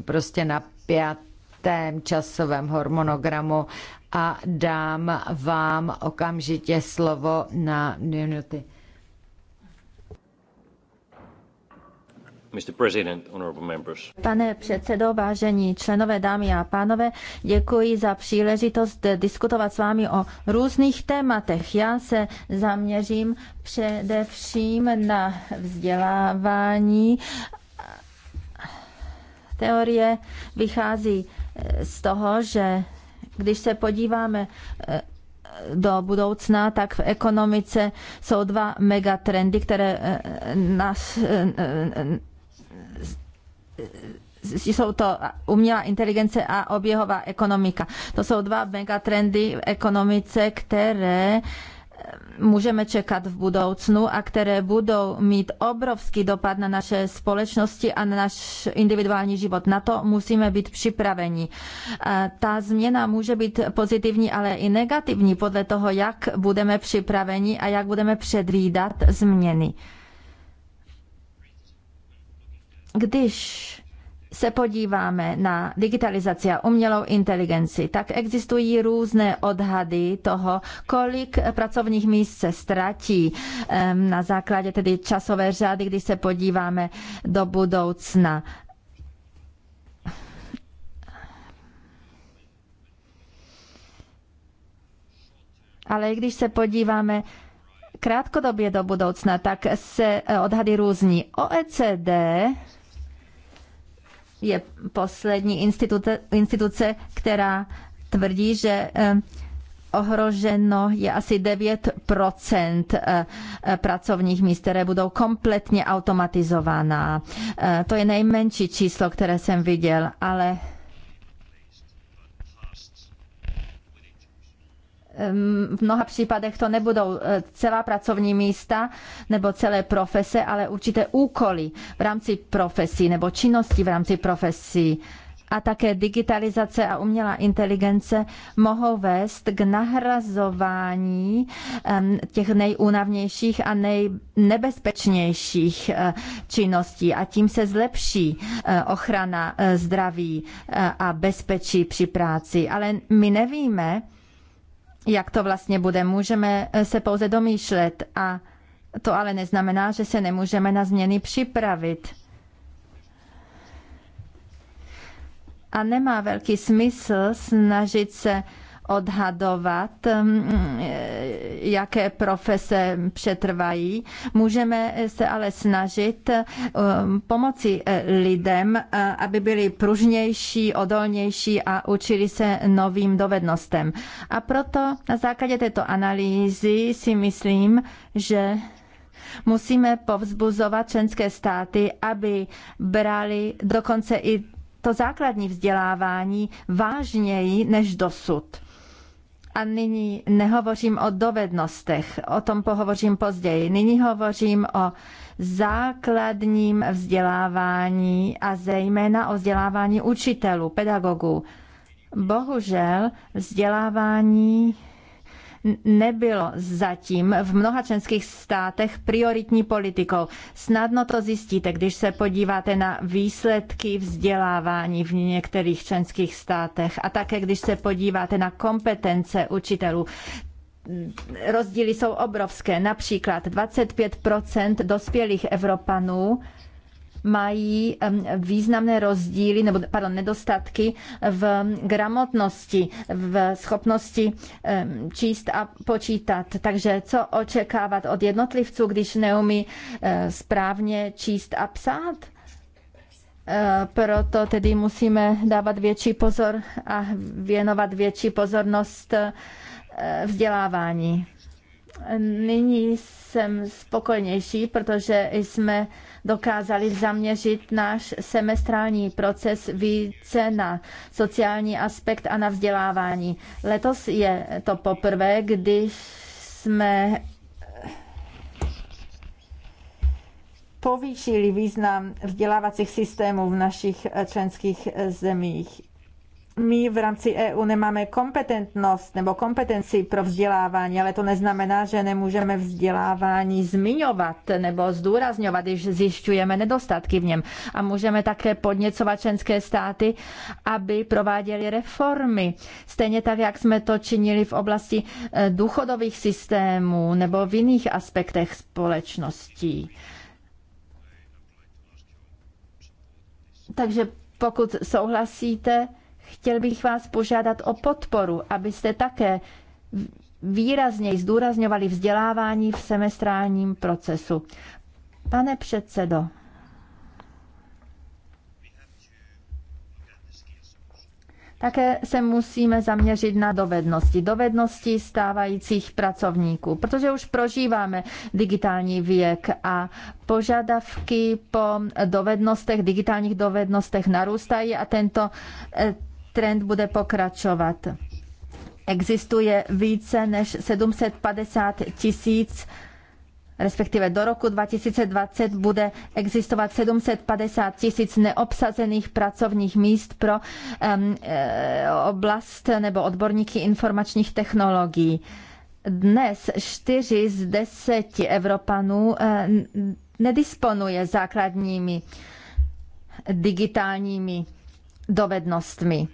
prostě na pětém časovém hormonogramu a dám vám okamžitě slovo na minuty. Pane předsedo, vážení členové, dámy a pánové, děkuji za příležitost diskutovat s vámi o různých tématech. Já se zaměřím především na vzdělávání. Teorie vychází eh, z toho, že když se podíváme eh, do budoucna, tak v ekonomice jsou dva megatrendy, které eh, nás jsou to umělá inteligence a oběhová ekonomika. To jsou dva megatrendy v ekonomice, které eh, můžeme čekat v budoucnu a které budou mít obrovský dopad na naše společnosti a na náš individuální život. Na to musíme být připraveni. Eh, ta změna může být pozitivní, ale i negativní podle toho, jak budeme připraveni a jak budeme předvídat změny. Když se podíváme na digitalizaci a umělou inteligenci, tak existují různé odhady toho, kolik pracovních míst se ztratí ehm, na základě tedy časové řady, když se podíváme do budoucna. Ale když se podíváme krátkodobě do budoucna, tak se eh, odhady různí. OECD je poslední instituce, instituce která tvrdí, že eh, ohroženo je asi 9 eh, eh, pracovních míst, které budou kompletně automatizovaná. To je nejmenší číslo, které jsem viděl, ale v mnoha případech to nebudou eh, celá pracovní místa nebo celé profese, ale určité úkoly v rámci profesí nebo činnosti v rámci profesí a také digitalizace a umělá inteligence mohou vést k nahrazování těch nejúnavnějších a nejnebezpečnějších eh, činností a tím se zlepší eh, ochrana zdraví a bezpečí při práci. Ale my nevíme, jak to vlastně bude. Můžeme eh, se pouze domýšlet a to ale neznamená, že se nemůžeme na změny připravit. A nemá velký smysl snažit se odhadovat, hm, eh, jaké profese přetrvají. Můžeme se ale snažit eh, pomoci eh, lidem, aby byli pružnější, odolnější a učili se novým dovednostem. A proto na základě této analýzy si myslím, že musíme povzbuzovat členské státy, aby brali dokonce i to základní vzdělávání vážněji než dosud. A nyní nehovořím o dovednostech, o tom pohovořím později. Nyní hovořím o základním vzdělávání a zejména o vzdělávání učitelů, pedagogů. Bohužel vzdělávání nebylo zatím v mnoha členských státech prioritní politikou. Snadno to zjistíte, když se podíváte na výsledky vzdělávání v některých členských státech a také když se podíváte na kompetence učitelů rozdíly jsou obrovské. Například 25 dospělých Evropanů mají významné rozdíly nebo pardon, nedostatky v gramotnosti, v schopnosti číst a počítat. Takže co očekávat od jednotlivců, když neumí eh, správně číst a psát? Eh, proto tedy musíme dávat větší pozor a věnovat větší pozornost eh, vzdělávání. Nyní jsem spokojnější, protože jsme dokázali zaměřit náš semestrální proces více na sociální aspekt a na vzdělávání. Letos je to poprvé, když jsme povýšili význam vzdělávacích systémů v našich členských zemích my v rámci EU nemáme kompetentnost nebo kompetenci pro vzdělávání, ale to neznamená, že nemůžeme vzdělávání zmiňovat nebo zdůrazňovat, když zjišťujeme nedostatky v něm. A můžeme také podněcovat členské státy, aby prováděly reformy. Stejně tak, jak jsme to činili v oblasti e, důchodových systémů nebo v jiných aspektech společností. Takže pokud souhlasíte, Chtěl bych vás požádat o podporu, abyste také výrazněji zdůrazňovali vzdělávání v semestrálním procesu. Pane předsedo, Také se musíme zaměřit na dovednosti, dovednosti stávajících pracovníků, protože už prožíváme digitální věk a požadavky po dovednostech, digitálních dovednostech narůstají a tento eh, trend bude pokračovat. Existuje více než 750 tisíc respektive do roku 2020 bude existovat 750 tisíc neobsazených pracovních míst pro um, oblast nebo odborníky informačních technologií. Dnes 4 z 10 Evropanů eh, nedisponuje základními digitálními dovednostmi.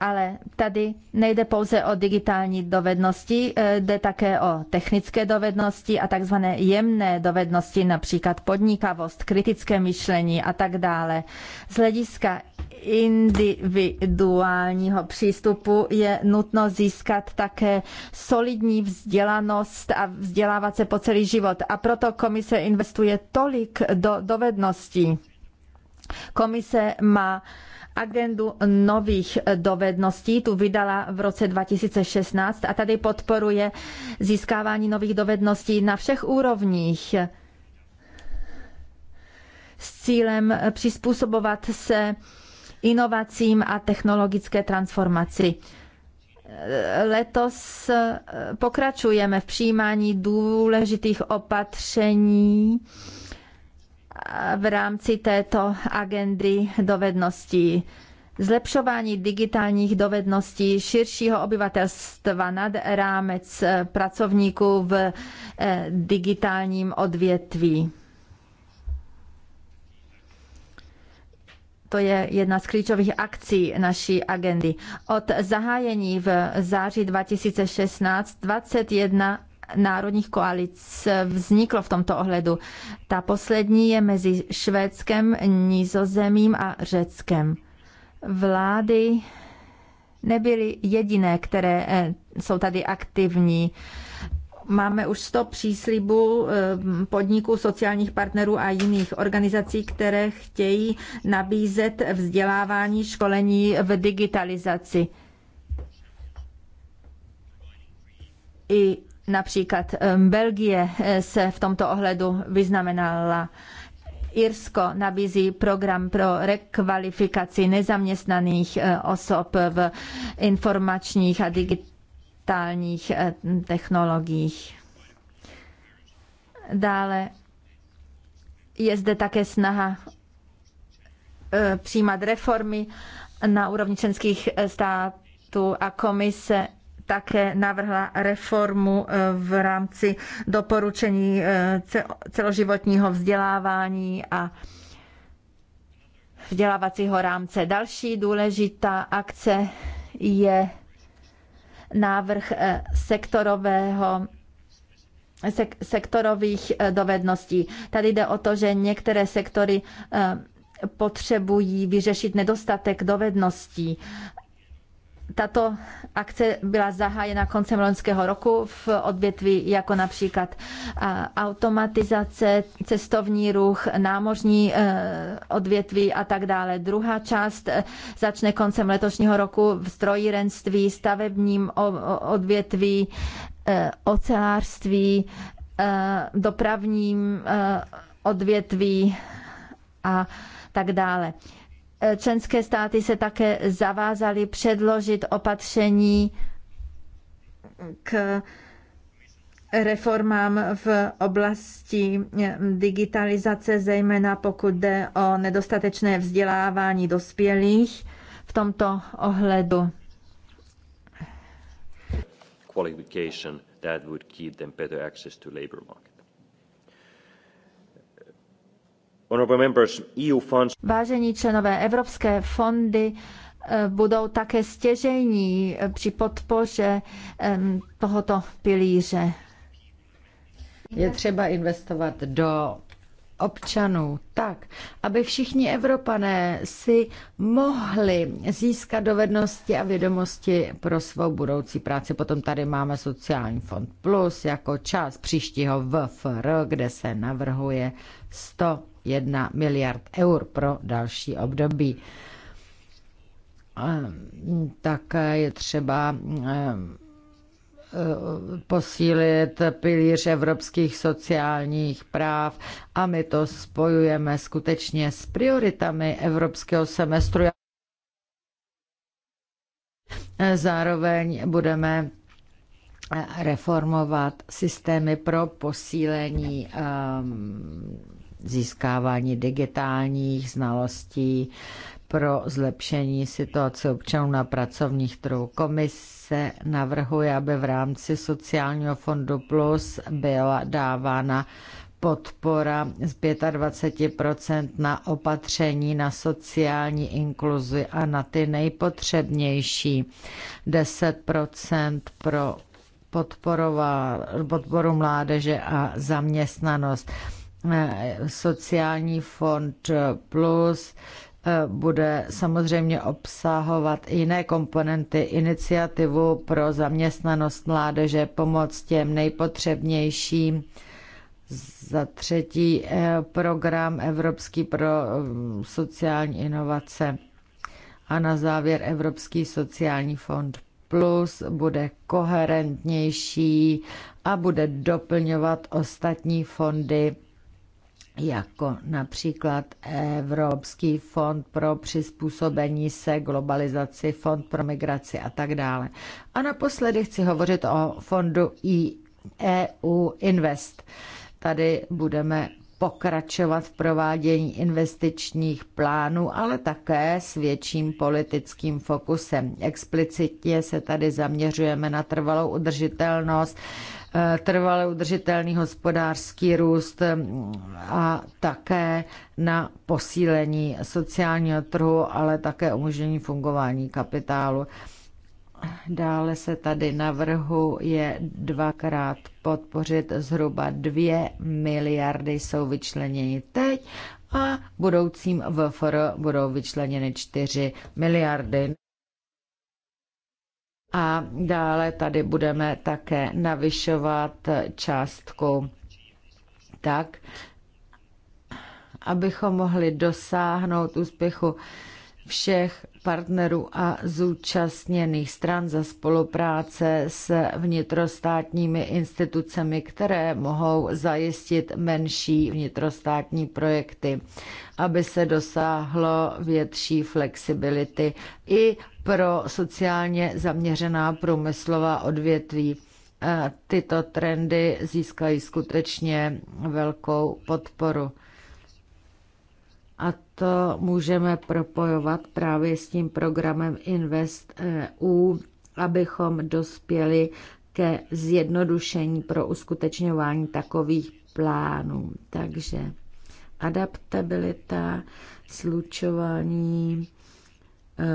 Ale tady nejde pouze o digitální dovednosti, e, jde také o technické dovednosti a takzvané jemné dovednosti, například podnikavost, kritické myšlení a tak dále. Z hlediska individuálního přístupu je nutno získat také solidní vzdělanost a vzdělávat se po celý život. A proto komise investuje tolik do dovedností. Komise má agendu nových dovedností, tu vydala v roce 2016 a tady podporuje získávání nových dovedností na všech úrovních s cílem přizpůsobovat se inovacím a technologické transformaci. Letos pokračujeme v přijímání důležitých opatření v rámci této agendy dovedností. Zlepšování digitálních dovedností širšího obyvatelstva nad rámec pracovníků v eh, digitálním odvětví. To je jedna z klíčových akcí naší agendy. Od zahájení v září 2016 21 národních koalic vzniklo v tomto ohledu. Ta poslední je mezi Švédskem, Nizozemím a Řeckem. Vlády nebyly jediné, které eh, jsou tady aktivní. Máme už 100 příslibů eh, podniků, sociálních partnerů a jiných organizací, které chtějí nabízet vzdělávání, školení v digitalizaci. I Například Belgie eh, se v tomto ohledu vyznamenala. Irsko nabízí program pro rekvalifikaci nezaměstnaných eh, osob v informačních a digitálních eh, technologiích. Dále je zde také snaha přijímat reformy na úrovni členských států a komise také navrhla reformu eh, v rámci doporučení eh, celoživotního vzdělávání a vzdělávacího rámce. Další důležitá akce je návrh eh, sektorového sektorových dovedností. Tady jde o to, že některé sektory potřebují vyřešit nedostatek dovedností tato akce byla zahájena koncem loňského roku v odvětví jako například automatizace, cestovní ruch, námořní e, odvětví a tak dále. Druhá část e, začne koncem letošního roku v strojírenství, stavebním odvětví, e, ocelářství, dopravním odvětví a tak dále. Eh, členské státy se také zavázaly předložit opatření k reformám v oblasti eh, digitalizace, zejména pokud jde o nedostatečné vzdělávání dospělých v tomto ohledu. Qualification that would give them better access to labor market. E Vážení členové, evropské fondy eh, budou také stěžení eh, při podpoře tohoto pilíře. Je třeba investovat do občanů tak, aby všichni Evropané si mohli získat dovednosti a vědomosti pro svou budoucí práci. Potom tady máme sociální fond plus jako čas příštího VFR, kde se navrhuje 101 miliard eur pro další období. Ehm, tak je třeba ehm, posílit pilíř evropských sociálních práv a my to spojujeme skutečně s prioritami evropského semestru. Zároveň budeme reformovat systémy pro posílení ehm, získávání digitálních znalostí, pro zlepšení situace občanů na pracovních trhu. Komise navrhuje, aby v rámci sociálního fondu Plus byla dávána podpora z 25 na opatření na sociální inkluzi a na ty nejpotřebnější 10 pro podporu mládeže a zaměstnanost. Eh, sociální fond plus E, bude samozřejmě obsahovat i jiné komponenty, iniciativu pro zaměstnanost mládeže, pomoc těm nejpotřebnějším, za třetí e, program Evropský pro e, sociální inovace a na závěr Evropský sociální fond plus bude koherentnější a bude doplňovat ostatní fondy jako například Evropský fond pro přizpůsobení se globalizaci, fond pro migraci a tak dále. A naposledy chci hovořit o fondu EU Invest. Tady budeme pokračovat v provádění investičních plánů, ale také s větším politickým fokusem. Explicitně se tady zaměřujeme na trvalou udržitelnost, Eh, trvale udržitelný hospodářský růst mm, a také na posílení sociálního trhu, ale také umožnění fungování kapitálu. Dále se tady navrhuje dvakrát podpořit zhruba 2 miliardy jsou vyčleněny teď a budoucím VFR budou vyčleněny 4 miliardy. A dále tady budeme také navyšovat částku tak, abychom mohli dosáhnout úspěchu všech partnerů a zúčastněných stran za spolupráce s vnitrostátními institucemi, které mohou zajistit menší vnitrostátní projekty, aby se dosáhlo větší flexibility i pro sociálně zaměřená průmyslová odvětví. Tyto trendy získají skutečně velkou podporu. A to můžeme propojovat právě s tím programem Invest EU, abychom dospěli ke zjednodušení pro uskutečňování takových plánů. Takže adaptabilita, slučování,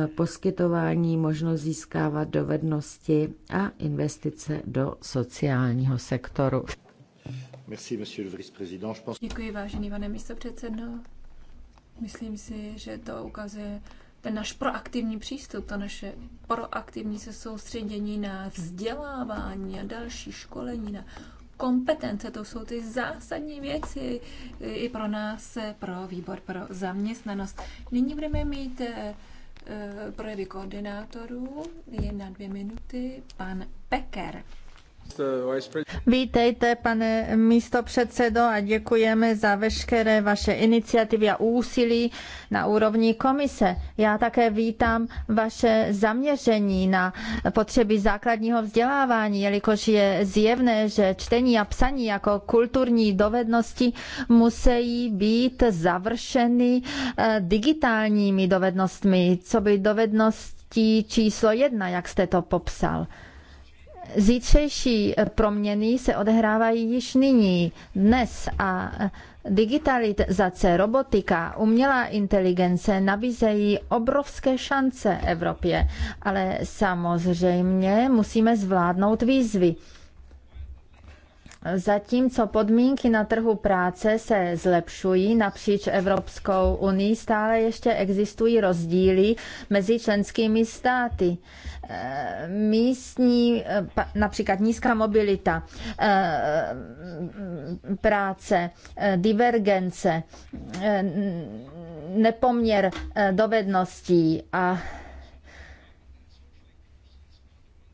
e, poskytování možnost získávat dovednosti a investice do sociálního sektoru. Děkuji, vážený pane místopředsedo. Myslím si, že to ukazuje ten náš proaktivní přístup, to naše proaktivní se soustředění na vzdělávání a další školení, na kompetence, to jsou ty zásadní věci i pro nás, pro výbor pro zaměstnanost. Nyní budeme mít eh, eh, projevy koordinátorů, jen na dvě minuty, pan Peker. Vítejte, pane místopředsedo, a děkujeme za veškeré vaše iniciativy a úsilí na úrovni komise. Já také vítám vaše zaměření na potřeby základního vzdělávání, jelikož je zjevné, že čtení a psaní jako kulturní dovednosti musí být završeny eh, digitálními dovednostmi, co by dovednosti číslo jedna, jak jste to popsal. Zítřejší eh, proměny se odehrávají již nyní, dnes a eh, digitalizace, robotika, umělá inteligence nabízejí obrovské šance Evropě, ale samozřejmě musíme zvládnout výzvy. Zatímco podmínky na trhu práce se zlepšují napříč Evropskou unii, stále ještě existují rozdíly mezi členskými státy. Eh, místní, eh, například nízká mobilita eh, práce, divergence, nepoměr dovedností a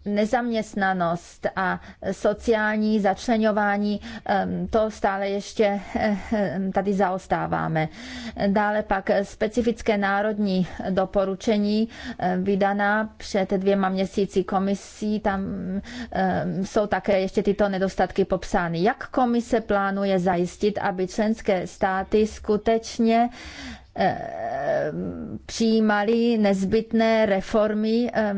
nezaměstnanost a sociální začlenování, to stále ještě tady zaostáváme. Dále pak specifické národní doporučení vydaná před dvěma měsíci komisí, tam jsou také ještě tyto nedostatky popsány. Jak komise plánuje zajistit, aby členské státy skutečně Eh, přijímali nezbytné reformy eh,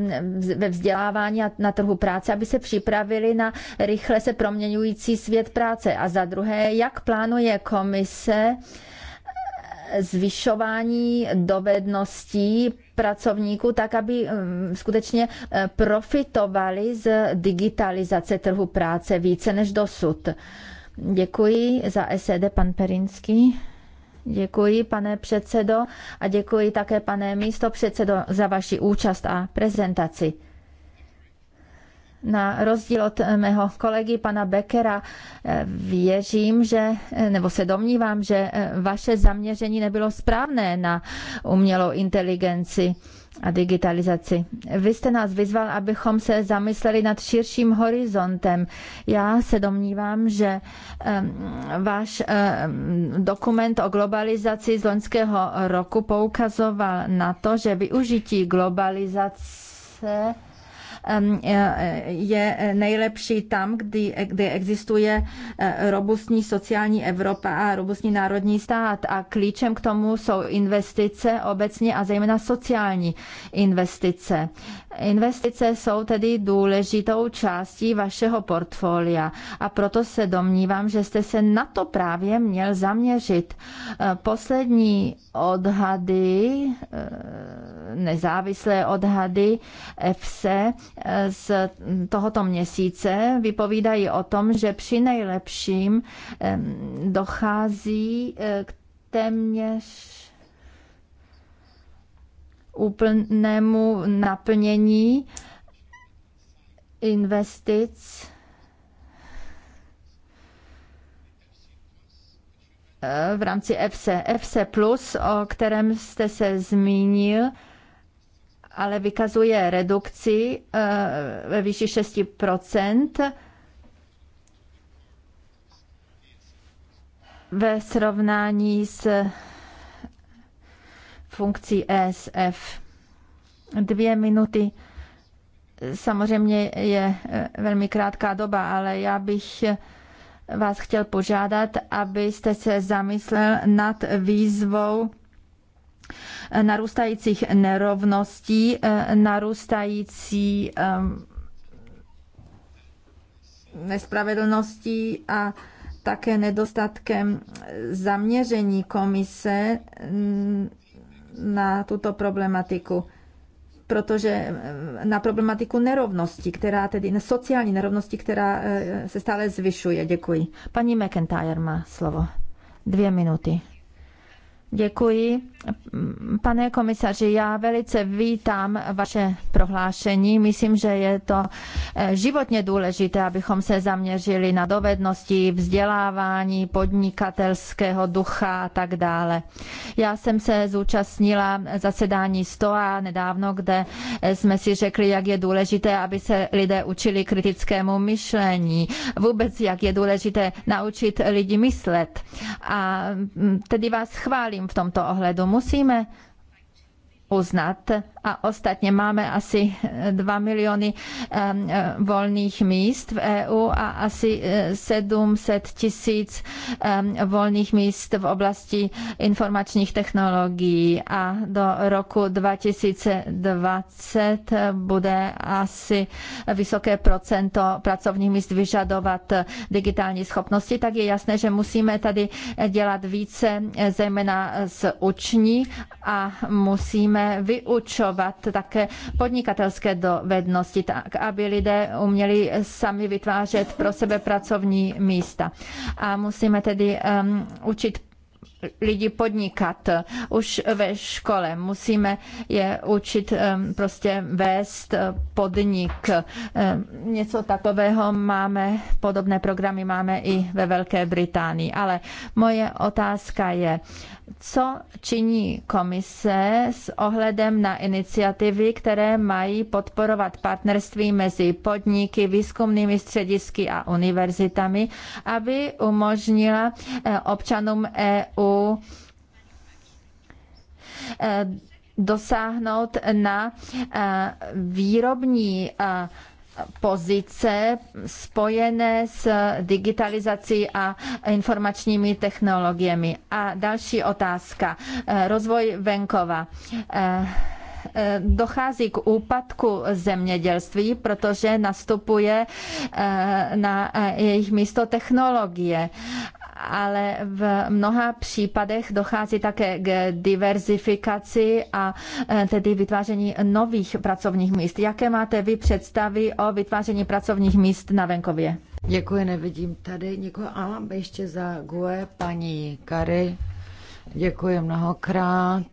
ve vzdělávání a na trhu práce, aby se připravili na rychle se proměňující svět práce. A za druhé, jak plánuje komise eh, zvyšování dovedností pracovníků, tak aby skutečně profitovali z digitalizace trhu práce více než dosud. Děkuji za SED, pan Perinský. Děkuji, pane předsedo, a děkuji také, pane místo předsedo, za vaši účast a prezentaci. Na rozdíl od mého kolegy pana Beckera věřím, že, nebo se domnívám, že vaše zaměření nebylo správné na umělou inteligenci a digitalizaci. Vy jste nás vyzval, abychom se zamysleli nad širším horizontem. Já se domnívám, že váš dokument o globalizaci z loňského roku poukazoval na to, že využití globalizace E, je nejlepší tam, kdy, kdy existuje e, robustní sociální Evropa a robustní národní stát. A klíčem k tomu jsou investice obecně a zejména sociální investice. Investice jsou tedy důležitou částí vašeho portfolia a proto se domnívám, že jste se na to právě měl zaměřit. E, poslední odhady nezávislé odhady EFSE eh, z tohoto měsíce vypovídají o tom, že při nejlepším dochází eh, k téměř úplnému naplnění investic eh, v rámci FC FC Plus, o kterém jste se zmínil, ale vykazuje redukci eh, ve výši 6 ve srovnání s funkcí ESF. Dvě minuty samozřejmě je eh, velmi krátká doba, ale já bych eh, vás chtěl požádat, abyste se zamyslel nad výzvou narůstajících nerovností, eh, narůstající ehm, nespravedlností a také nedostatkem zaměření komise mm, na tuto problematiku protože ehm, na problematiku nerovnosti, která tedy na sociální nerovnosti, která eh, se stále zvyšuje. Děkuji. Paní McIntyre má slovo. Dvě minuty. Děkuji. Pane komisaři, já velice vítám vaše prohlášení. Myslím, že je to eh, životně důležité, abychom se zaměřili na dovednosti, vzdělávání, podnikatelského ducha a tak dále. Já jsem se zúčastnila zasedání STOA nedávno, kde eh, jsme si řekli, jak je důležité, aby se lidé učili kritickému myšlení. Vůbec, jak je důležité naučit lidi myslet. A mm, tedy vás chválím v tomto ohledu. Musíme uznat a ostatně máme asi 2 eh, miliony ehm, eh, volných míst v EU a asi 700 eh, tisíc ehm, volných míst v oblasti informačních technologií a do roku 2020 bude asi vysoké procento pracovních míst vyžadovat digitální schopnosti, tak je jasné, že musíme tady dělat více, zejména s uční a musíme vyučovat podporovat také podnikatelské dovednosti, tak aby lidé uměli sami vytvářet pro sebe pracovní místa. A musíme tedy um, učit lidi podnikat už ve škole. Musíme je učit prostě vést podnik. Něco takového máme, podobné programy máme i ve Velké Británii. Ale moje otázka je, co činí komise s ohledem na iniciativy, které mají podporovat partnerství mezi podniky, výzkumnými středisky a univerzitami, aby umožnila eh, občanům EU eh, dosáhnout na eh, výrobní pozice spojené s digitalizací a informačními technologiemi. A další otázka. Eh, rozvoj venkova eh, eh, dochází k úpadku zemědělství, protože nastupuje na jejich místo technologie ale v mnoha případech dochází také k diverzifikaci a e, tedy vytváření nových pracovních míst. Jaké máte vy představy o vytváření pracovních míst na venkově? Děkuji, nevidím tady někoho. A ještě za GUE paní Kary. Děkuji mnohokrát.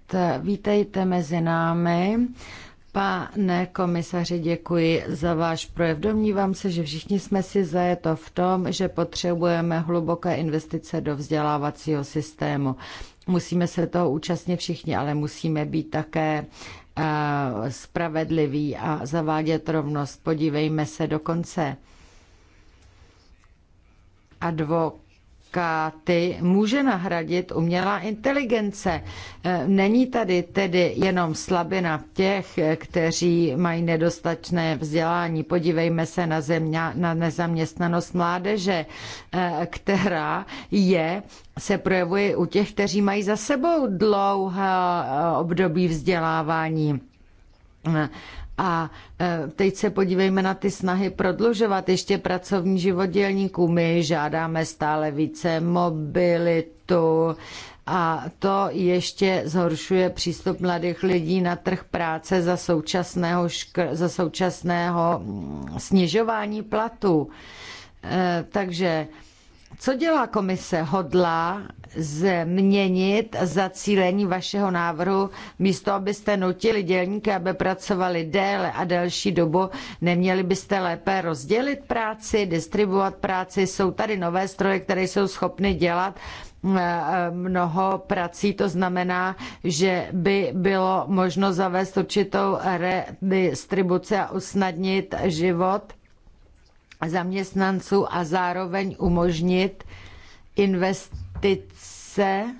Vítejte mezi námi. Pane komisaři, děkuji za váš projev. Domnívám se, že všichni jsme si zajeto v tom, že potřebujeme hluboké investice do vzdělávacího systému. Musíme se toho účastnit všichni, ale musíme být také eh, spravedliví a zavádět rovnost. Podívejme se do konce. Advok certifikáty může nahradit umělá inteligence. E, není tady tedy jenom slabina těch, kteří mají nedostatečné vzdělání. Podívejme se na, země, na nezaměstnanost mládeže, e, která je se projevuje u těch, kteří mají za sebou dlouhé období vzdělávání e, a e, teď se podívejme na ty snahy prodlužovat ještě pracovní život dělníků. My žádáme stále více mobilitu a to ještě zhoršuje přístup mladých lidí na trh práce za současného, škr- za současného mm, snižování platů. E, takže co dělá komise? Hodlá změnit zacílení vašeho návrhu, místo abyste nutili dělníky, aby pracovali déle a delší dobu, neměli byste lépe rozdělit práci, distribuovat práci. Jsou tady nové stroje, které jsou schopny dělat eh, eh, mnoho prací, to znamená, že by bylo možno zavést určitou redistribuci a usnadnit život zaměstnanců a zároveň umožnit investice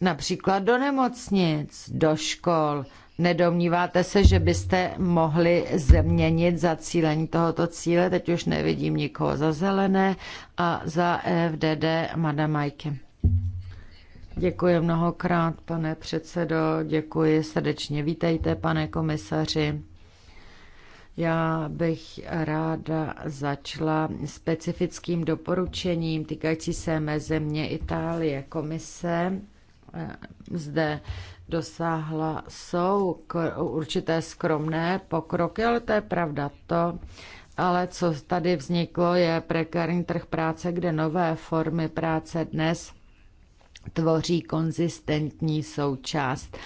například do nemocnic, do škol. Nedomníváte se, že byste mohli změnit zacílení tohoto cíle? Teď už nevidím nikoho za zelené a za e FDD Madame Mike. Děkuji mnohokrát, pane předsedo, děkuji srdečně. Vítejte, pane komisaři. Já bych ráda začala specifickým doporučením týkající se mé země Itálie. Komise eh, zde dosáhla, jsou určité skromné pokroky, ale to je pravda. To, ale co tady vzniklo, je prekární trh práce, kde nové formy práce dnes tvoří konzistentní součást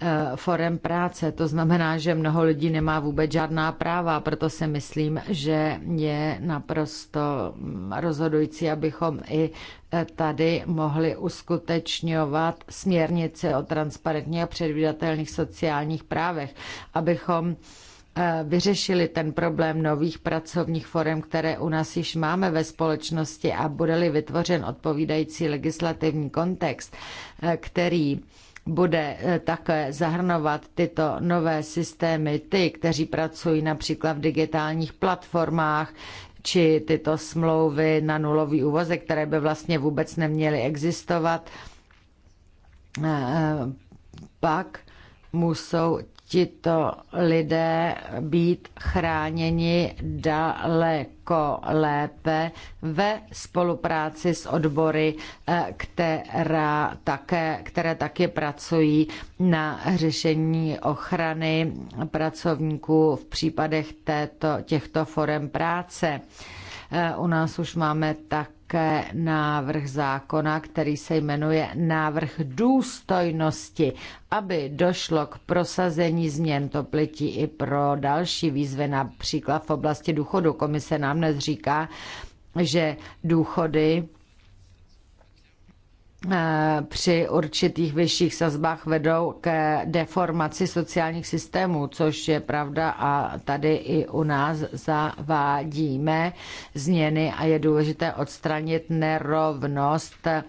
Eh, forem práce. To znamená, že mnoho lidí nemá vůbec žádná práva, proto si myslím, že je naprosto mm, rozhodující, abychom i eh, tady mohli uskutečňovat směrnice o transparentních a předvídatelných sociálních právech, abychom eh, vyřešili ten problém nových pracovních forem, které u nás již máme ve společnosti a bude-li vytvořen odpovídající legislativní kontext, který bude eh, také zahrnovat tyto nové systémy, ty, kteří pracují například v digitálních platformách, či tyto smlouvy na nulový úvozek, které by vlastně vůbec neměly existovat, eh, eh, pak musou tito lidé být chráněni daleko lépe ve spolupráci s odbory, eh, která také, které také pracují na řešení ochrany pracovníků v případech této, těchto forem práce. Eh, u nás už máme také návrh zákona, který se jmenuje návrh důstojnosti. Aby došlo k prosazení změn, to platí i pro další výzvy, například v oblasti důchodu. Komise nám dnes říká, že důchody Eh, při určitých vyšších sazbách vedou ke deformaci sociálních systémů, což je pravda a tady i u nás zavádíme změny a je důležité odstranit nerovnost eh,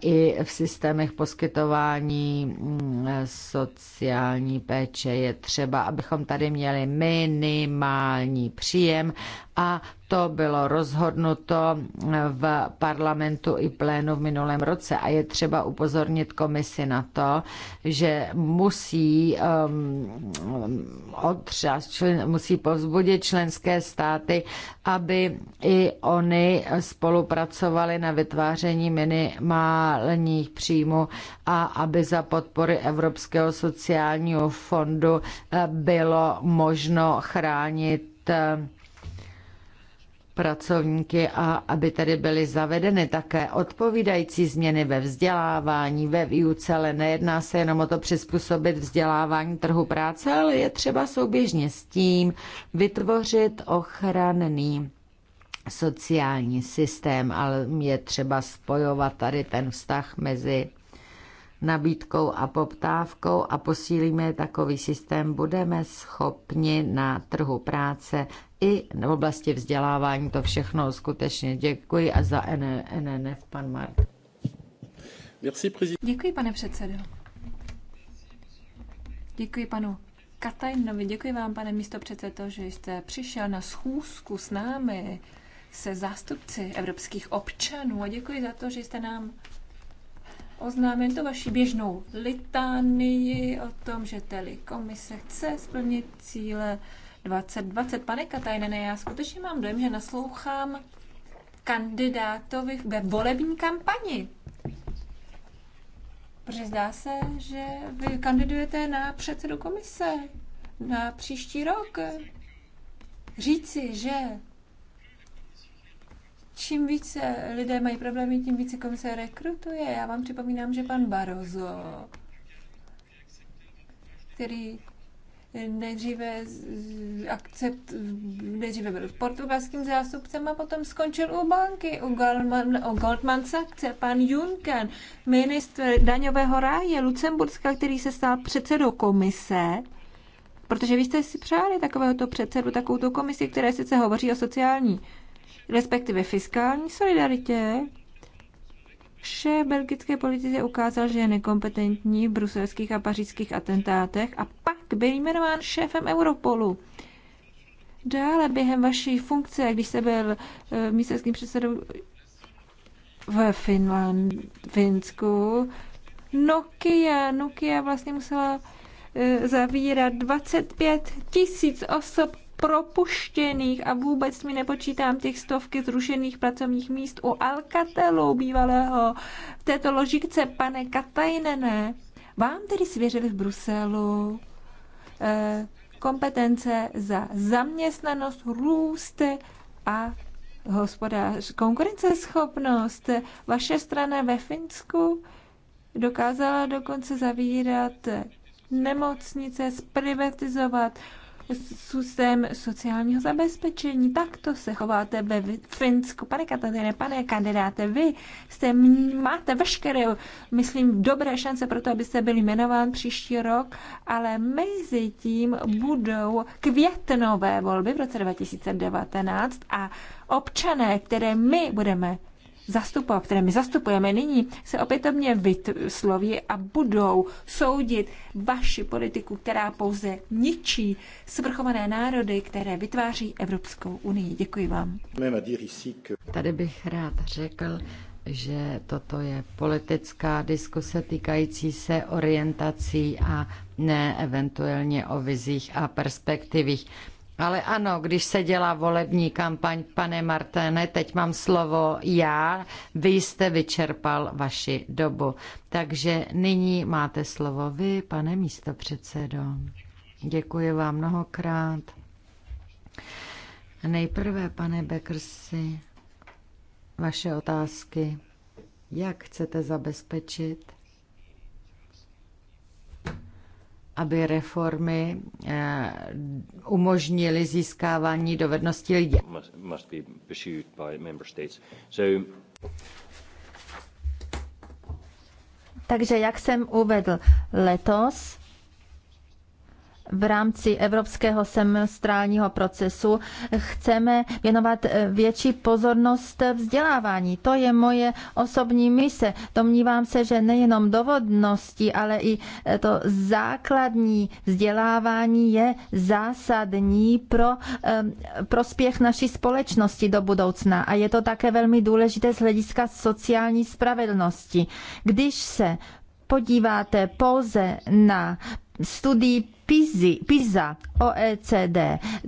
i v systémech poskytování mm, sociální péče je třeba, abychom tady měli minimální příjem a to bylo rozhodnuto v parlamentu i plénu v minulém roce a je třeba upozornit komisi na to, že musí, um, odřaz, člen, musí povzbudit členské státy, aby i oni spolupracovali na vytváření minimálních příjmů a aby za podpory Evropského sociálního fondu eh, bylo možno chránit eh, pracovníky a aby tedy byly zavedeny také odpovídající změny ve vzdělávání, ve výuce, ale nejedná se jenom o to přizpůsobit vzdělávání trhu práce, ale je třeba souběžně s tím vytvořit ochranný sociální systém, ale je třeba spojovat tady ten vztah mezi nabídkou a poptávkou a posílíme takový systém, budeme schopni na trhu práce i v oblasti vzdělávání to všechno skutečně děkuji a za NNF pan Mark. Děkuji, pane předsedo. Děkuji panu Katajnovi, děkuji vám, pane místo předsedo, že jste přišel na schůzku s námi, se zástupci evropských občanů a děkuji za to, že jste nám oznámil to vaší běžnou litánii o tom, že tedy komise chce splnit cíle 2020. Pane Katajnene, já skutečně mám dojem, že naslouchám kandidátovi ve volební kampani. Protože zdá se, že vy kandidujete na předsedu komise na příští rok. Říci, že čím více lidé mají problémy, tím více komise rekrutuje. Já vám připomínám, že pan Barozo, který nejdříve, akcept, nejdříve byl portugalským zástupcem a potom skončil u banky, u Goldman, u Goldman Sachs, pan Juncker, ministr daňového ráje Lucemburska, který se stal předsedou komise, protože vy jste si přáli takovéhoto předsedu, takovou komisi, které sice hovoří o sociální, respektive fiskální solidaritě, šéf belgické politice ukázal, že je nekompetentní v bruselských a pařížských atentátech a pak byl jmenován šéfem Europolu. Dále během vaší funkce, když jste byl eh, místeckým předsedou v Finland, Finsku, Nokia, Nokia vlastně musela eh, zavírat 25 tisíc osob propuštěných a vůbec mi nepočítám těch stovky zrušených pracovních míst u Alcatelů bývalého v této ložikce, pane Katajnené. Vám tedy svěřili v Bruselu eh, kompetence za zaměstnanost, růst a hospodář, konkurenceschopnost. Vaše strana ve Finsku dokázala dokonce zavírat nemocnice, zprivatizovat systém sociálního zabezpečení. Takto se chováte ve Finsku. Pane Katarine, pane kandidáte, vy jste, máte veškeré, myslím, dobré šance pro to, abyste byli jmenován příští rok, ale mezi tím budou květnové volby v roce 2019 a občané, které my budeme zastupovat, které my zastupujeme nyní, se opětovně vysloví a budou soudit vaši politiku, která pouze ničí svrchované národy, které vytváří Evropskou unii. Děkuji vám. Tady bych rád řekl, že toto je politická diskuse týkající se orientací a ne eventuálně o vizích a perspektivích. Ale ano, když se dělá volební kampaň, pane Martene, teď mám slovo já, vy jste vyčerpal vaši dobu. Takže nyní máte slovo vy, pane místopředsedo. Děkuji vám mnohokrát. Nejprve, pane Beckersi, vaše otázky. Jak chcete zabezpečit, aby reformy eh, umožnily získávání dovedností lidí. Takže jak jsem uvedl, letos v rámci evropského semestrálního procesu chceme věnovat větší pozornost vzdělávání. To je moje osobní mise. Domnívám se, že nejenom dovodnosti, ale i to základní vzdělávání je zásadní pro prospěch naší společnosti do budoucna. A je to také velmi důležité z hlediska sociální spravedlnosti. Když se podíváte pouze na studií PISA OECD,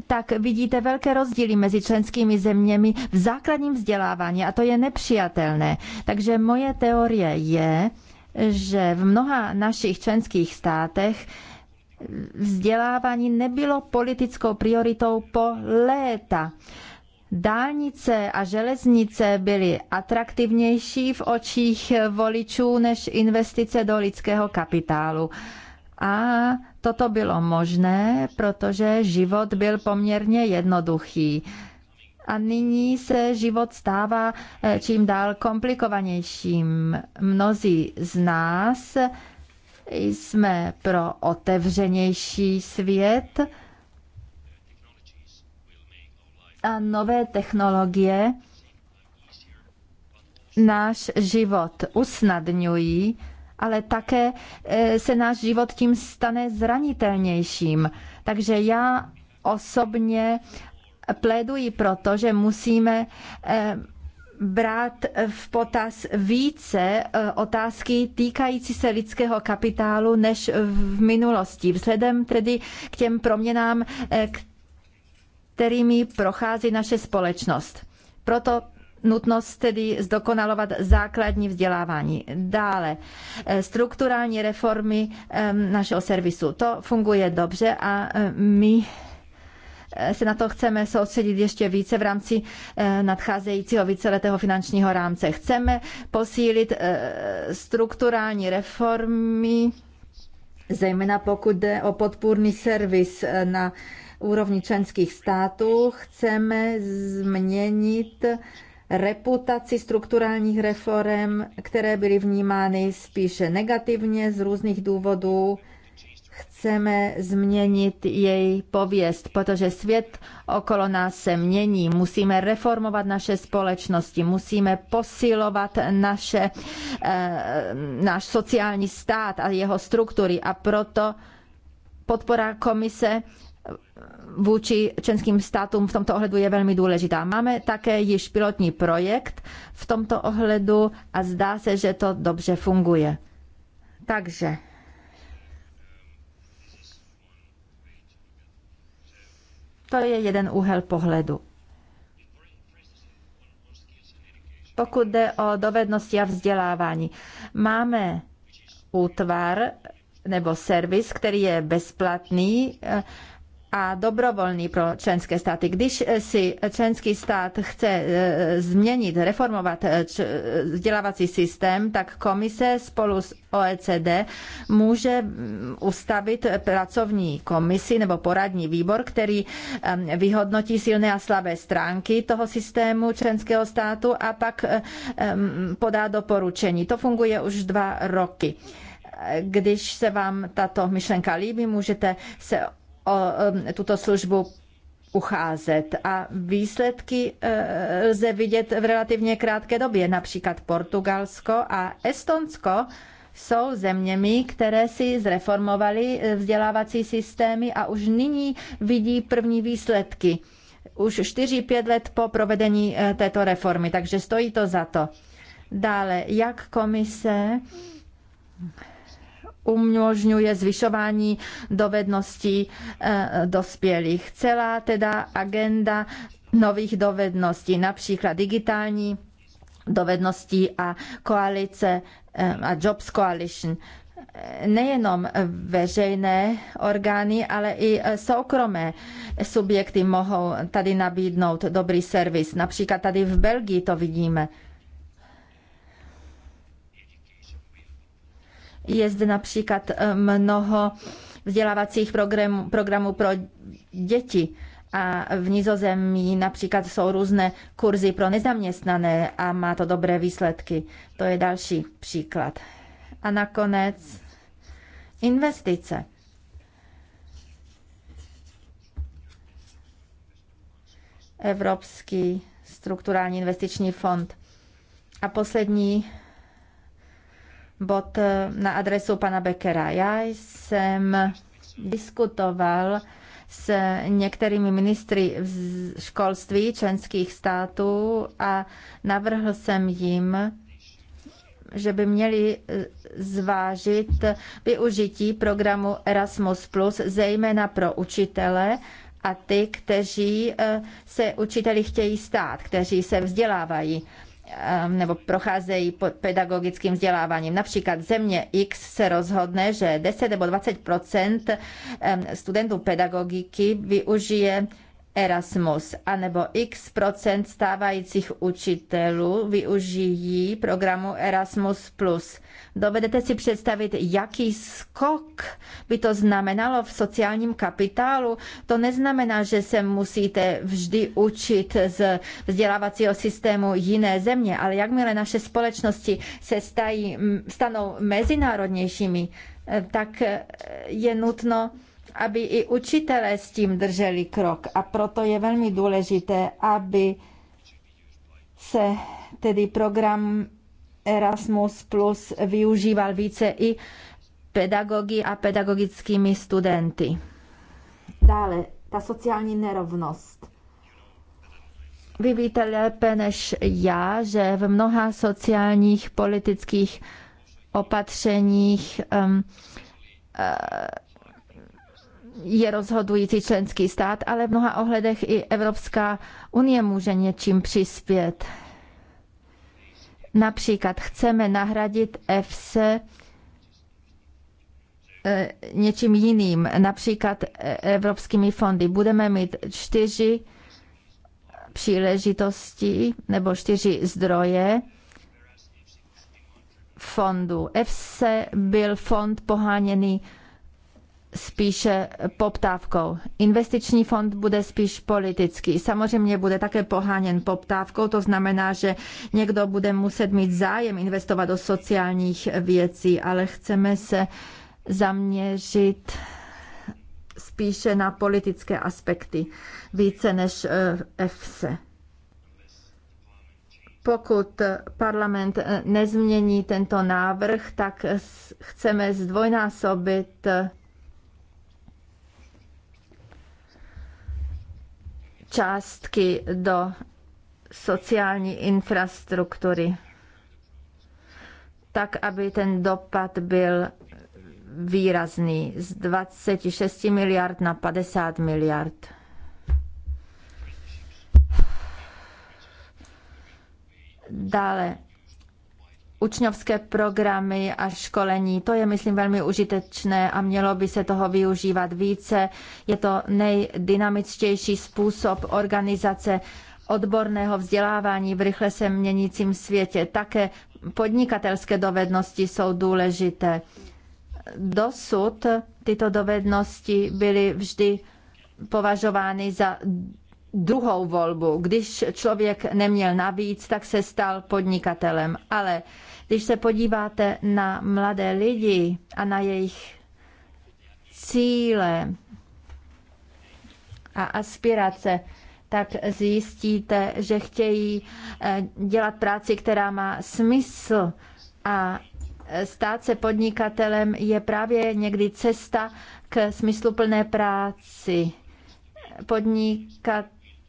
tak vidíte velké rozdíly mezi členskými zeměmi v základním vzdělávání a to je nepřijatelné. Takže moje teorie je, že v mnoha našich členských státech vzdělávání nebylo politickou prioritou po léta. Dálnice a železnice byly atraktivnější v očích voličů než investice do lidského kapitálu. A toto bylo možné, protože život byl poměrně jednoduchý. A nyní se život stává eh, čím dál komplikovanějším. Mnozí z nás jsme pro otevřenější svět a nové technologie náš život usnadňují, ale také eh, se náš život tím stane zranitelnějším. Takže já osobně pléduji proto, že musíme eh, brát v potaz více eh, otázky týkající se lidského kapitálu než v minulosti. Vzhledem tedy k těm proměnám, kterými prochází naše společnost. Proto nutnost tedy zdokonalovat základní vzdělávání. Dále eh, strukturální reformy ehm, našeho servisu. To funguje dobře a eh, my eh, se na to chceme soustředit ještě více v rámci nadcházejícího víceletého finančního rámce. Chceme posílit strukturální reformy, zejména pokud jde o podpůrný servis na úrovni členských států. Chceme změnit reputaci strukturálních reform, které byly vnímány spíše negativně z různých důvodů. Chceme změnit její pověst, protože svět okolo nás se mění. Musíme reformovat naše společnosti, musíme posilovat naše, eh, náš sociální stát a jeho struktury. A proto podpora komise vůči členským státům v tomto ohledu je velmi důležitá. Máme také již pilotní projekt v tomto ohledu a zdá se, že to dobře funguje. Takže to je jeden úhel pohledu. Pokud jde o dovednosti a vzdělávání, máme útvar nebo servis, který je bezplatný, eh, a dobrovolný pro členské státy. Když eh, si eh, členský stát chce eh, změnit, reformovat vzdělávací systém, tak komise spolu s OECD může mm, ustavit pracovní komisi nebo poradní výbor, který vyhodnotí silné a slabé stránky toho systému členského státu a pak mm, podá doporučení. To funguje už dva roky. Když se vám tato myšlenka líbí, můžete se o tuto službu ucházet. A výsledky e, lze vidět v relativně krátké době. Například Portugalsko a Estonsko jsou zeměmi, které si zreformovaly e, vzdělávací systémy a už nyní vidí první výsledky. Už 4-5 let po provedení e, této reformy, takže stojí to za to. Dále, jak komise umožňuje zvyšování dovedností eh, dospělých. Celá teda agenda nových dovedností, například digitální dovedností a koalice eh, a Jobs Coalition nejenom veřejné orgány, ale i eh, soukromé subjekty mohou tady nabídnout dobrý servis. Například tady v Belgii to vidíme. Je zde například eh, mnoho vzdělávacích programů, programů pro děti. A v Nizozemí například jsou různé kurzy pro nezaměstnané a má to dobré výsledky. To je další příklad. A nakonec investice. Evropský strukturální investiční fond. A poslední bod eh, na adresu pana Beckera. Já jsem diskutoval s některými ministry v školství členských států a navrhl jsem jim, že by měli eh, zvážit využití programu Erasmus, zejména pro učitele a ty, kteří eh, se učiteli chtějí stát, kteří se vzdělávají. Um, nebo procházejí pedagogickým vzděláváním. Například země X se rozhodne, že 10 nebo 20 um, studentů pedagogiky využije Erasmus, anebo x procent stávajících učitelů využijí programu Erasmus+. Dovedete si představit, jaký skok by to znamenalo v sociálním kapitálu? To neznamená, že se musíte vždy učit z vzdělávacího systému jiné země, ale jakmile naše společnosti se stají, stanou mezinárodnějšími, eh, tak eh, je nutno aby i učitelé s tím drželi krok. A proto je velmi důležité, aby se tedy program Erasmus Plus využíval více i pedagogy a pedagogickými studenty. Dále, ta sociální nerovnost. Vy víte lépe než já, že v mnoha sociálních politických opatřeních um, eh, je rozhodující členský stát, ale v mnoha ohledech i Evropská unie může něčím přispět. Například chceme nahradit e, něčím jiným, například e, evropskými fondy. Budeme mít čtyři příležitosti nebo čtyři zdroje fondu. EFSE byl fond poháněný spíše poptávkou. Investiční fond bude spíš politický. Samozřejmě bude také poháněn poptávkou, to znamená, že někdo bude muset mít zájem investovat do sociálních věcí, ale chceme se zaměřit spíše na politické aspekty, více než EFSE. Eh, Pokud parlament eh, nezmění tento návrh, tak chceme zdvojnásobit eh, částky do sociální infrastruktury, tak aby ten dopad byl výrazný z 26 miliard na 50 miliard. Dále učňovské programy a školení. To je, myslím, velmi užitečné a mělo by se toho využívat více. Je to nejdynamičtější způsob organizace odborného vzdělávání v rychle se měnícím světě. Také podnikatelské dovednosti jsou důležité. Dosud tyto dovednosti byly vždy považovány za druhou volbu. Když člověk neměl navíc, tak se stal podnikatelem. Ale když se podíváte na mladé lidi a na jejich cíle a aspirace, tak zjistíte, že chtějí eh, dělat práci, která má smysl a stát se podnikatelem je právě někdy cesta k smysluplné práci. Podnikat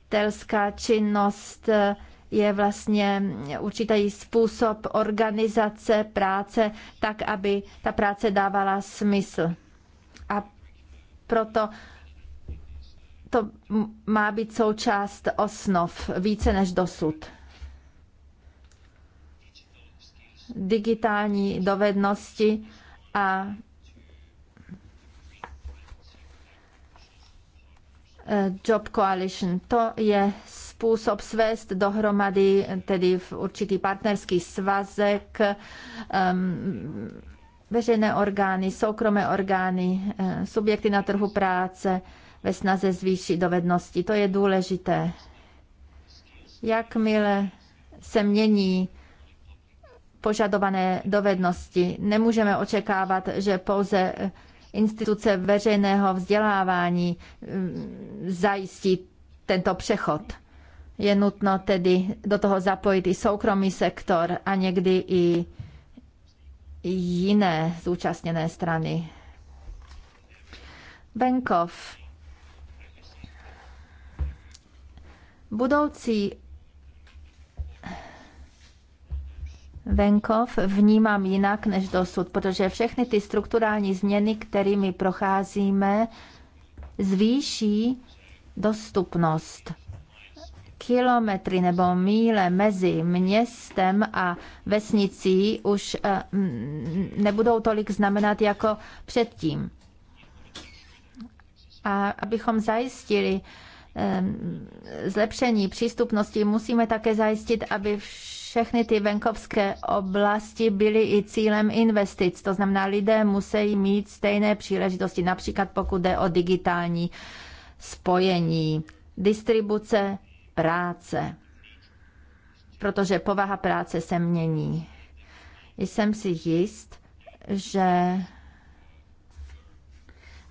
podnikatelská činnost eh, je vlastně určitý způsob organizace práce tak, aby ta práce dávala smysl. A proto to má být součást osnov více než dosud. Digitální dovednosti a Eh, Job Coalition. To je způsob svést dohromady, tedy v určitý partnerský svazek, um, veřejné orgány, soukromé orgány, eh, subjekty na trhu práce ve snaze zvýšit dovednosti. To je důležité. Jakmile se mění požadované dovednosti, nemůžeme očekávat, že pouze eh, instituce veřejného vzdělávání mm, zajistí tento přechod. Je nutno tedy do toho zapojit i soukromý sektor a někdy i jiné zúčastněné strany. Venkov. Budoucí venkov vnímám jinak než dosud, protože všechny ty strukturální změny, kterými procházíme, zvýší dostupnost. Kilometry nebo míle mezi městem a vesnicí už eh, nebudou tolik znamenat jako předtím. A abychom zajistili eh, zlepšení přístupnosti, musíme také zajistit, aby vš všechny ty venkovské oblasti byly i cílem investic. To znamená, lidé musí mít stejné příležitosti, například pokud jde o digitální spojení, distribuce práce, protože povaha práce se mění. Jsem si jist, že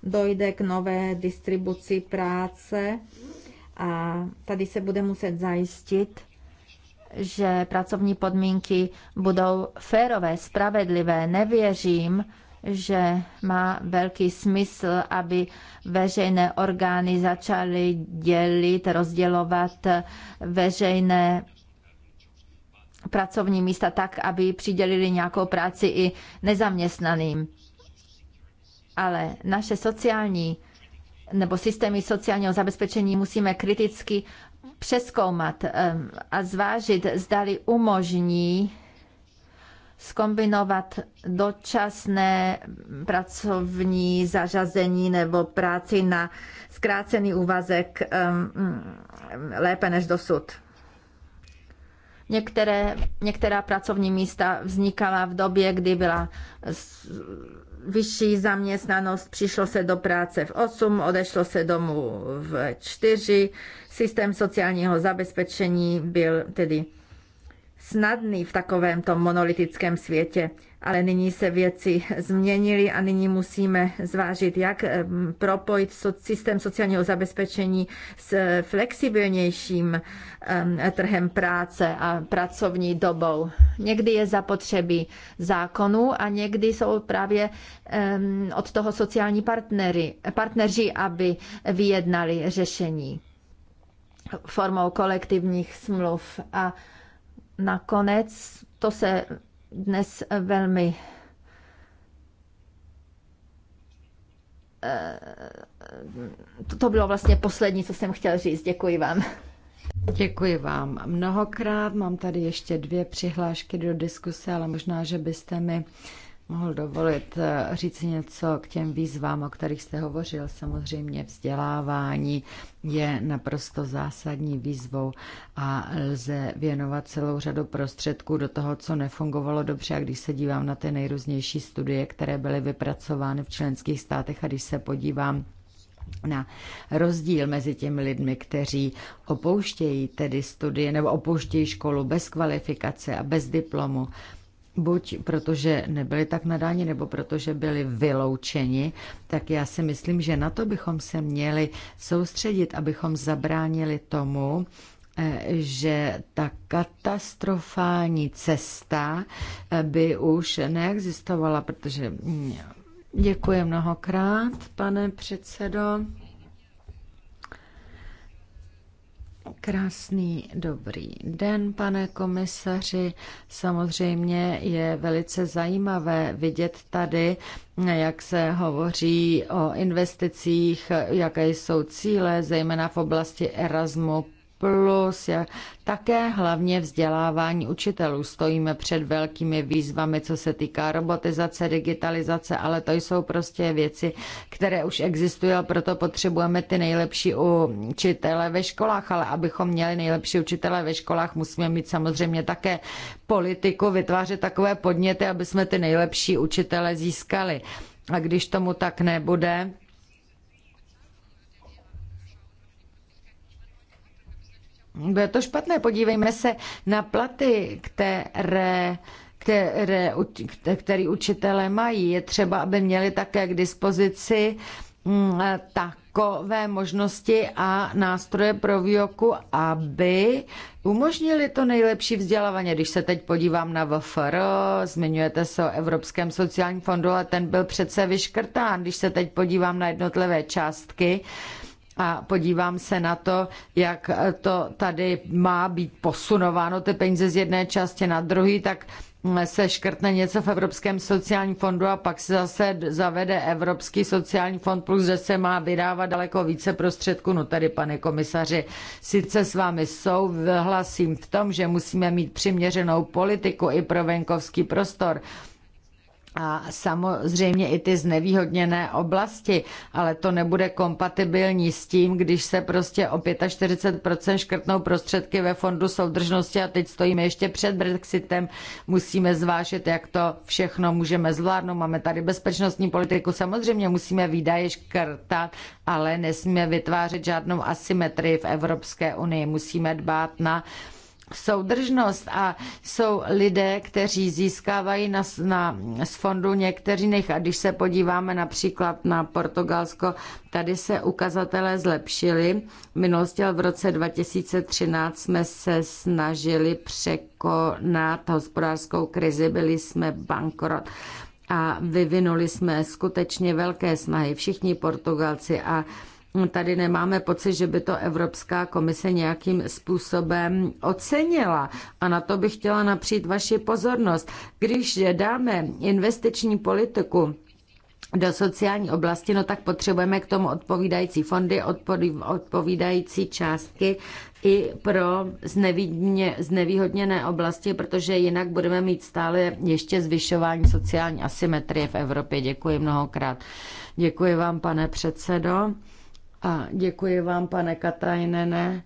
dojde k nové distribuci práce a tady se bude muset zajistit, že pracovní podmínky budou férové, spravedlivé. Nevěřím, že má velký smysl, aby veřejné orgány začaly dělit, rozdělovat veřejné pracovní místa tak, aby přidělili nějakou práci i nezaměstnaným. Ale naše sociální nebo systémy sociálního zabezpečení musíme kriticky přeskoumat a zvážit, zdali umožní skombinovat dočasné pracovní zařazení nebo práci na zkrácený úvazek lépe než dosud. Některé, některá pracovní místa vznikala v době, kdy byla vyšší zaměstnanost, přišlo se do práce v 8, odešlo se domů v 4, Systém sociálního zabezpečení byl tedy snadný v takovémto monolitickém světě, ale nyní se věci změnily a nyní musíme zvážit, jak mm, propojit systém sociálního zabezpečení s flexibilnějším mm, trhem práce a pracovní dobou. Někdy je zapotřebí zákonů a někdy jsou právě mm, od toho sociální partnery, partneři, aby vyjednali řešení formou kolektivních smluv. A nakonec, to se dnes velmi eh, to bylo vlastně poslední, co jsem chtěl říct. Děkuji vám. Děkuji vám mnohokrát. Mám tady ještě dvě přihlášky do diskuse, ale možná, že byste mi mohl dovolit eh, říct něco k těm výzvám, o kterých jste hovořil. Samozřejmě vzdělávání je naprosto zásadní výzvou a lze věnovat celou řadu prostředků do toho, co nefungovalo dobře. A když se dívám na ty nejrůznější studie, které byly vypracovány v členských státech a když se podívám na rozdíl mezi těmi lidmi, kteří opouštějí tedy studie nebo opouštějí školu bez kvalifikace a bez diplomu, buď protože nebyli tak nadáni, nebo protože byli vyloučeni, tak já si myslím, že na to bychom se měli soustředit, abychom zabránili tomu, eh, že ta katastrofální cesta eh, by už neexistovala, protože mm, děkuji mnohokrát, pane předsedo. Krásný dobrý den, pane komisaři. Samozřejmě je velice zajímavé vidět tady, jak se hovoří o investicích, jaké jsou cíle, zejména v oblasti Erasmu plus, také hlavně vzdělávání učitelů. Stojíme před velkými výzvami, co se týká robotizace, digitalizace, ale to jsou prostě věci, které už existují a proto potřebujeme ty nejlepší učitele ve školách, ale abychom měli nejlepší učitele ve školách, musíme mít samozřejmě také politiku, vytvářet takové podněty, aby jsme ty nejlepší učitele získali. A když tomu tak nebude, Bude to špatné. Podívejme se na platy, které které, který učitelé mají. Je třeba, aby měli také k dispozici mm, takové možnosti a nástroje pro výuku, aby umožnili to nejlepší vzdělávání. Když se teď podívám na VFR, zmiňujete se o Evropském sociálním fondu, ale ten byl přece vyškrtán. Když se teď podívám na jednotlivé částky, a podívám se na to, jak to tady má být posunováno, ty peníze z jedné části na druhý, tak se škrtne něco v Evropském sociálním fondu a pak se zase zavede Evropský sociální fond plus, že se má vydávat daleko více prostředků. No tady, pane komisaři, sice s vámi souhlasím v tom, že musíme mít přiměřenou politiku i pro venkovský prostor, a samozřejmě i ty znevýhodněné oblasti, ale to nebude kompatibilní s tím, když se prostě o 45% škrtnou prostředky ve fondu soudržnosti a teď stojíme ještě před Brexitem, musíme zvážit, jak to všechno můžeme zvládnout. Máme tady bezpečnostní politiku, samozřejmě musíme výdaje škrtat, ale nesmíme vytvářet žádnou asymetrii v Evropské unii. Musíme dbát na soudržnost a jsou lidé, kteří získávají na, na, z fondu někteří nech. A když se podíváme například na Portugalsko, tady se ukazatelé zlepšili V minulosti v roce 2013 jsme se snažili překonat hospodářskou krizi, byli jsme bankrot a vyvinuli jsme skutečně velké snahy, všichni Portugalci a tady nemáme pocit, že by to Evropská komise nějakým způsobem ocenila. A na to bych chtěla napřít vaši pozornost. Když dáme investiční politiku do sociální oblasti, no tak potřebujeme k tomu odpovídající fondy, odpovídající částky i pro znevýhodněné oblasti, protože jinak budeme mít stále ještě zvyšování sociální asymetrie v Evropě. Děkuji mnohokrát. Děkuji vám, pane předsedo. A děkuji vám, pane Katajnene,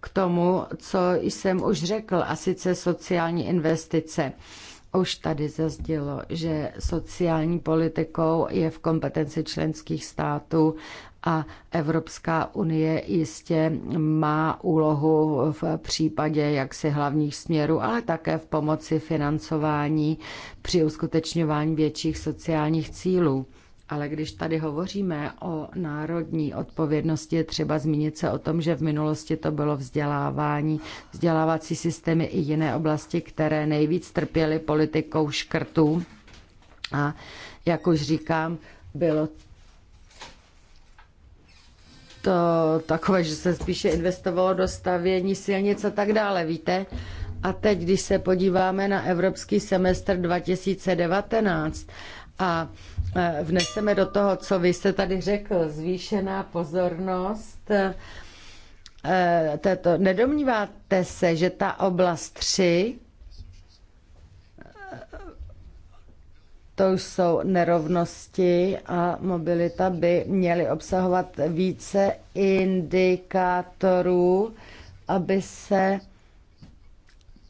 k tomu, co jsem už řekl, a sice sociální investice. Už tady zazdělo, že sociální politikou je v kompetenci členských států a Evropská unie jistě má úlohu v případě jaksi hlavních směrů, ale také v pomoci financování při uskutečňování větších sociálních cílů. Ale když tady hovoříme o národní odpovědnosti, je třeba zmínit se o tom, že v minulosti to bylo vzdělávání, vzdělávací systémy i jiné oblasti, které nejvíc trpěly politikou škrtů. A jak už říkám, bylo to takové, že se spíše investovalo do stavění silnic a tak dále, víte? A teď, když se podíváme na Evropský semestr 2019 a Eh, vneseme do toho, co vy jste tady řekl, zvýšená pozornost eh, této. Nedomníváte se, že ta oblast 3 eh, to jsou nerovnosti a mobilita by měly obsahovat více indikátorů, aby se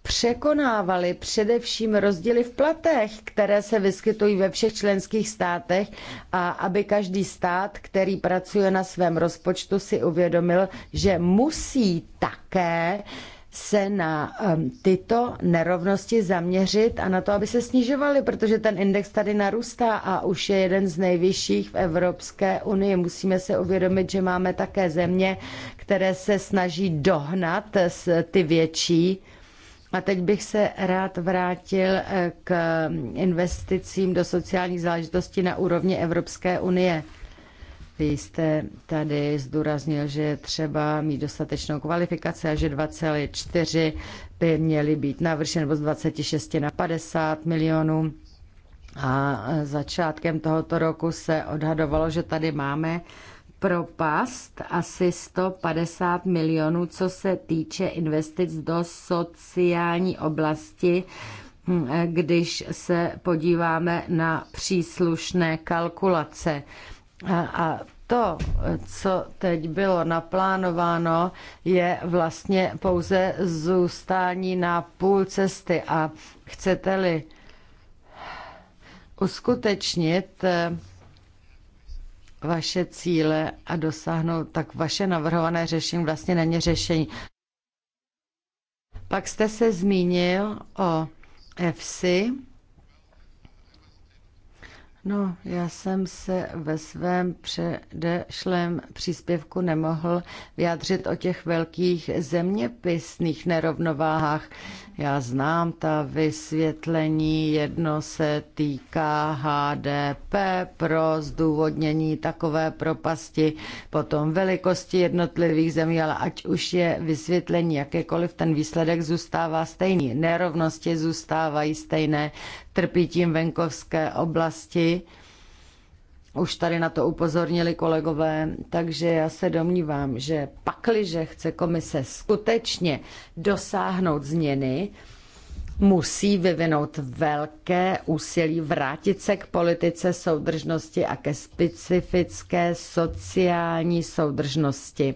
překonávaly především rozdíly v platech, které se vyskytují ve všech členských státech a aby každý stát, který pracuje na svém rozpočtu, si uvědomil, že musí také se na um, tyto nerovnosti zaměřit a na to, aby se snižovaly, protože ten index tady narůstá a už je jeden z nejvyšších v Evropské unii. Musíme se uvědomit, že máme také země, které se snaží dohnat ty větší a teď bych se rád vrátil eh, k investicím do sociálních záležitostí na úrovni Evropské unie. Vy jste tady zdůraznil, že je třeba mít dostatečnou kvalifikaci a že 2,4 by měly být navršen nebo z 26 na 50 milionů. A eh, začátkem tohoto roku se odhadovalo, že tady máme propast asi 150 milionů, co se týče investic do sociální oblasti, hm, když se podíváme na příslušné kalkulace. A, to, co teď bylo naplánováno, je vlastně pouze zůstání na půl cesty a chcete-li uskutečnit eh, vaše cíle a dosáhnout, tak vaše navrhované řešení vlastně není řešení. Pak jste se zmínil o EFSI No, já jsem se ve svém předešlém příspěvku nemohl vyjádřit o těch velkých zeměpisných nerovnováhách. Já znám ta vysvětlení, jedno se týká HDP pro zdůvodnění takové propasti, potom velikosti jednotlivých zemí, ale ať už je vysvětlení jakékoliv, ten výsledek zůstává stejný. Nerovnosti zůstávají stejné, trpí tím venkovské oblasti. Už tady na to upozornili kolegové, takže já se domnívám, že pakliže chce komise skutečně dosáhnout změny, musí vyvinout velké úsilí vrátit se k politice soudržnosti a ke specifické sociální soudržnosti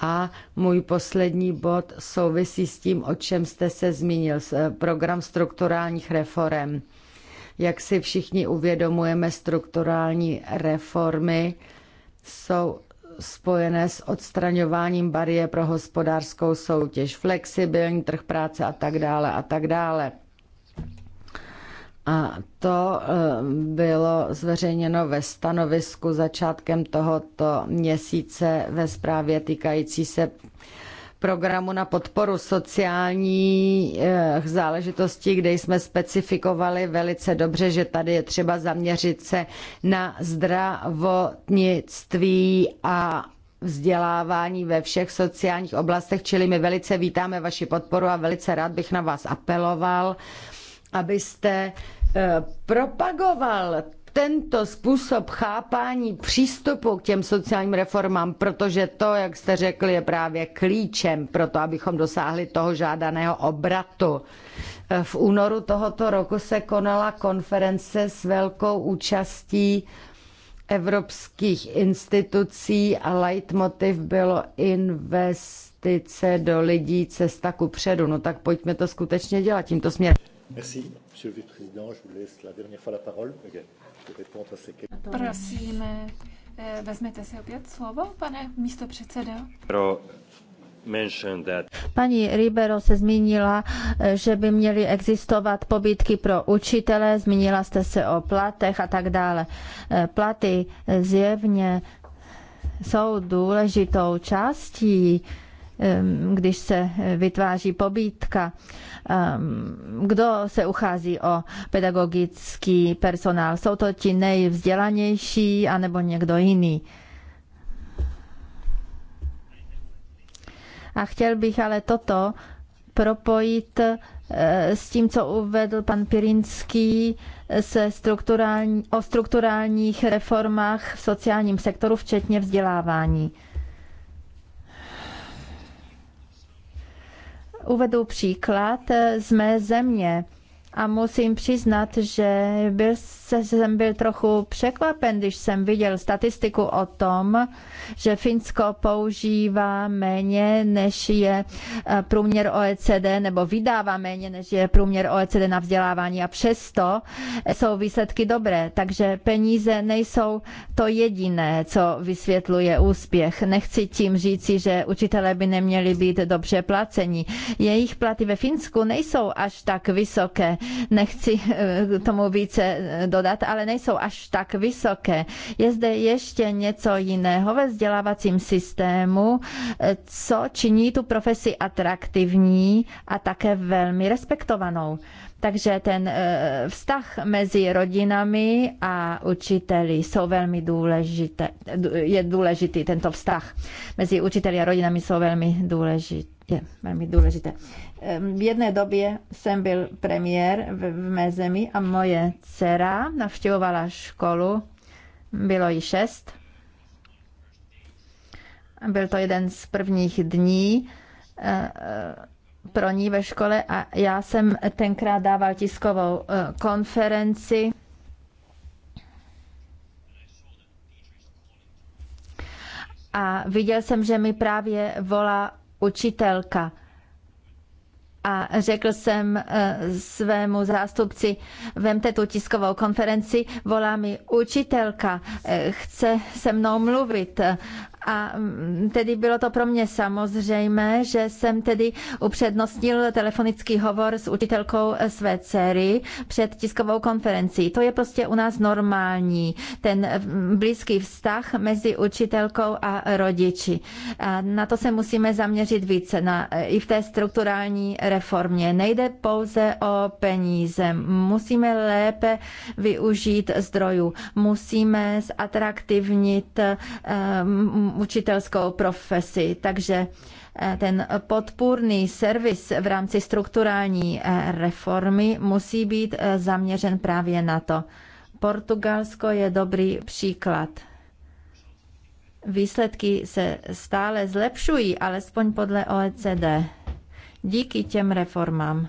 a můj poslední bod souvisí s tím, o čem jste se zmínil, eh, program strukturálních reform. Jak si všichni uvědomujeme, strukturální reformy jsou spojené s odstraňováním bariér pro hospodářskou soutěž, flexibilní trh práce a tak dále a tak dále. A to eh, bylo zveřejněno ve stanovisku začátkem tohoto měsíce ve zprávě týkající se programu na podporu sociálních eh, záležitostí, kde jsme specifikovali velice dobře, že tady je třeba zaměřit se na zdravotnictví a vzdělávání ve všech sociálních oblastech, čili my velice vítáme vaši podporu a velice rád bych na vás apeloval, abyste Eh, propagoval tento způsob chápání přístupu k těm sociálním reformám, protože to, jak jste řekl, je právě klíčem pro to, abychom dosáhli toho žádaného obratu. Eh, v únoru tohoto roku se konala konference s velkou účastí evropských institucí a leitmotiv bylo investice do lidí, cesta ku předu. No tak pojďme to skutečně dělat tímto směrem. Merci, monsieur le vice-président. Je vous laisse la dernière fois la parole. Okay. à ces questions. Prosím, eh, eh, vezmete si opět slovo, pane místopředsedo. Pro Paní Ribero se zmínila, eh, že by měly existovat pobytky pro učitele, zmínila jste se o platech a tak dále. Platy zjevně jsou důležitou částí když se vytváří pobítka, kdo se uchází o pedagogický personál. Jsou to ti nejvzdělanější anebo někdo jiný. A chtěl bych ale toto propojit eh, s tím, co uvedl pan Pirinský se strukturální, o strukturálních reformách v sociálním sektoru, včetně vzdělávání. Uvedu příklad z mé země a musím přiznat, že byl, jsem byl trochu překvapen, když jsem viděl statistiku o tom, že Finsko používá méně, než je eh, průměr OECD, nebo vydává méně, než je průměr OECD na vzdělávání a přesto eh, jsou výsledky dobré. Takže peníze nejsou to jediné, co vysvětluje úspěch. Nechci tím říci, že učitelé by neměli být dobře placeni. Jejich platy ve Finsku nejsou až tak vysoké nechci eh, tomu více eh, dodat, ale nejsou až tak vysoké. Je zde ještě něco jiného ve vzdělávacím systému, eh, co činí tu profesi atraktivní a také velmi respektovanou. Takže ten vztah mezi rodinami a učiteli jsou velmi důležité, je důležitý tento vztah mezi učiteli a rodinami jsou velmi důležité. Je velmi důležité. V jedné době jsem byl premiér v, v mé zemi a moje dcera navštěvovala školu, bylo jí šest. Byl to jeden z prvních dní eh, eh, pro ní ve škole a já jsem tenkrát dával tiskovou eh, konferenci. A viděl jsem, že mi právě volá učitelka a řekl jsem eh, svému zástupci, vemte tu tiskovou konferenci, volá mi učitelka, eh, chce se mnou mluvit a mm, tedy bylo to pro mě samozřejmé, že jsem tedy upřednostnil telefonický hovor s učitelkou své dcery před tiskovou konferencí. To je prostě u nás normální, ten mm, blízký vztah mezi učitelkou a rodiči. A na to se musíme zaměřit více, na, eh, i v té strukturální reformě reformě. Nejde pouze o peníze. Musíme lépe využít zdrojů. Musíme zatraktivnit um, učitelskou profesi. Takže eh, ten podpůrný servis v rámci strukturální eh, reformy musí být eh, zaměřen právě na to. Portugalsko je dobrý příklad. Výsledky se stále zlepšují, alespoň podle OECD díky těm reformám.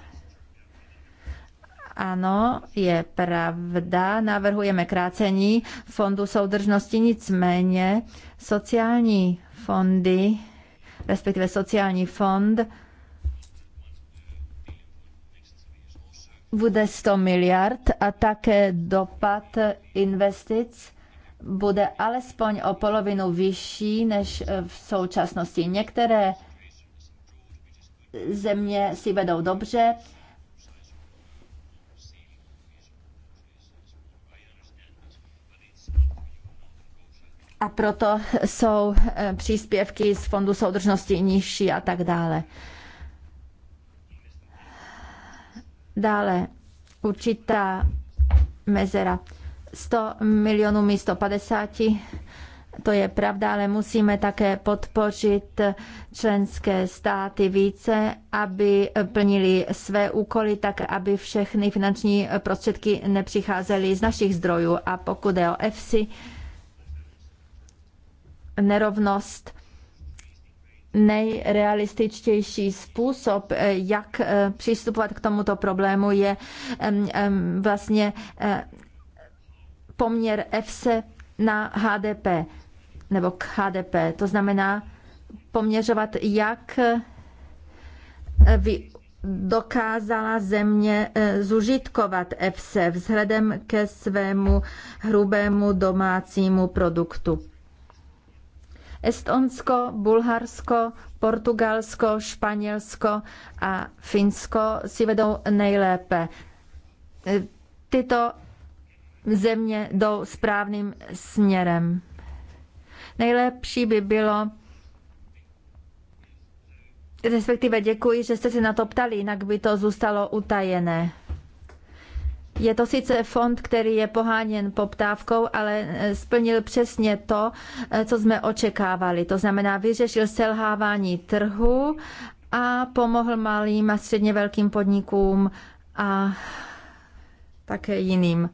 Ano, je pravda, navrhujeme krácení fondu soudržnosti, nicméně sociální fondy, respektive sociální fond, bude 100 miliard a také dopad investic bude alespoň o polovinu vyšší než v současnosti. Některé země si vedou dobře. A proto jsou eh, příspěvky z Fondu soudržnosti nižší a tak dále. Dále určitá mezera 100 milionů místo 50 to je pravda, ale musíme také podpořit členské státy více, aby plnili své úkoly, tak aby všechny finanční prostředky nepřicházely z našich zdrojů. A pokud je o EFSI, nerovnost nejrealističtější způsob, jak eh, přistupovat k tomuto problému, je vlastně eh, poměr EFSE na HDP nebo k HDP. To znamená poměřovat, jak eh, vy dokázala země eh, zužitkovat EFSE vzhledem ke svému hrubému domácímu produktu. Estonsko, Bulharsko, Portugalsko, Španělsko a Finsko si vedou nejlépe. Eh, tyto země jdou správným směrem. Nejlepší by bylo, respektive děkuji, že jste se na to ptali, jinak by to zůstalo utajené. Je to sice fond, který je poháněn poptávkou, ale eh, splnil přesně to, eh, co jsme očekávali. To znamená, vyřešil selhávání trhu a pomohl malým a středně velkým podnikům a také jiným.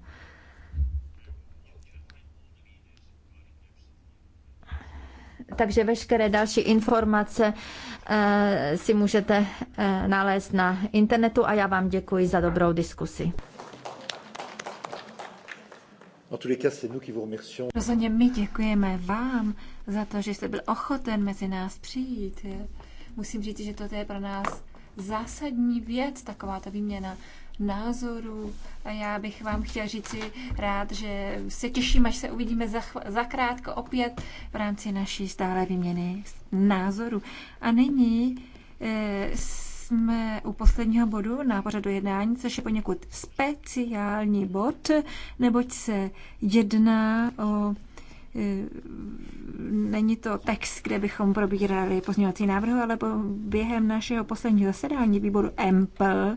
Takže veškeré další informace eh, si můžete eh, nalézt na internetu a já vám děkuji za dobrou diskusi. Rozhodně my děkujeme vám za to, že jste byl ochoten mezi nás přijít. Musím říct, že toto je pro nás zásadní věc, taková ta výměna názorů. A já bych vám chtěla říci rád, že se těším, až se uvidíme za, za krátko opět v rámci naší stále výměny názorů. A nyní e, jsme u posledního bodu na pořadu jednání, což je poněkud speciální bod, neboť se jedná o eh, není to text, kde bychom probírali pozměňovací návrhy, ale během našeho posledního zasedání výboru EMPL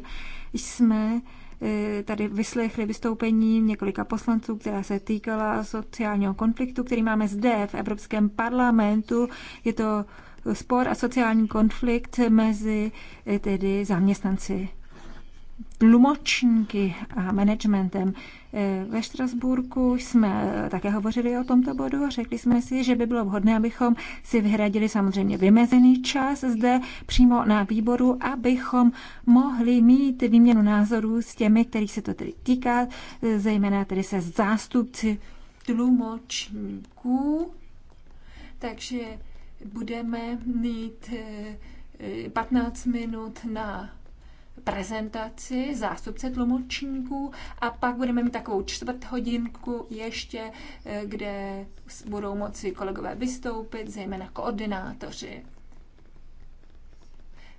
jsme eh, tady vyslechli vystoupení několika poslanců, která se týkala sociálního konfliktu, který máme zde v Evropském parlamentu. Je to spor a sociální konflikt mezi eh, tedy zaměstnanci tlumočníky a managementem. Eh, ve Štrasburku jsme eh, také hovořili o tomto bodu a řekli jsme si, že by bylo vhodné, abychom si vyhradili samozřejmě vymezený čas zde přímo na výboru, abychom mohli mít výměnu názorů s těmi, kterých se to tedy týká, eh, zejména tedy se zástupci tlumočníků. Takže budeme mít 15 minut na prezentaci zástupce tlumočníků a pak budeme mít takovou čtvrt hodinku ještě, eh, kde budou moci kolegové vystoupit, zejména koordinátoři.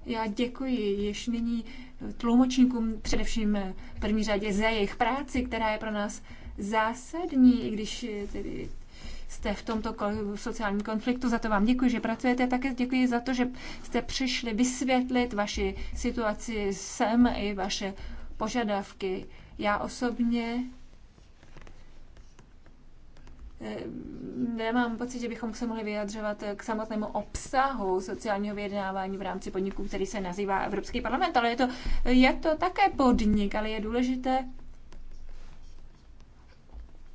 Já děkuji již nyní tlumočníkům, především v první řadě za jejich práci, která je pro nás zásadní, i když eh, tedy jste v tomto sociálním konfliktu. Za to vám děkuji, že pracujete. Také děkuji za to, že jste přišli vysvětlit vaši situaci sem i vaše požadavky. Já osobně eh, nemám pocit, že bychom se mohli vyjadřovat k samotnému obsahu sociálního vyjednávání v rámci podniku, který se nazývá Evropský parlament, ale je to, je to také podnik, ale je důležité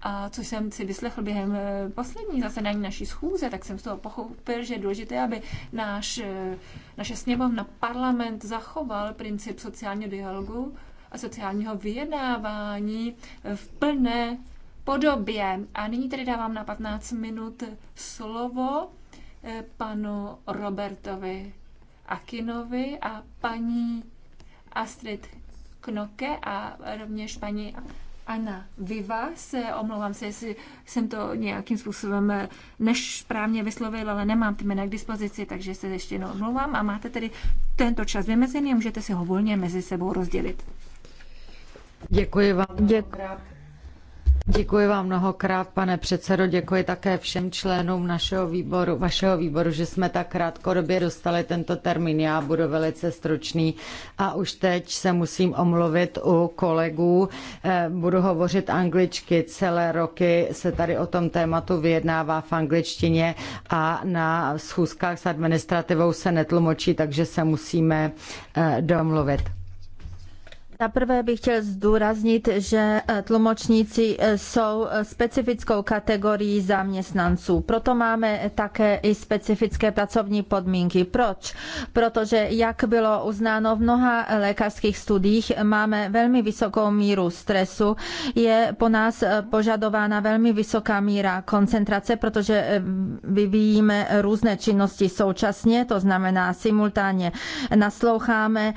a co jsem si vyslechl během eh, poslední zasedání naší schůze, tak jsem z toho pochopil, že je důležité, aby náš, eh, naše sněmovna parlament zachoval princip sociálního dialogu a sociálního vyjednávání eh, v plné podobě. A nyní tedy dávám na 15 minut slovo panu Robertovi Akinovi a paní Astrid Knoke a rovněž paní Anna Viva se, eh, omlouvám se, jestli jsem to nějakým způsobem eh, než správně vyslovil, ale nemám ty jména k dispozici, takže se ještě jednou omlouvám. A máte tedy tento čas vymezený a můžete si ho volně mezi sebou rozdělit. Děkuji vám. Děkuji. Děkuji vám mnohokrát, pane předsedo. Děkuji také všem členům našeho výboru, vašeho výboru, že jsme tak krátkodobě dostali tento termín. Já budu velice stručný a už teď se musím omluvit u kolegů. Eh, budu hovořit angličky. Celé roky se tady o tom tématu vyjednává v angličtině a na schůzkách s administrativou se netlumočí, takže se musíme eh, domluvit prvé bych chtěl zdůraznit, že eh, tlumočníci eh, jsou eh, specifickou kategorií zaměstnanců. Proto máme také i specifické pracovní podmínky. Proč? Protože, jak bylo uznáno v mnoha lékařských studiích, máme velmi vysokou míru stresu. Je po nás požadována velmi vysoká míra koncentrace, protože vyvíjíme různé činnosti současně, to znamená simultánně nasloucháme,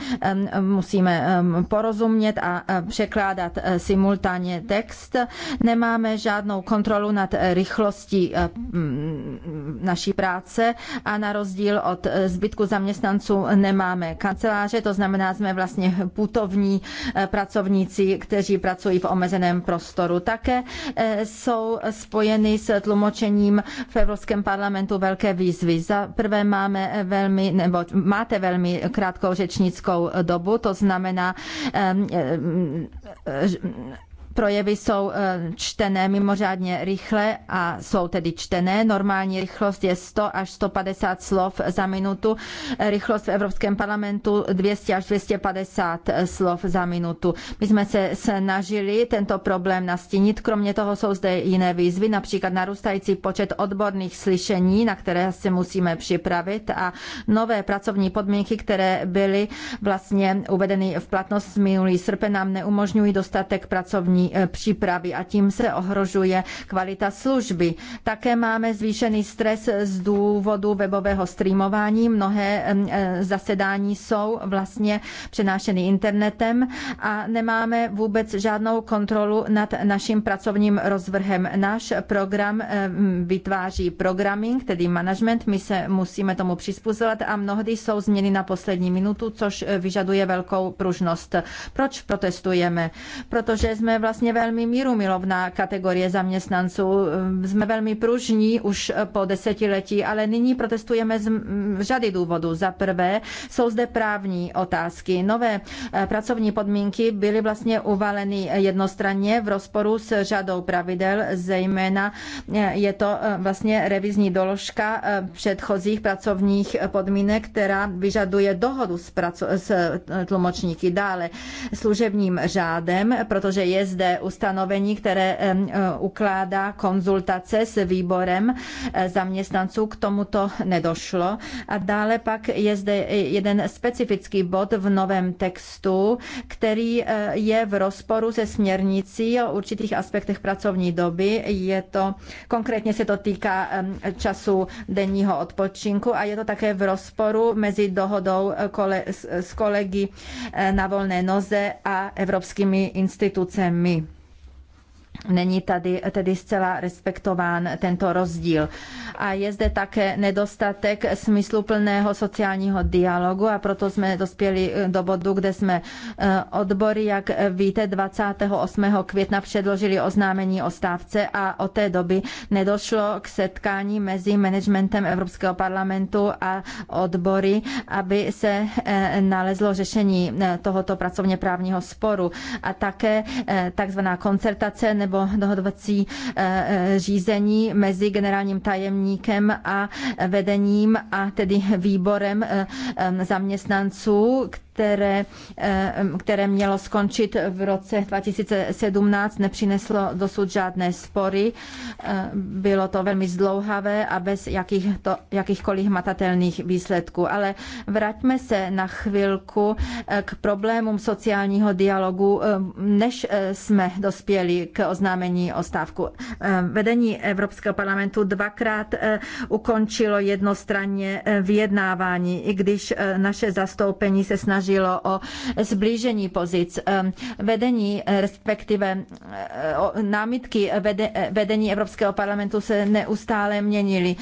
musíme porozumět, rozumět a překládat e, simultánně text. Nemáme žádnou kontrolu nad e, rychlostí e, naší práce a na rozdíl od zbytku zaměstnanců nemáme kanceláře, to znamená, jsme vlastně putovní pracovníci, kteří pracují v omezeném prostoru. Také jsou spojeny s tlumočením v Evropském parlamentu velké výzvy. Za prvé máme velmi, nebo máte velmi krátkou řečnickou dobu, to znamená, um, um, Projevy jsou eh, čtené mimořádně rychle a jsou tedy čtené. Normální rychlost je 100 až 150 slov za minutu. Rychlost v Evropském parlamentu 200 až 250 slov za minutu. My jsme se snažili tento problém nastínit. Kromě toho jsou zde jiné výzvy, například narůstající počet odborných slyšení, na které se musíme připravit a nové pracovní podmínky, které byly vlastně uvedeny v platnost minulý srpen, nám neumožňují dostatek pracovní Eh, přípravy a tím se ohrožuje kvalita služby. Také máme zvýšený stres z důvodu webového streamování. Mnohé eh, zasedání jsou vlastně přenášeny internetem a nemáme vůbec žádnou kontrolu nad naším pracovním rozvrhem. Náš program eh, vytváří programming, tedy management. My se musíme tomu přizpůsobit a mnohdy jsou změny na poslední minutu, což vyžaduje velkou pružnost. Proč protestujeme? Protože jsme vlastně vlastně velmi mírumilovná kategorie zaměstnanců. Jsme velmi pružní už po desetiletí, ale nyní protestujeme z řady důvodů. Za prvé jsou zde právní otázky. Nové eh, pracovní podmínky byly vlastně uvaleny jednostranně v rozporu s řadou pravidel, zejména eh, je to eh, vlastně revizní doložka předchozích pracovních podmínek, která vyžaduje dohodu s, praco- s tlumočníky dále služebním řádem, protože je zde nové ustanovení, které e, ukládá konzultace s výborem e, zaměstnanců. K tomuto nedošlo. A dále pak je zde jeden specifický bod v novém textu, který e, je v rozporu se směrnicí o určitých aspektech pracovní doby. Je to, konkrétně se to týká času denního odpočinku a je to také v rozporu mezi dohodou kole, s kolegy na volné noze a evropskými institucemi. Není tady tedy zcela respektován tento rozdíl. A je zde také nedostatek smysluplného sociálního dialogu a proto jsme dospěli eh, do bodu, kde jsme eh, odbory, jak víte, 28. května předložili oznámení o stávce a od té doby nedošlo k setkání mezi managementem Evropského parlamentu a odbory, aby se eh, nalezlo řešení tohoto pracovně právního sporu a také takzvaná koncertace nebo nebo dohodovací eh, eh, řízení mezi generálním tajemníkem a vedením a tedy výborem eh, zaměstnanců, které, eh, které mělo skončit v roce 2017, nepřineslo dosud žádné spory. Eh, bylo to velmi zdlouhavé a bez jakých to, jakýchkoliv matatelných výsledků. Ale vraťme se na chvilku eh, k problémům sociálního dialogu, než jsme dospěli k oznámení o stávku. Vedení Evropského parlamentu dvakrát ukončilo jednostranně vyjednávání, i když naše zastoupení se snaží snažilo o zblížení pozic. Vedení, respektive námitky vedení Evropského parlamentu se neustále měnily.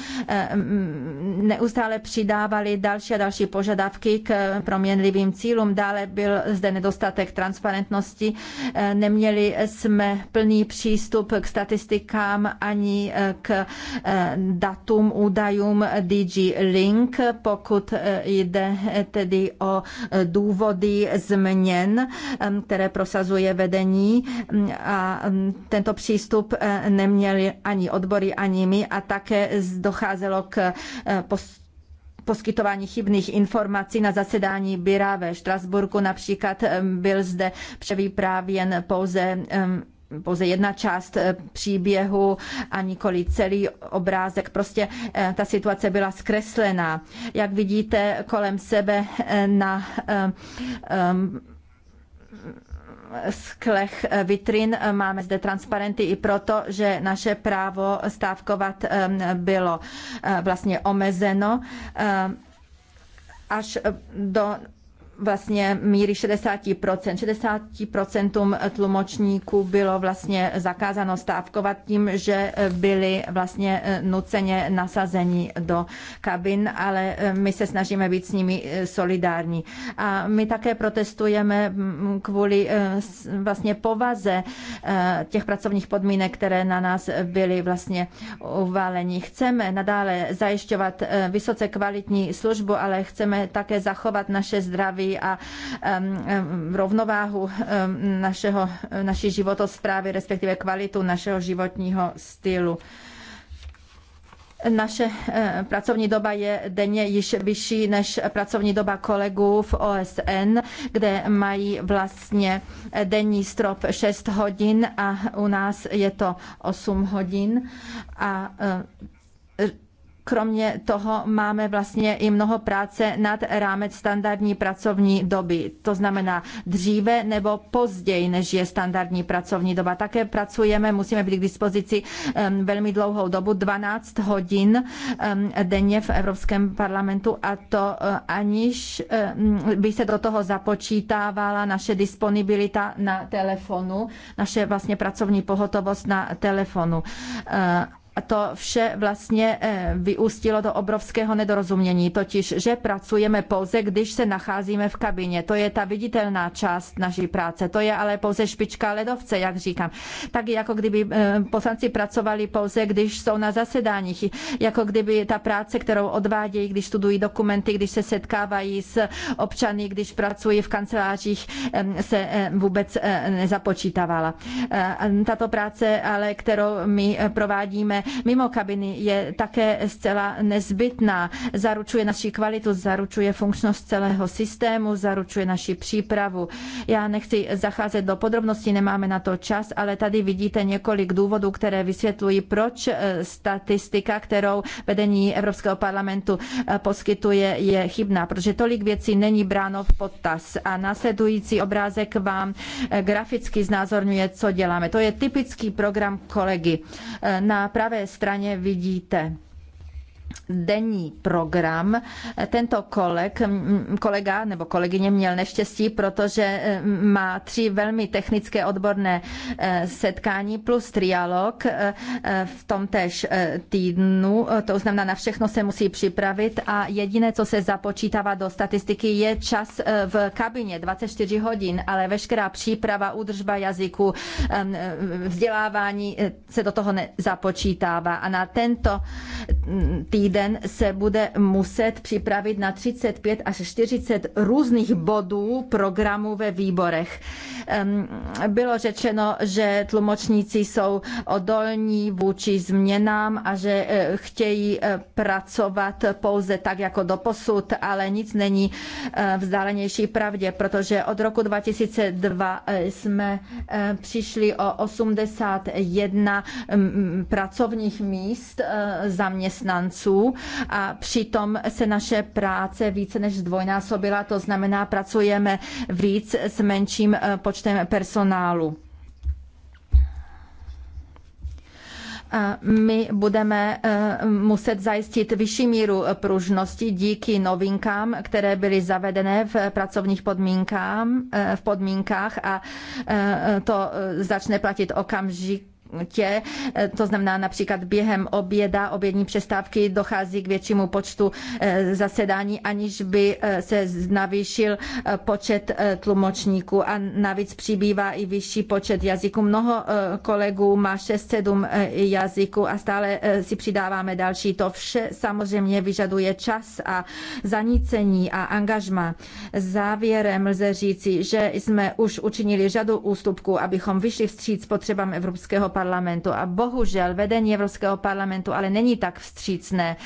Neustále přidávali další a další požadavky k proměnlivým cílům. Dále byl zde nedostatek transparentnosti. Neměli jsme plný přístup k statistikám ani eh, k eh, datům, údajům DG Link, pokud eh, jde tedy o důvody změn, které prosazuje vedení a tento přístup e, neměli ani odbory, ani my a také docházelo k e, postupu poskytování chybných informací na zasedání Byra ve Štrasburku. Například byl zde převýprávěn pouze pouze jedna část eh, příběhu a nikoli celý obrázek. Prostě eh, ta situace byla zkreslená. Jak vidíte kolem sebe eh, na sklech vitrin. Máme zde transparenty i proto, že naše právo stávkovat bylo vlastně omezeno až do vlastně míry 60%. 60% tlumočníků bylo vlastně zakázáno stávkovat tím, že byli vlastně eh, nuceně nasazeni do kabin, ale eh, my se snažíme být s nimi eh, solidární. A my také protestujeme mm, kvůli vlastně povaze těch pracovních podmínek, které na nás byly vlastně uvaleni. Chceme nadále zajišťovat vysoce kvalitní službu, ale chceme také zachovat naše zdraví zdraví a rovnováhu našeho, naší životosprávy, respektive kvalitu našeho životního stylu. Naše eh, pracovní doba je denně již vyšší než pracovní doba kolegů v OSN, kde mají vlastně eh, denní strop 6 hodin a u nás je to 8 hodin. A eh, Kromě toho máme vlastně i mnoho práce nad rámec standardní pracovní doby. To znamená dříve nebo později, než je standardní pracovní doba. Také pracujeme, musíme být k dispozici velmi dlouhou dobu, 12 hodin denně v Evropském parlamentu a to e, aniž by se do toho započítávala naše disponibilita na telefonu, naše vlastně pracovní pohotovost na telefonu. E, to vše vlastně eh, vyústilo do obrovského nedorozumění, totiž, že pracujeme pouze, když se nacházíme v kabině. To je ta viditelná část naší práce. To je ale pouze špička ledovce, jak říkám. Tak jako kdyby eh, poslanci pracovali pouze, když jsou na zasedáních. Jako kdyby ta práce, kterou odvádějí, když studují dokumenty, když se setkávají s občany, když pracují v kancelářích, se eh, vůbec nezapočítávala. Tato práce, ale kterou my provádíme, mimo kabiny je také zcela nezbytná. Zaručuje naši kvalitu, zaručuje funkčnost celého systému, zaručuje naši přípravu. Já nechci zacházet do podrobností, nemáme na to čas, ale tady vidíte několik důvodů, které vysvětlují, proč eh, statistika, kterou vedení Evropského parlamentu eh, poskytuje, je chybná, protože tolik věcí není bráno v potaz. A následující obrázek vám eh, graficky znázorňuje, co děláme. To je typický program kolegy. Na právě pravé straně vidíte denní program. Tento kolek, kolega nebo kolegyně měl neštěstí, protože e, má tři velmi technické odborné e, setkání plus trialog e, v tom též týdnu. To znamená, na všechno se musí připravit a jediné, co se započítává do statistiky, je čas v kabině 24 hodin, ale veškerá příprava, údržba jazyku, vzdělávání se do toho nezapočítává. A na tento týden týden se bude muset připravit na 35 až 40 různých bodů programu ve výborech. Bylo řečeno, že tlumočníci jsou odolní vůči změnám a že e, chtějí e, pracovat pouze tak jako doposud, ale nic není e, vzdálenější pravdě, protože od roku 2002 jsme přišli o 81 pracovních míst zaměstnanců států a přitom se naše práce více než zdvojnásobila, to znamená, pracujeme víc s menším eh, počtem personálu. my budeme eh, muset zajistit vyšší míru pružnosti díky novinkám, které byly zavedené v pracovních podmínkách, eh, v podmínkách a to začne platit okamžik tě, to znamená například během oběda, obědní přestávky dochází k většímu počtu eh, zasedání, aniž by eh, se navýšil eh, počet tlumočníků a navíc přibývá i vyšší počet jazyků. Mnoho kolegů má 6-7 jazyků a stále si přidáváme další. To vše samozřejmě vyžaduje čas a zanícení a angažma. Závěrem lze říci, že jsme už učinili řadu ústupků, abychom vyšli vstříc potřebám Evropského parlamentu parlamentu. A bohužel vedení Evropského parlamentu ale není tak vstřícné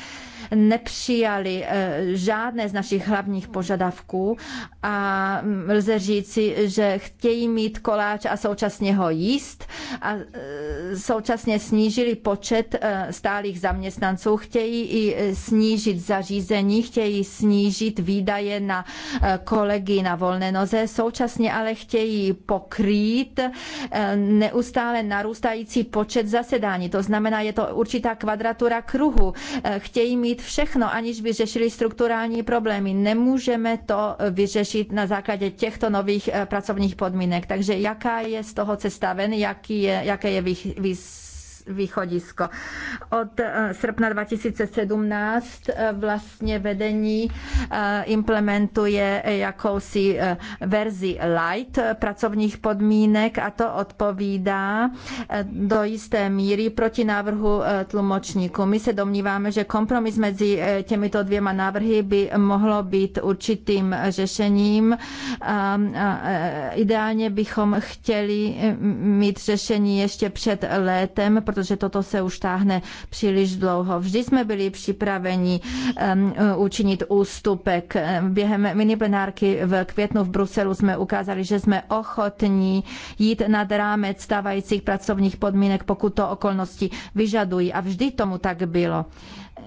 nepřijali eh, žádné z našich hlavních požadavků a mm, lze říci, že chtějí mít koláč a současně ho jíst a eh, současně snížili počet eh, stálých zaměstnanců, chtějí i snížit zařízení, chtějí snížit výdaje na kolegy na volné noze, současně ale chtějí pokrýt neustále narůstající počet zasedání. To znamená, je to určitá kvadratura kruhu. Chtějí mít vzít všechno, aniž by řešili strukturální problémy. Nemůžeme to vyřešit na základě těchto nových eh, pracovních podmínek. Takže jaká je z toho cesta ven, jaký je, jaké je vys východisko. Od eh, srpna 2017 eh, vlastně vedení eh, implementuje jakousi verzi light pracovních podmínek a to odpovídá do jisté míry proti návrhu tlumočníků. My se domníváme, že kompromis mezi těmito dvěma návrhy by mohlo být určitým řešením. Ehm, ideálně bychom chtěli mít řešení ještě před létem, protože protože toto se už táhne příliš dlouho. Vždy jsme byli připraveni um, učinit ústupek. Během miniplenárky v květnu v Bruselu jsme ukázali, že jsme ochotní jít nad rámec stávajících pracovních podmínek, pokud to okolnosti vyžadují. A vždy tomu tak bylo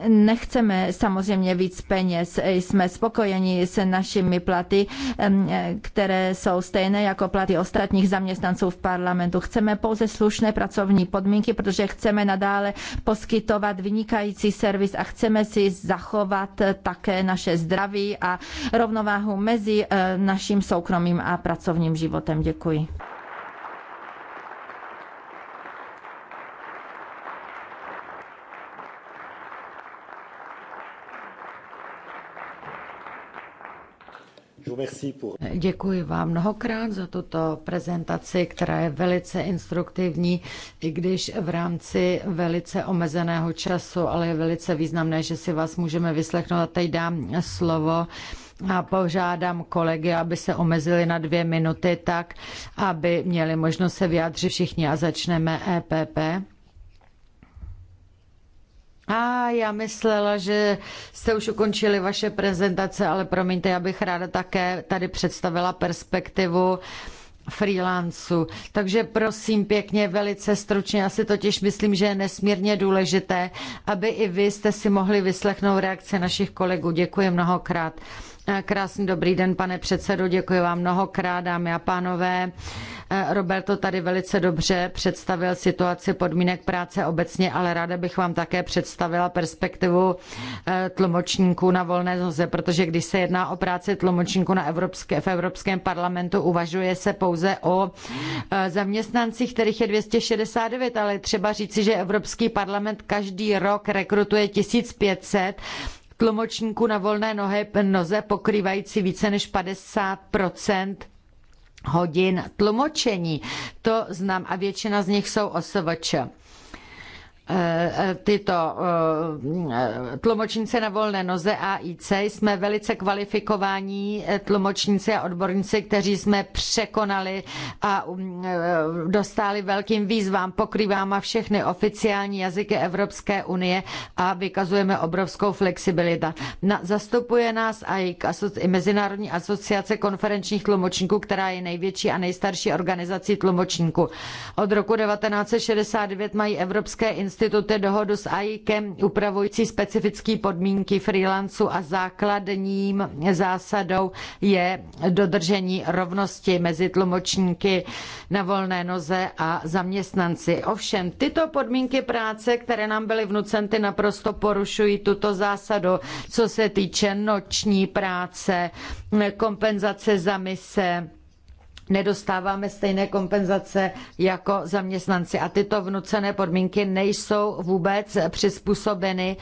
nechceme samozřejmě víc peněz. Jsme spokojeni s našimi platy, které jsou stejné jako platy ostatních zaměstnanců v parlamentu. Chceme pouze slušné pracovní podmínky, protože chceme nadále poskytovat vynikající servis a chceme si zachovat také naše zdraví a rovnováhu mezi eh, naším soukromým a pracovním životem. Děkuji. Děkuji vám mnohokrát za tuto prezentaci, která je velice instruktivní, i když v rámci velice omezeného času, ale je velice významné, že si vás můžeme vyslechnout. A teď dám slovo a požádám kolegy, aby se omezili na dvě minuty tak, aby měli možnost se vyjádřit všichni a začneme EPP. A já myslela, že jste už ukončili vaše prezentace, ale promiňte, já bych ráda také tady představila perspektivu freelancu. Takže prosím pěkně, velice stručně, já si totiž myslím, že je nesmírně důležité, aby i vy jste si mohli vyslechnout reakce našich kolegů. Děkuji mnohokrát. Eh, krásný dobrý den, pane předsedo, děkuji vám mnohokrát, dámy a pánové. Eh, Roberto tady velice dobře představil situaci podmínek práce obecně, ale ráda bych vám také představila perspektivu eh, tlumočníků na volné noze, protože když se jedná o práci tlumočníků na Evropské, v Evropském parlamentu, uvažuje se pouze o zaměstnancích, kterých je 269, ale třeba říci, že Evropský parlament každý rok rekrutuje 1500 tlumočníků na volné nohe, noze pokrývající více než 50 hodin tlumočení. To znám a většina z nich jsou OSVČ. Eh, eh, tyto eh, tlumočnice na volné noze AIC. Jsme velice kvalifikovaní tlumočníci a odborníci, kteří jsme překonali a mm, dostali velkým výzvám. Pokrýváme všechny oficiální jazyky Evropské unie a vykazujeme obrovskou flexibilitu. zastupuje nás i, i Mezinárodní asociace konferenčních tlumočníků, která je největší a nejstarší organizací tlumočníků. Od roku 1969 mají evropské instituce instituty dohodu s AIKem upravující specifické podmínky freelanců a základním zásadou je dodržení rovnosti mezi tlumočníky na volné noze a zaměstnanci. Ovšem, tyto podmínky práce, které nám byly vnucenty, naprosto porušují tuto zásadu, co se týče noční práce, kompenzace za mise, nedostáváme stejné kompenzace jako zaměstnanci. A tyto vnucené podmínky nejsou vůbec přizpůsobeny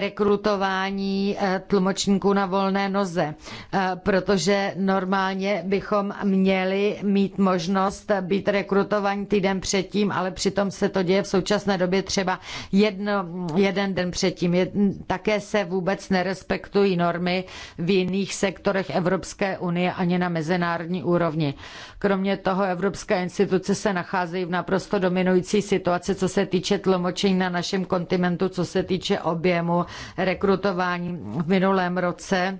rekrutování eh, tlumočníků na volné noze, eh, protože normálně bychom měli mít možnost být rekrutovaní týden předtím, ale přitom se to děje v současné době třeba jedno, jeden den předtím. také se vůbec nerespektují normy v jiných sektorech Evropské unie ani na mezinárodní úrovni. Kromě toho evropské instituce se nacházejí v naprosto dominující situaci, co se týče tlumočení na našem kontinentu, co se týče objemu rekrutování v minulém roce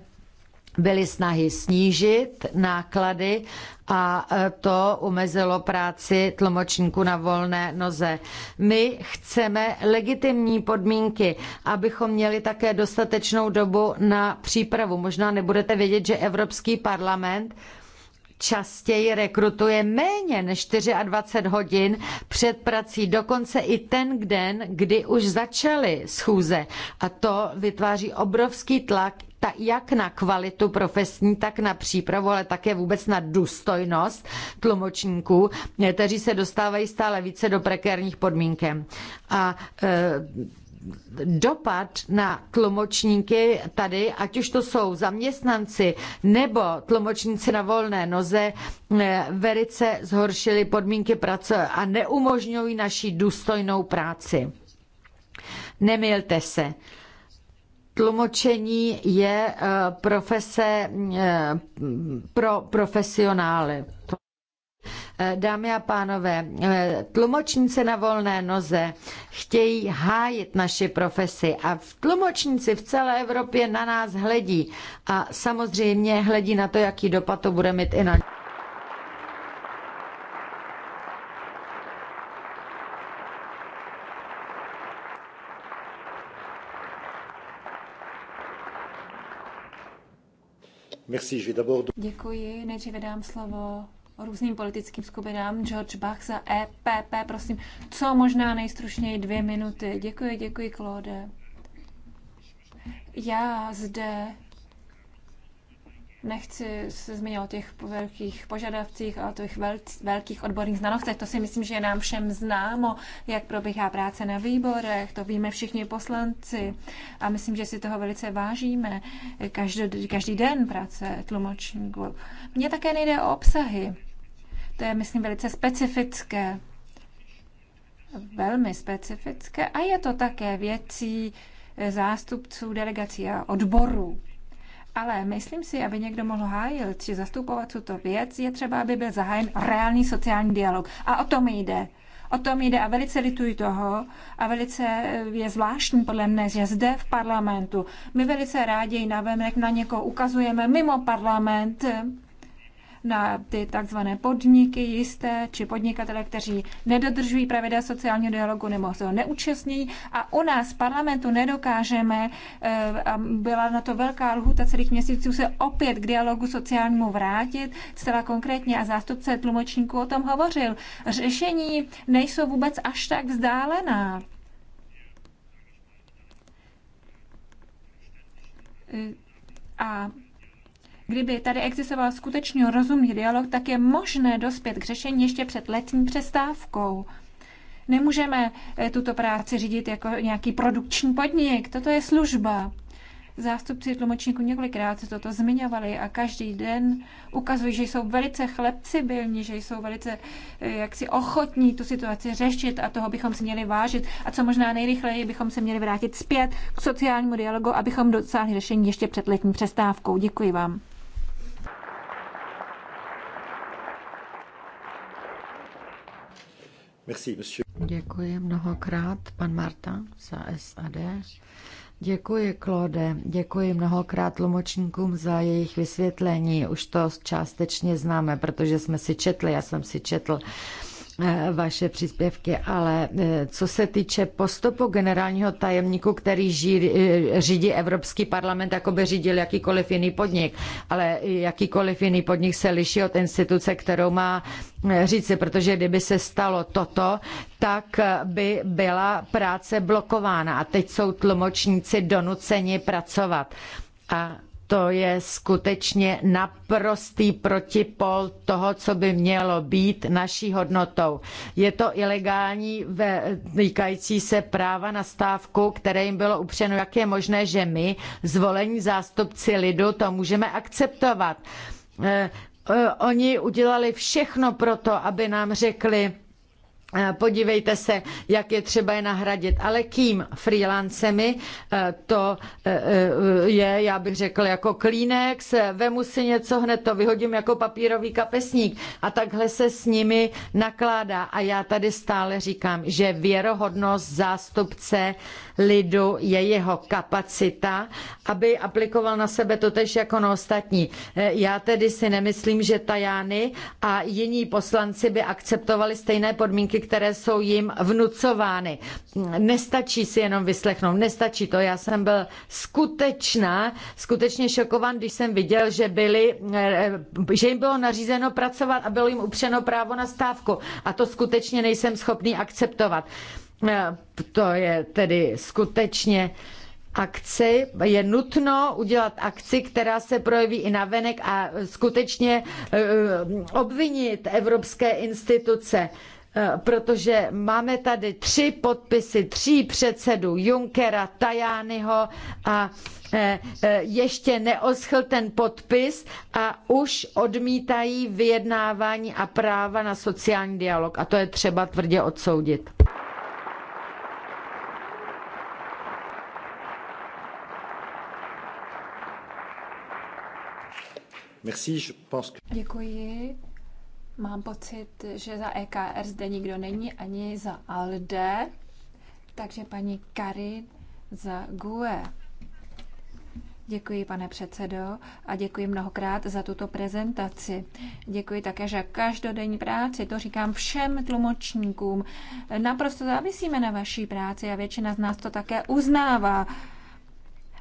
byly snahy snížit náklady a to omezilo práci tlumočníků na volné noze. My chceme legitimní podmínky, abychom měli také dostatečnou dobu na přípravu. Možná nebudete vědět, že Evropský parlament častěji rekrutuje méně než 24 hodin před prací, dokonce i ten den, kdy už začaly schůze. A to vytváří obrovský tlak ta, jak na kvalitu profesní, tak na přípravu, ale také vůbec na důstojnost tlumočníků, kteří se dostávají stále více do prekérních podmínkem. A e, dopad na tlumočníky tady, ať už to jsou zaměstnanci nebo tlumočníci na volné noze, eh, velice zhoršily podmínky práce a neumožňují naší důstojnou práci. Nemilte se. Tlumočení je eh, profese eh, pro profesionály. Eh, dámy a pánové, eh, tlumočníci na volné noze chtějí hájit naši profesi a v tlumočníci v celé Evropě na nás hledí a samozřejmě hledí na to, jaký dopad to bude mít i na Děkuji, nejdříve dám slovo různým politickým skupinám. George Bach za EPP, prosím, co možná nejstručněji dvě minuty. Děkuji, děkuji, Claude. Já zde nechci se zmínit o těch velkých požadavcích a o těch velkých odborných znalostech. To si myslím, že je nám všem známo, jak probíhá práce na výborech, to víme všichni poslanci a myslím, že si toho velice vážíme. Každý, každý den práce tlumočníků. Mně také nejde o obsahy. To je, myslím, velice specifické. Velmi specifické. A je to také věcí eh, zástupců delegací a odborů. Ale myslím si, aby někdo mohl hájit či zastupovat tuto věc, je třeba, aby byl zahájen reálný sociální dialog. A o tom jde. O tom jde a velice lituji toho a velice eh, je zvláštní podle mne, že zde v parlamentu my velice rádi na venek na někoho ukazujeme mimo parlament, na ty takzvané podniky jisté či podnikatele, kteří nedodržují pravidla sociálního dialogu nebo se ho neúčastní. A u nás v parlamentu nedokážeme, eh, byla na to velká lhuta celých měsíců, se opět k dialogu sociálnímu vrátit, zcela konkrétně a zástupce tlumočníků o tom hovořil. Řešení nejsou vůbec až tak vzdálená. Eh, a Kdyby tady existoval skutečně rozumný dialog, tak je možné dospět k řešení ještě před letní přestávkou. Nemůžeme eh, tuto práci řídit jako nějaký produkční podnik. Toto je služba. Zástupci tlumočníků několikrát se toto zmiňovali a každý den ukazují, že jsou velice flexibilní, že jsou velice eh, jaksi ochotní tu situaci řešit a toho bychom si měli vážit. A co možná nejrychleji bychom se měli vrátit zpět k sociálnímu dialogu, abychom dosáhli řešení ještě před letní přestávkou. Děkuji vám. Merci, monsieur. Děkuji mnohokrát, pan Marta za SAD. Děkuji, Klode. Děkuji mnohokrát tlumočníkům za jejich vysvětlení. Už to částečně známe, protože jsme si četli, já jsem si četl Eh, vaše příspěvky, ale eh, co se týče postupu generálního tajemníku, který ží, eh, řídí Evropský parlament, jako by řídil jakýkoliv jiný podnik, ale jakýkoliv jiný podnik se liší od instituce, kterou má říci, protože kdyby se stalo toto, tak by byla práce blokována a teď jsou tlumočníci donuceni pracovat. A to je skutečně naprostý protipol toho, co by mělo být naší hodnotou. Je to ilegální ve, týkající se práva na stávku, které jim bylo upřeno. Jak je možné, že my, zvolení zástupci lidu, to můžeme akceptovat? Eh, eh, oni udělali všechno pro to, aby nám řekli, Eh, podívejte se, jak je třeba je nahradit. Ale kým? Freelancemi? Eh, to eh, je, já bych řekl, jako klínex. Vemu si něco, hned to vyhodím jako papírový kapesník. A takhle se s nimi nakládá. A já tady stále říkám, že věrohodnost zástupce lidu je jeho kapacita, aby aplikoval na sebe totež jako na ostatní. Eh, já tedy si nemyslím, že Tajány a jiní poslanci by akceptovali stejné podmínky, které jsou jim vnucovány. Nestačí si jenom vyslechnout, nestačí to. Já jsem byl skutečná, skutečně šokovan, když jsem viděl, že, byli, eh, že jim bylo nařízeno pracovat a bylo jim upřeno právo na stávku. A to skutečně nejsem schopný akceptovat. Eh, to je tedy skutečně akci, je nutno udělat akci, která se projeví i na venek a skutečně eh, obvinit evropské instituce eh, protože máme tady tři podpisy, tří předsedů, Junckera, Tajányho a ještě neoschl ten podpis a už odmítají vyjednávání a práva na sociální dialog. A to je třeba tvrdě odsoudit. Merci, je pense que... Děkuji. Mám pocit, že za EKR zde nikdo není, ani za ALDE, takže paní Karin za GUE. Děkuji, pane předsedo, a děkuji mnohokrát za tuto prezentaci. Děkuji také za každodenní práci, to říkám všem tlumočníkům. Naprosto závisíme na vaší práci a většina z nás to také uznává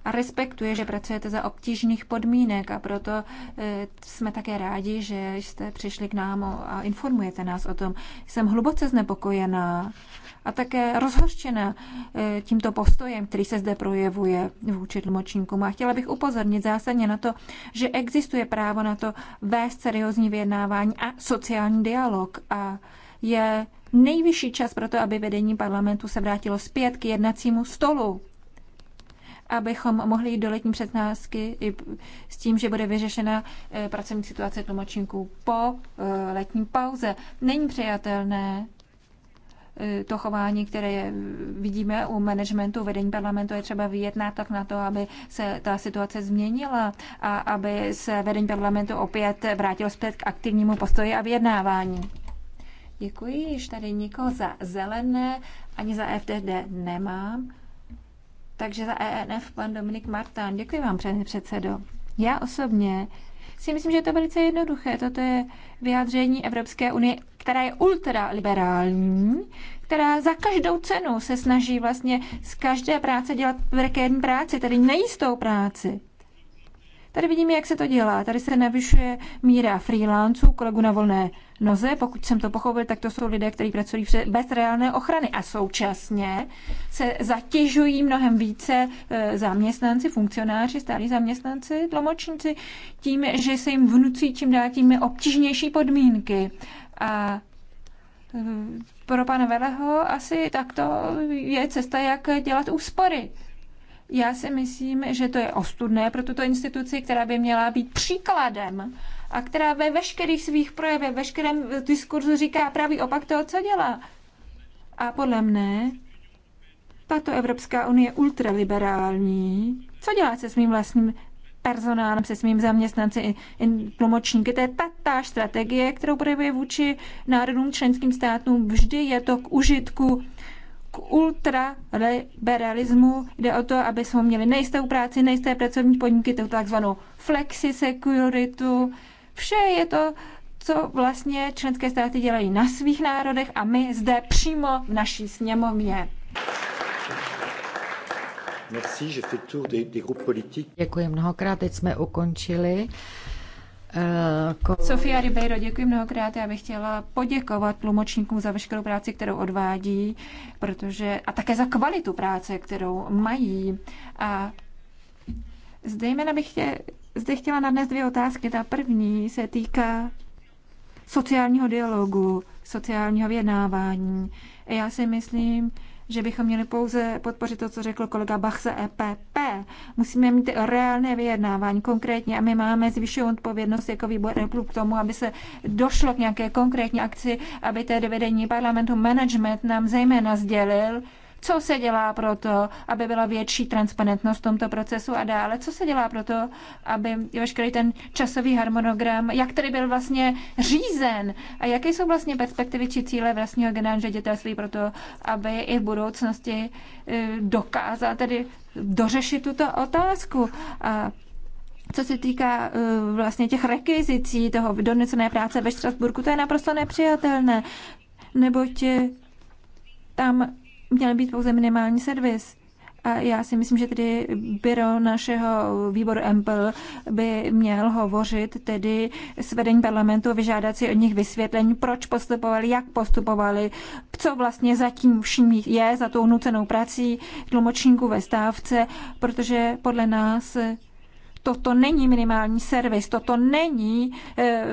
a respektuje, že pracujete za obtížných podmínek a proto e, jsme také rádi, že jste přišli k nám a informujete nás o tom. Jsem hluboce znepokojená a také rozhořčena e, tímto postojem, který se zde projevuje vůči tlumočníkům. A chtěla bych upozornit zásadně na to, že existuje právo na to vést seriózní vyjednávání a sociální dialog. A je nejvyšší čas pro to, aby vedení parlamentu se vrátilo zpět k jednacímu stolu abychom mohli jít do letní přednášky i s tím, že bude vyřešena eh, pracovní situace tlumočníků po eh, letní pauze. Není přijatelné eh, to chování, které vidíme u managementu, vedení parlamentu, je třeba vyjednat tak na to, aby se ta situace změnila a aby se vedení parlamentu opět vrátilo zpět k aktivnímu postoji a vyjednávání. Děkuji, již tady nikoho za zelené ani za FTD nemám. Takže za ENF pan Dominik Martán. Děkuji vám, pane předsedo. Já osobně si myslím, že je to velice jednoduché. Toto je vyjádření Evropské unie, která je ultraliberální, která za každou cenu se snaží vlastně z každé práce dělat prekérní práci, tedy nejistou práci. Tady vidíme, jak se to dělá. Tady se navyšuje míra freelanců, kolegu na volné noze. Pokud jsem to pochopil, tak to jsou lidé, kteří pracují bez reálné ochrany a současně se zatěžují mnohem více e, zaměstnanci, funkcionáři, starí zaměstnanci, tlumočníci, tím, že se jim vnucí čím dál tím obtížnější podmínky. A e, pro pana Veleho asi takto je cesta, jak dělat úspory. Já si myslím, že to je ostudné pro tuto instituci, která by měla být příkladem a která ve veškerých svých projevech, veškerém diskurzu říká pravý opak toho, co dělá. A podle mne tato Evropská unie je ultraliberální. Co dělá se svým vlastním personálem, se svým zaměstnanci i, tlumočníky. To je ta strategie, kterou projevuje vůči národům členským státům. Vždy je to k užitku k ultraliberalismu. Jde o to, aby jsme měli nejistou práci, nejisté pracovní podniky, tu takzvanou flexi securitu. Vše je to, co vlastně členské státy dělají na svých národech a my zde přímo v naší sněmovně. Děkuji mnohokrát, teď jsme ukončili Eh, Sofia Ribeiro, děkuji mnohokrát. Já bych chtěla poděkovat tlumočníkům za veškerou práci, kterou odvádí, protože, a také za kvalitu práce, kterou mají. A zde bych tě, zde chtěla nadnes dvě otázky. Ta první se týká sociálního dialogu, sociálního vyjednávání. Já si myslím, že bychom měli pouze podpořit to, co řekl kolega Bach ze EPP. Musíme mít reálné vyjednávání konkrétně a my máme zvyšovat odpovědnost jako výbor klub k tomu, aby se došlo k nějaké konkrétní akci, aby tedy vedení parlamentu management nám zejména sdělil, co se dělá pro to, aby byla větší transparentnost v tomto procesu a dále? Co se dělá pro to, aby veškerý ten časový harmonogram, jak tedy byl vlastně řízen a jaké jsou vlastně perspektivy či cíle vlastního generálního ředitelství pro to, aby i v budoucnosti eh, dokázal tedy dořešit tuto otázku. A co se týká eh, vlastně těch rekvizicí, toho donesené práce ve Štrasburku, to je naprosto nepřijatelné, neboť eh, tam měl být pouze minimální servis. A já si myslím, že tedy byro našeho výboru EMPL by měl hovořit tedy s vedení parlamentu a vyžádat si od nich vysvětlení, proč postupovali, jak postupovali, co vlastně zatím vším je za tou nucenou prací tlumočníků ve stávce, protože podle nás Toto není minimální servis, toto není eh,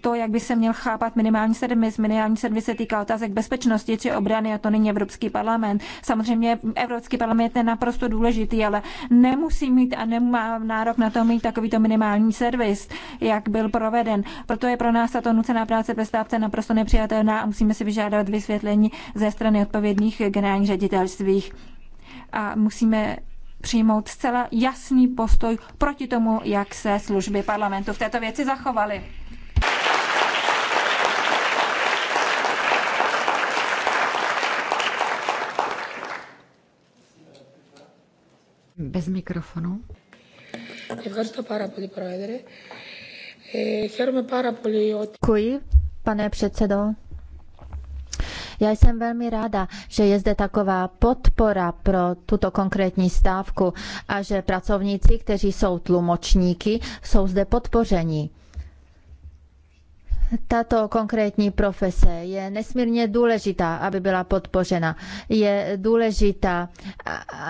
to, jak by se měl chápat minimální servis. Minimální servis se týká otázek bezpečnosti či obrany a to není Evropský parlament. Samozřejmě Evropský parlament je naprosto důležitý, ale nemusí mít a nemá nárok na to mít takovýto minimální servis, jak byl proveden. Proto je pro nás tato nucená práce přestávce naprosto nepřijatelná a musíme si vyžádat vysvětlení ze strany odpovědných generálních ředitelství. A musíme přijmout zcela jasný postoj proti tomu, jak se služby parlamentu v této věci zachovaly. Bez mikrofonu. Děkuji, pane předsedo. Já jsem velmi ráda, že je zde taková podpora pro tuto konkrétní stávku a že pracovníci, kteří jsou tlumočníky, jsou zde podpořeni. Tato konkrétní profese je nesmírně důležitá, aby byla podpořena. Je, důležitá,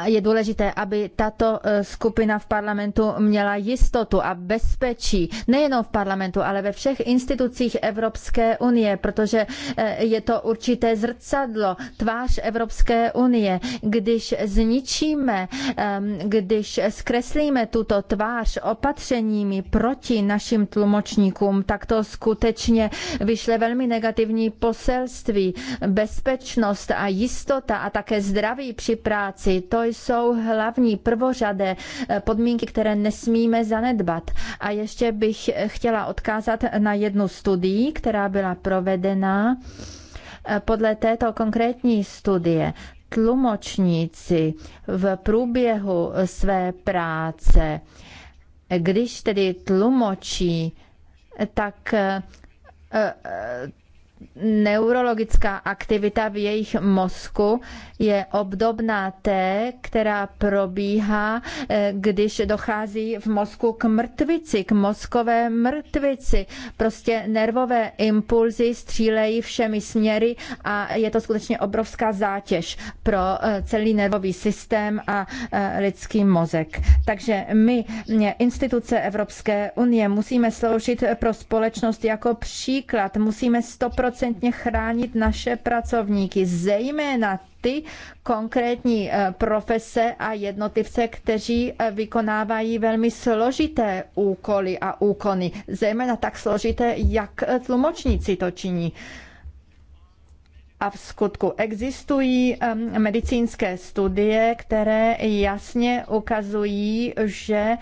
je důležité, aby tato e, skupina v parlamentu měla jistotu a bezpečí, nejenom v parlamentu, ale ve všech institucích Evropské unie, protože e, je to určité zrcadlo, tvář Evropské unie. Když zničíme, když zkreslíme tuto tvář opatřeními proti našim tlumočníkům, tak to skutečně skutečně vyšle velmi negativní poselství. Bezpečnost a jistota a také zdraví při práci, to jsou hlavní prvořadé eh, podmínky, které nesmíme zanedbat. A ještě bych eh, chtěla odkázat na jednu studii, která byla provedena. Eh, podle této konkrétní studie tlumočníci v průběhu své práce, když tedy tlumočí, tak Uh, uh, neurologická aktivita v jejich mozku je obdobná té, která probíhá, eh, když dochází v mozku k mrtvici, k mozkové mrtvici. Prostě nervové impulzy střílejí všemi směry a je to skutečně obrovská zátěž pro eh, celý nervový systém a eh, lidský mozek. Takže my, instituce Evropské unie, musíme sloužit pro společnost jako příklad. Musíme 100% stoprocentně chránit naše pracovníky, zejména ty konkrétní eh, profese a jednotlivce, kteří eh, vykonávají velmi složité úkoly a úkony, zejména tak složité, jak eh, tlumočníci to činí. A v skutku existují ehm, medicínské studie, které jasně ukazují, že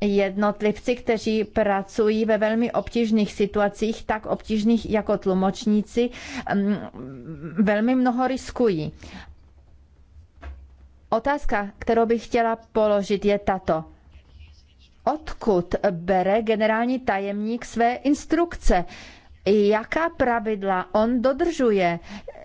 jednotlivci, kteří pracují ve velmi obtížných situacích, tak obtížných jako tlumočníci, mm, velmi mnoho riskují. Otázka, kterou bych chtěla položit, je tato. Odkud bere generální tajemník své instrukce? jaká pravidla on dodržuje.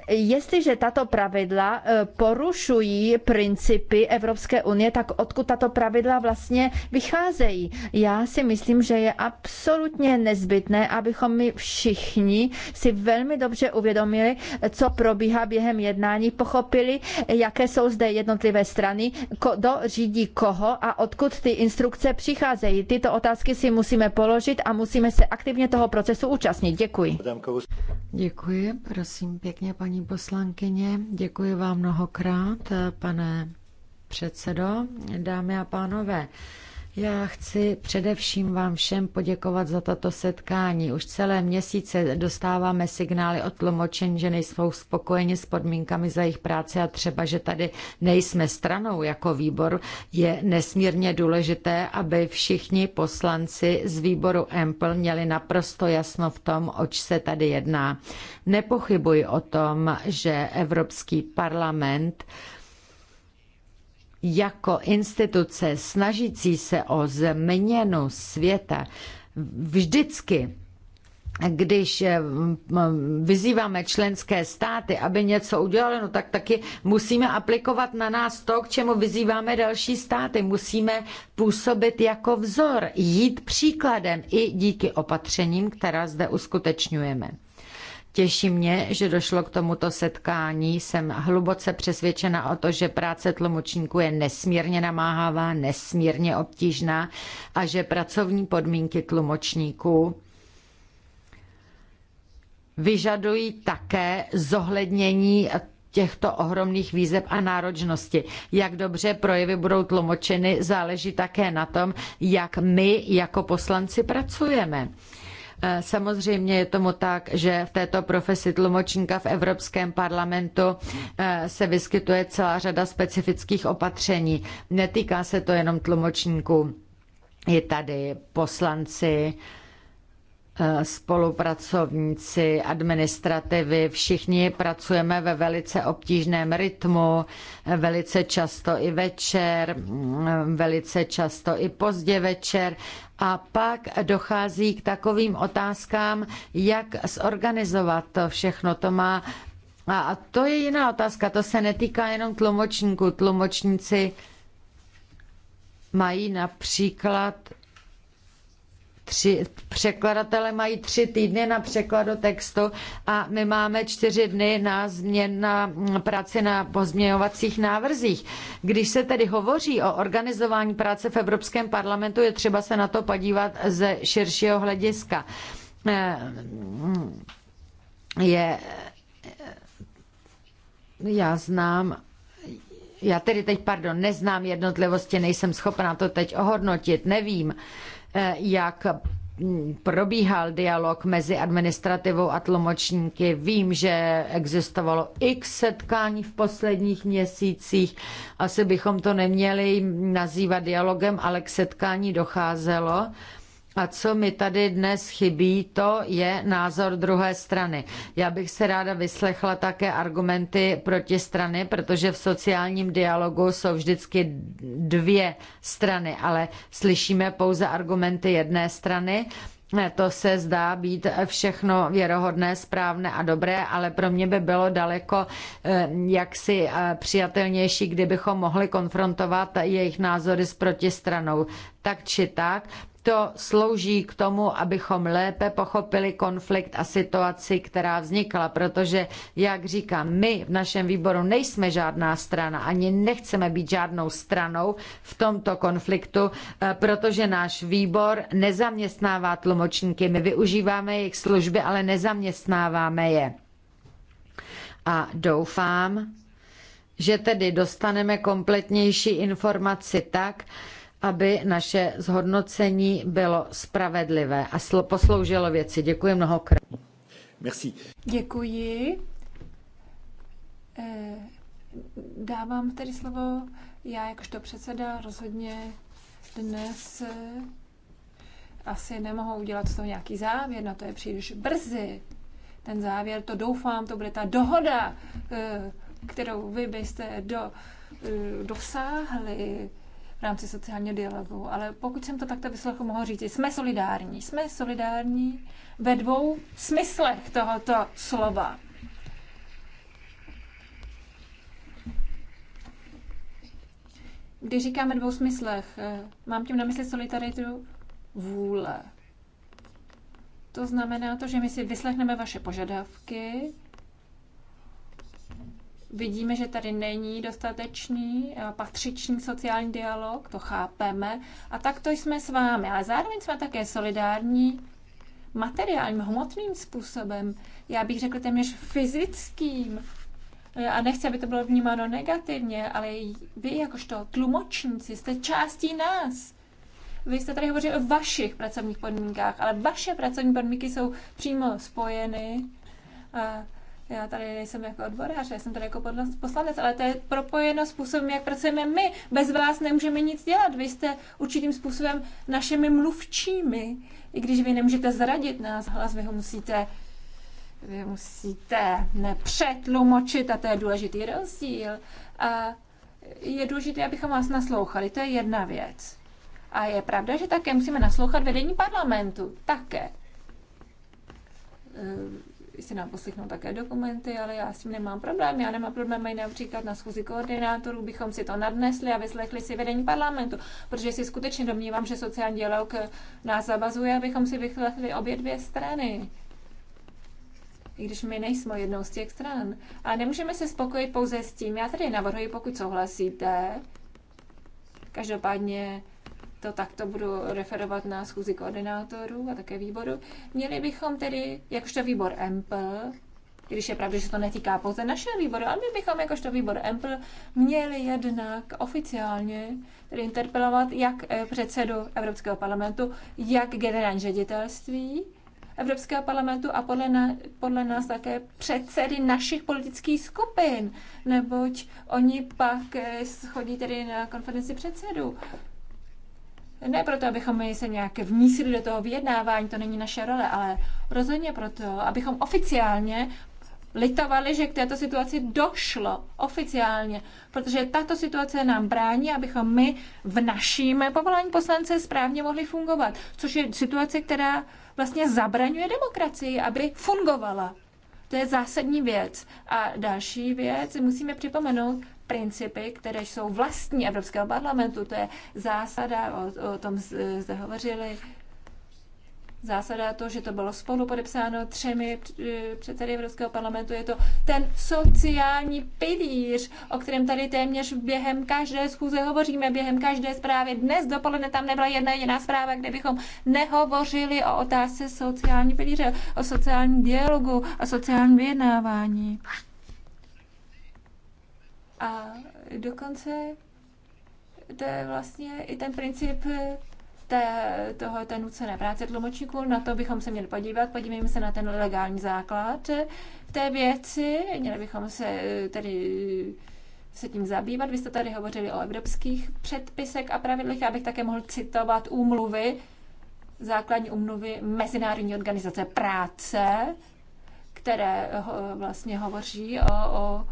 Jestliže tato pravidla eh, porušují principy Evropské unie, tak odkud tato pravidla vlastně vycházejí? Já si myslím, že je absolutně nezbytné, abychom my všichni si velmi dobře uvědomili, co probíhá během jednání, pochopili, jaké jsou zde jednotlivé strany, kdo řídí koho a odkud ty instrukce přicházejí. Tyto otázky si musíme položit a musíme se aktivně toho procesu účastnit. Děkuji. Děkuji. Děkuji, prosím pěkně, paní poslankyně. Děkuji vám mnohokrát, pane předsedo, dámy a pánové. Já chci především vám všem poděkovat za tato setkání. Už celé měsíce dostáváme signály od tlumočení, že nejsou spokojeni s podmínkami za jejich práci a třeba, že tady nejsme stranou jako výbor. Je nesmírně důležité, aby všichni poslanci z výboru EMPL měli naprosto jasno v tom, oč se tady jedná. Nepochybuji o tom, že Evropský parlament jako instituce snažící se o změnu světa vždycky když eh, vyzýváme členské státy, aby něco udělali, no tak taky musíme aplikovat na nás to, k čemu vyzýváme další státy. Musíme působit jako vzor, jít příkladem i díky opatřením, která zde uskutečňujeme. Těší mě, že došlo k tomuto setkání. Jsem hluboce přesvědčena o to, že práce tlumočníků je nesmírně namáhavá, nesmírně obtížná a že pracovní podmínky tlumočníků vyžadují také zohlednění těchto ohromných výzev a náročnosti. Jak dobře projevy budou tlumočeny, záleží také na tom, jak my jako poslanci pracujeme. Eh, samozřejmě je tomu tak, že v této profesi tlumočníka v Evropském parlamentu eh, se vyskytuje celá řada specifických opatření. Netýká se to jenom tlumočníků. Je tady poslanci, Eh, spolupracovníci, administrativy, všichni pracujeme ve velice obtížném rytmu, eh, velice často i večer, mm, velice často i pozdě večer a pak dochází k takovým otázkám, jak zorganizovat to všechno. To má a to je jiná otázka, to se netýká jenom tlumočníků. Tlumočníci mají například tři, překladatele mají tři týdny na překladu textu a my máme čtyři dny na změn na práci na pozměňovacích návrzích. Když se tedy hovoří o organizování práce v Evropském parlamentu, je třeba se na to podívat ze širšího hlediska. Eh, je, eh, já znám já tedy teď, pardon, neznám jednotlivosti, nejsem schopna to teď ohodnotit, nevím. Eh, jak mm, probíhal dialog mezi administrativou a tlumočníky. Vím, že existovalo x setkání v posledních měsících. Asi bychom to neměli nazývat dialogem, ale k setkání docházelo. A co mi tady dnes chybí, to je názor druhé strany. Já bych se ráda vyslechla také argumenty proti strany, protože v sociálním dialogu jsou vždycky dvě strany, ale slyšíme pouze argumenty jedné strany. E, to se zdá být všechno věrohodné, správné a dobré, ale pro mě by bylo daleko e, jaksi e, přijatelnější, kdybychom mohli konfrontovat jejich názory s protistranou. Tak či tak, to slouží k tomu, abychom lépe pochopili konflikt a situaci, která vznikla, protože, jak říkám, my v našem výboru nejsme žádná strana, ani nechceme být žádnou stranou v tomto konfliktu, eh, protože náš výbor nezaměstnává tlumočníky. My využíváme jejich služby, ale nezaměstnáváme je. A doufám, že tedy dostaneme kompletnější informaci tak, aby naše zhodnocení bylo spravedlivé a posloužilo věci. Děkuji mnohokrát. Merci. Děkuji. Eh, dávám tedy slovo, já jakožto předseda rozhodně dnes eh, asi nemohu udělat z toho nějaký závěr, na to je příliš brzy. Ten závěr, to doufám, to bude ta dohoda, eh, kterou vy byste do, dosáhli v rámci sociálního dialogu, ale pokud jsem to takto vyslechl, mohu říct, jsme solidární. Jsme solidární ve dvou smyslech tohoto slova. Když říkáme dvou smyslech, eh, mám tím na mysli solidaritu vůle. To znamená to, že my si vyslechneme vaše požadavky, Vidíme, že tady není dostatečný eh, patřičný sociální dialog, to chápeme. A tak to jsme s vámi. Ale zároveň jsme také solidární materiálním, hmotným způsobem. Já bych řekl téměř fyzickým. Eh, a nechci, aby to bylo vnímáno negativně, ale vy jakožto tlumočníci jste částí nás. Vy jste tady hovořili o vašich pracovních podmínkách, ale vaše pracovní podmínky jsou přímo spojeny já tady nejsem jako odborář, já jsem tady jako poslanec, ale to je propojeno způsobem, jak pracujeme my. Bez vás nemůžeme nic dělat. Vy jste určitým způsobem našimi mluvčími. I když vy nemůžete zradit nás hlas, vy ho musíte vy musíte nepřetlumočit a to je důležitý rozdíl. A je důležité, abychom vás naslouchali, to je jedna věc. A je pravda, že také musíme naslouchat vedení parlamentu. Také si nám poslechnou také dokumenty, ale já s tím nemám problém. Já nemám problém i například na schůzi koordinátorů, bychom si to nadnesli a vyslechli si vedení parlamentu, protože si skutečně domnívám, že sociální dialog nás zavazuje, abychom si vyslechli obě dvě strany i když my nejsme jednou z těch stran. A nemůžeme se spokojit pouze s tím, já tady navrhuji, pokud souhlasíte, každopádně to takto budu referovat na schůzi koordinátorů a také výboru, měli bychom tedy, jakožto výbor EMPL, když je pravda, že to netýká pouze našeho výboru, ale my bychom jakožto výbor EMPL měli jednak oficiálně tedy interpelovat jak eh, předsedu Evropského parlamentu, jak generální ředitelství Evropského parlamentu a podle, na, podle nás také předsedy našich politických skupin, neboť oni pak eh, chodí tedy na konferenci předsedů. Ne proto, abychom my se nějak vmísili do toho vyjednávání, to není naše role, ale rozhodně proto, abychom oficiálně litovali, že k této situaci došlo oficiálně, protože tato situace nám brání, abychom my v naším povolání poslance správně mohli fungovat, což je situace, která vlastně zabraňuje demokracii, aby fungovala. To je zásadní věc. A další věc, musíme připomenout, principy, které jsou vlastní Evropského parlamentu. To je zásada, o, o tom zde hovořili, zásada to, že to bylo spolu podepsáno třemi eh, předsedy Evropského parlamentu, je to ten sociální pilíř, o kterém tady téměř během každé schůze hovoříme, během každé zprávy. Dnes dopoledne tam nebyla jedna jediná zpráva, kde bychom nehovořili o otázce sociální pilíře, o sociálním dialogu, o sociálním vyjednávání. A dokonce to je vlastně i ten princip té, toho, té nucené práce tlumočníků, na to bychom se měli podívat, podívejme se na ten legální základ té věci, měli bychom se eh, tedy se tím zabývat. Vy jste tady hovořili o evropských předpisech a pravidlech, abych také mohl citovat úmluvy, základní úmluvy Mezinárodní organizace práce, které ho, vlastně hovoří o, o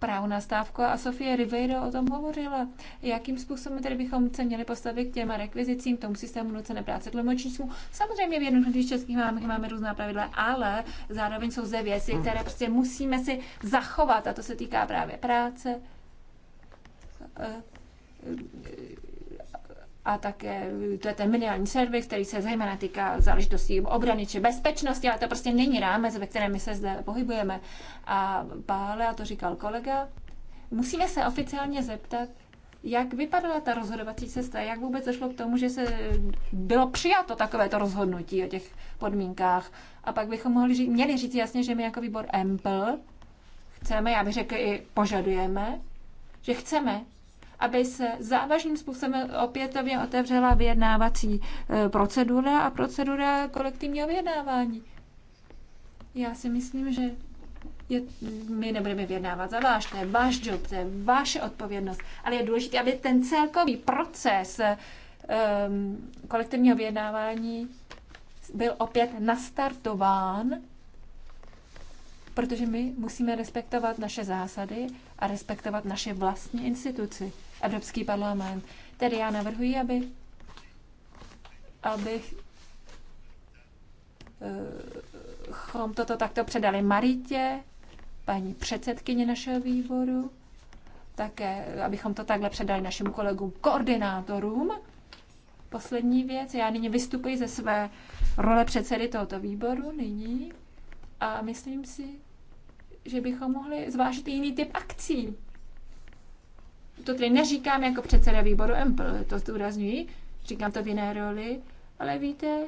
právo na stávku a Sofie Ribeiro o tom hovořila. Jakým způsobem tedy bychom se měli postavit k těm rekvizicím, tomu systému nucené práce tlumočníků? Samozřejmě v jednotlivých českých máme, máme různá pravidla, ale zároveň jsou zde věci, které prostě musíme si zachovat a to se týká právě práce, eh, a také eh, to je ten mediální servis, který se zejména týká záležitostí obrany či bezpečnosti, ale to prostě není rámec, ve kterém my se zde pohybujeme. A Pále, a to říkal kolega, musíme se oficiálně zeptat, jak vypadala ta rozhodovací cesta, jak vůbec došlo k tomu, že se bylo přijato takovéto rozhodnutí o těch podmínkách. A pak bychom mohli říct, měli říct jasně, že my jako výbor EMPL chceme, já bych řekl i požadujeme, že chceme aby se závažným způsobem opětovně otevřela vyjednávací e, procedura a procedura kolektivního vyjednávání. Já si myslím, že je, my nebudeme vyjednávat za váš, to je váš job, to je vaše odpovědnost, ale je důležité, aby ten celkový proces um, kolektivního vyjednávání byl opět nastartován, protože my musíme respektovat naše zásady a respektovat naše vlastní instituci. Evropský parlament. Tedy já navrhuji, aby, abychom eh, toto takto předali Maritě, paní předsedkyně našeho výboru, také, abychom to takhle předali našim kolegům koordinátorům. Poslední věc, já nyní vystupuji ze své role předsedy tohoto výboru nyní a myslím si, že bychom mohli zvážit jiný typ akcí to tady neříkám jako předseda výboru MPL, to zdůraznuju, říkám to v jiné roli, ale víte,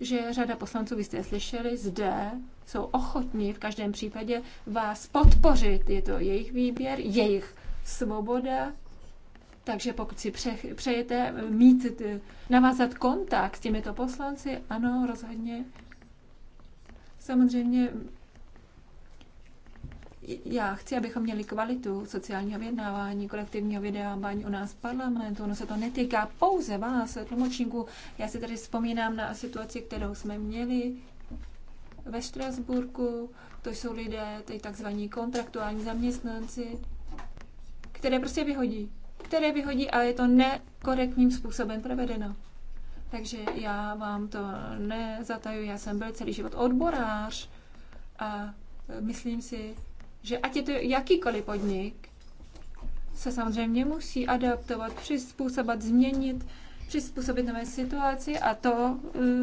že řada poslanců, vy jste je slyšeli, zde jsou ochotní v každém případě vás podpořit. Je to jejich výběr, jejich svoboda. Takže pokud si přejete mít, navázat kontakt s těmito poslanci, ano, rozhodně. Samozřejmě já chci, abychom měli kvalitu sociálního vyjednávání, kolektivního vyjednávání u nás v parlamentu. Ono se to netýká pouze vás, tlumočníků. Já si tady vzpomínám na situaci, kterou jsme měli ve Štrasburku. To jsou lidé, ty takzvaní kontraktuální zaměstnanci, které prostě vyhodí. Které vyhodí, ale je to nekorektním způsobem provedeno. Takže já vám to nezataju. Já jsem byl celý život odborář a myslím si, že ať je to jakýkoliv podnik, se samozřejmě musí adaptovat, přizpůsobit, změnit, přizpůsobit nové situaci a to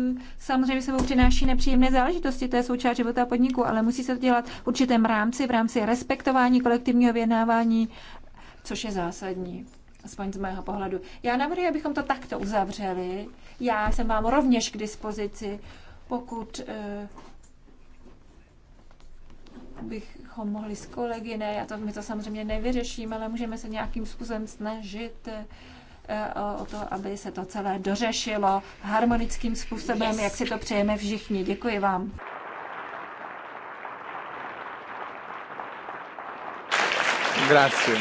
uh, samozřejmě sebou přináší nepříjemné záležitosti, to je součást života podniku, ale musí se to dělat v určitém rámci, v rámci respektování kolektivního vyjednávání, což je zásadní aspoň z mého pohledu. Já navrhuji, abychom to takto uzavřeli. Já jsem vám rovněž k dispozici, pokud eh, bychom mohli s kolegy, ne, já to, my to samozřejmě nevyřešíme, ale můžeme se nějakým způsobem snažit eh, o to, aby se to celé dořešilo harmonickým způsobem, yes. jak si to přejeme všichni. Děkuji vám. Grazie.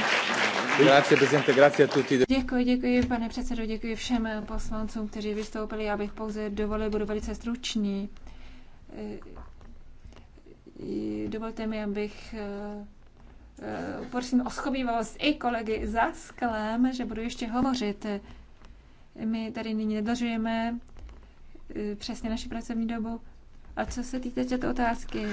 Grazie, presidente. Grazie a tutti. Děkuji, děkuji, pane předsedo, děkuji všem poslancům, kteří vystoupili. Já bych pouze dovolil, budu velice stručný eh, Dovolte mi, abych eh, eh, prosím oschobývalost i kolegy za sklem, že budu ještě hovořit. My tady nyní uh, přesně naši pracovní dobu. A co se týče této otázky,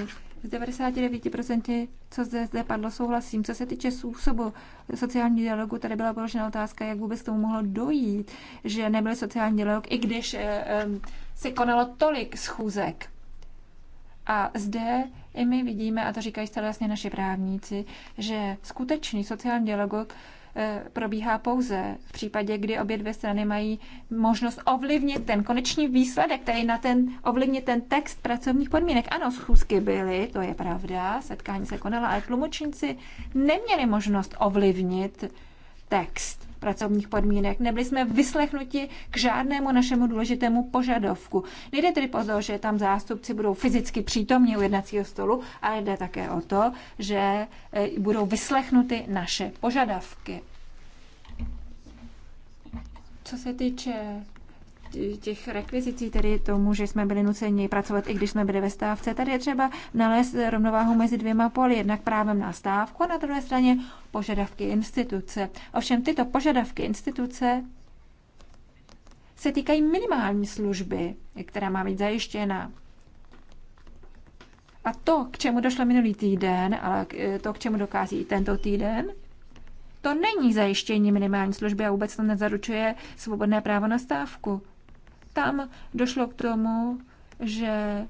z 99%, co zde, zde padlo, souhlasím. Co se týče způsobu sociálního dialogu, tady byla položena otázka, jak vůbec tomu mohlo dojít, že nebyl sociální dialog, i když se konalo tolik schůzek. A zde i my vidíme, a to říkají stále jasně naši právníci, že skutečný sociální dialog eh, probíhá pouze v případě, kdy obě dvě strany mají možnost ovlivnit ten konečný výsledek, tedy na ten, ovlivnit ten text pracovních podmínek. Ano, schůzky byly, to je pravda, setkání se konala, ale tlumočníci neměli možnost ovlivnit text pracovních podmínek. Nebyli jsme vyslechnuti k žádnému našemu důležitému požadovku. Nejde tedy o to, že tam zástupci budou fyzicky přítomní u jednacího stolu, ale jde také o to, že e, budou vyslechnuty naše požadavky. Co se týče těch rekvizicí, tedy tomu, že jsme byli nuceni pracovat, i když jsme byli ve stávce. Tady je třeba nalézt rovnováhu mezi dvěma poli, jednak právem na stávku a na druhé straně požadavky instituce. Ovšem tyto požadavky instituce se týkají minimální služby, která má být zajištěna. A to, k čemu došlo minulý týden, ale eh, to, k čemu dokází i tento týden, to není zajištění minimální služby a vůbec to nezaručuje svobodné právo na stávku. Tam došlo k tomu, že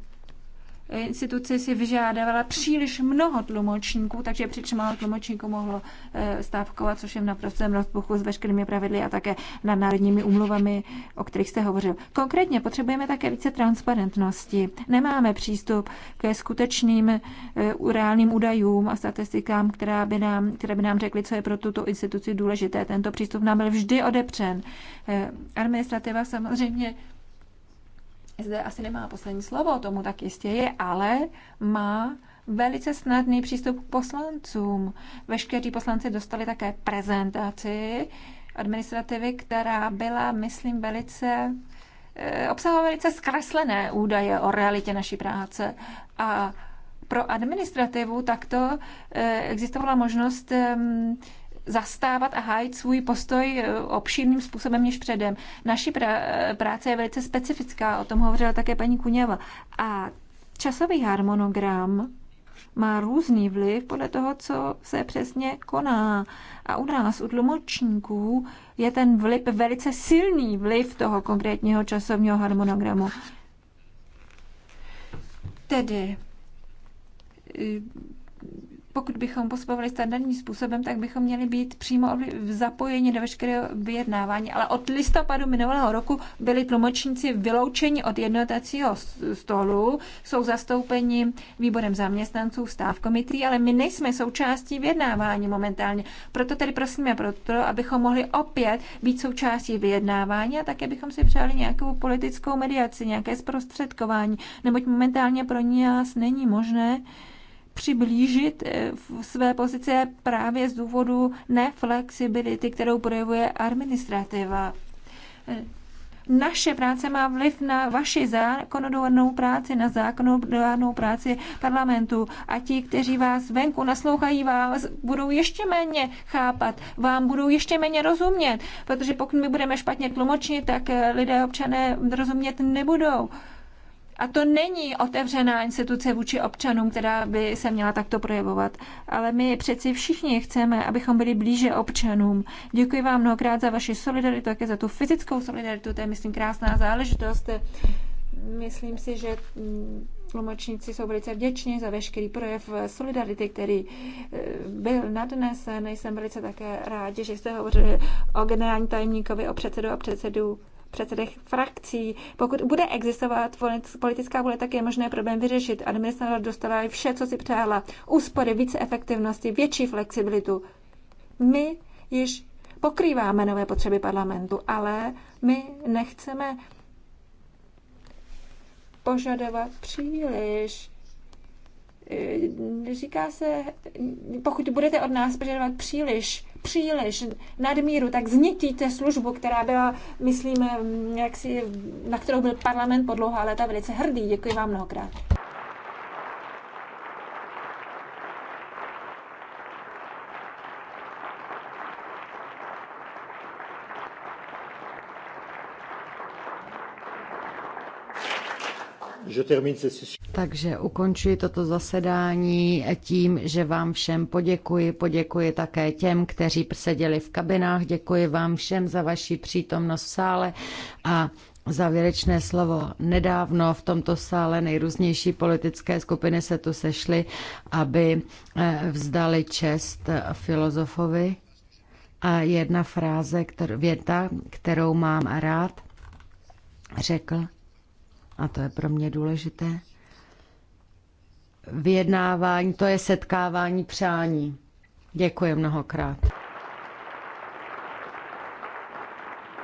instituce si vyžádávala příliš mnoho tlumočníků, takže příliš málo tlumočníků mohlo eh, stávkovat, což je v naprostém rozpuchu s veškerými pravidly a také nad národními umluvami, o kterých jste hovořil. Konkrétně potřebujeme také více transparentnosti. Nemáme přístup ke skutečným eh, reálným údajům a statistikám, která by nám, které by nám řekly, co je pro tuto instituci důležité. Tento přístup nám byl vždy odepřen. Eh, administrativa samozřejmě zde asi nemá poslední slovo, tomu tak jistě je, ale má velice snadný přístup k poslancům. Veškeří poslanci dostali také prezentaci administrativy, která byla, myslím, velice eh, obsahovala velice zkreslené údaje o realitě naší práce. A pro administrativu takto eh, existovala možnost zastávat a hájit svůj postoj eh, obšírným způsobem než předem. Naši pra- práce je velice specifická, o tom hovořila také paní Kuněva. A časový harmonogram má různý vliv podle toho, co se přesně koná. A u nás, u tlumočníků, je ten vliv velice silný vliv toho konkrétního časovního harmonogramu. Tedy eh, pokud bychom postupovali standardním způsobem, tak bychom měli být přímo v zapojeni do veškerého vyjednávání. Ale od listopadu minulého roku byli tlumočníci vyloučeni od jednotacího stolu, jsou zastoupeni výborem zaměstnanců, stávkomitří, ale my nejsme součástí vyjednávání momentálně. Proto tedy prosíme proto, abychom mohli opět být součástí vyjednávání a také bychom si přáli nějakou politickou mediaci, nějaké zprostředkování, neboť momentálně pro nás není možné přiblížit eh, v své pozice právě z důvodu neflexibility, kterou projevuje administrativa. Eh, naše práce má vliv na vaši zákonodárnou práci, na zákonodárnou práci parlamentu. A ti, kteří vás venku naslouchají, vás budou ještě méně chápat, vám budou ještě méně rozumět, protože pokud my budeme špatně tlumočit, tak eh, lidé občané rozumět nebudou. A to není otevřená instituce vůči občanům, která by se měla takto projevovat. Ale my přeci všichni chceme, abychom byli blíže občanům. Děkuji vám mnohokrát za vaši solidaritu, také za tu fyzickou solidaritu. To je, myslím, krásná záležitost. Myslím si, že mm, tlumočníci jsou velice vděční za veškerý projev solidarity, který eh, byl nadnesen. Jsem velice také rádi, že jste hovořili o generální tajemníkovi, o předsedu a předsedu předsedech frakcí. Pokud bude existovat politická vůle, tak je možné problém vyřešit. Administrátor dostala vše, co si přála. Úspory, více efektivnosti, větší flexibilitu. My již pokrýváme nové potřeby parlamentu, ale my nechceme požadovat příliš. Říká se, pokud budete od nás požadovat příliš, příliš nadmíru, tak zničíte službu, která byla, myslím, jaksi, na kterou byl parlament po dlouhá léta velice hrdý. Děkuji vám mnohokrát. Takže ukončuji toto zasedání tím, že vám všem poděkuji. Poděkuji také těm, kteří seděli v kabinách. Děkuji vám všem za vaši přítomnost v sále a Závěrečné slovo. Nedávno v tomto sále nejrůznější politické skupiny se tu sešly, aby eh, vzdali čest filozofovi. A jedna fráze, věta, kterou mám rád, řekl, a to je pro mě důležité, vyjednávání, to je setkávání přání. Děkuji mnohokrát.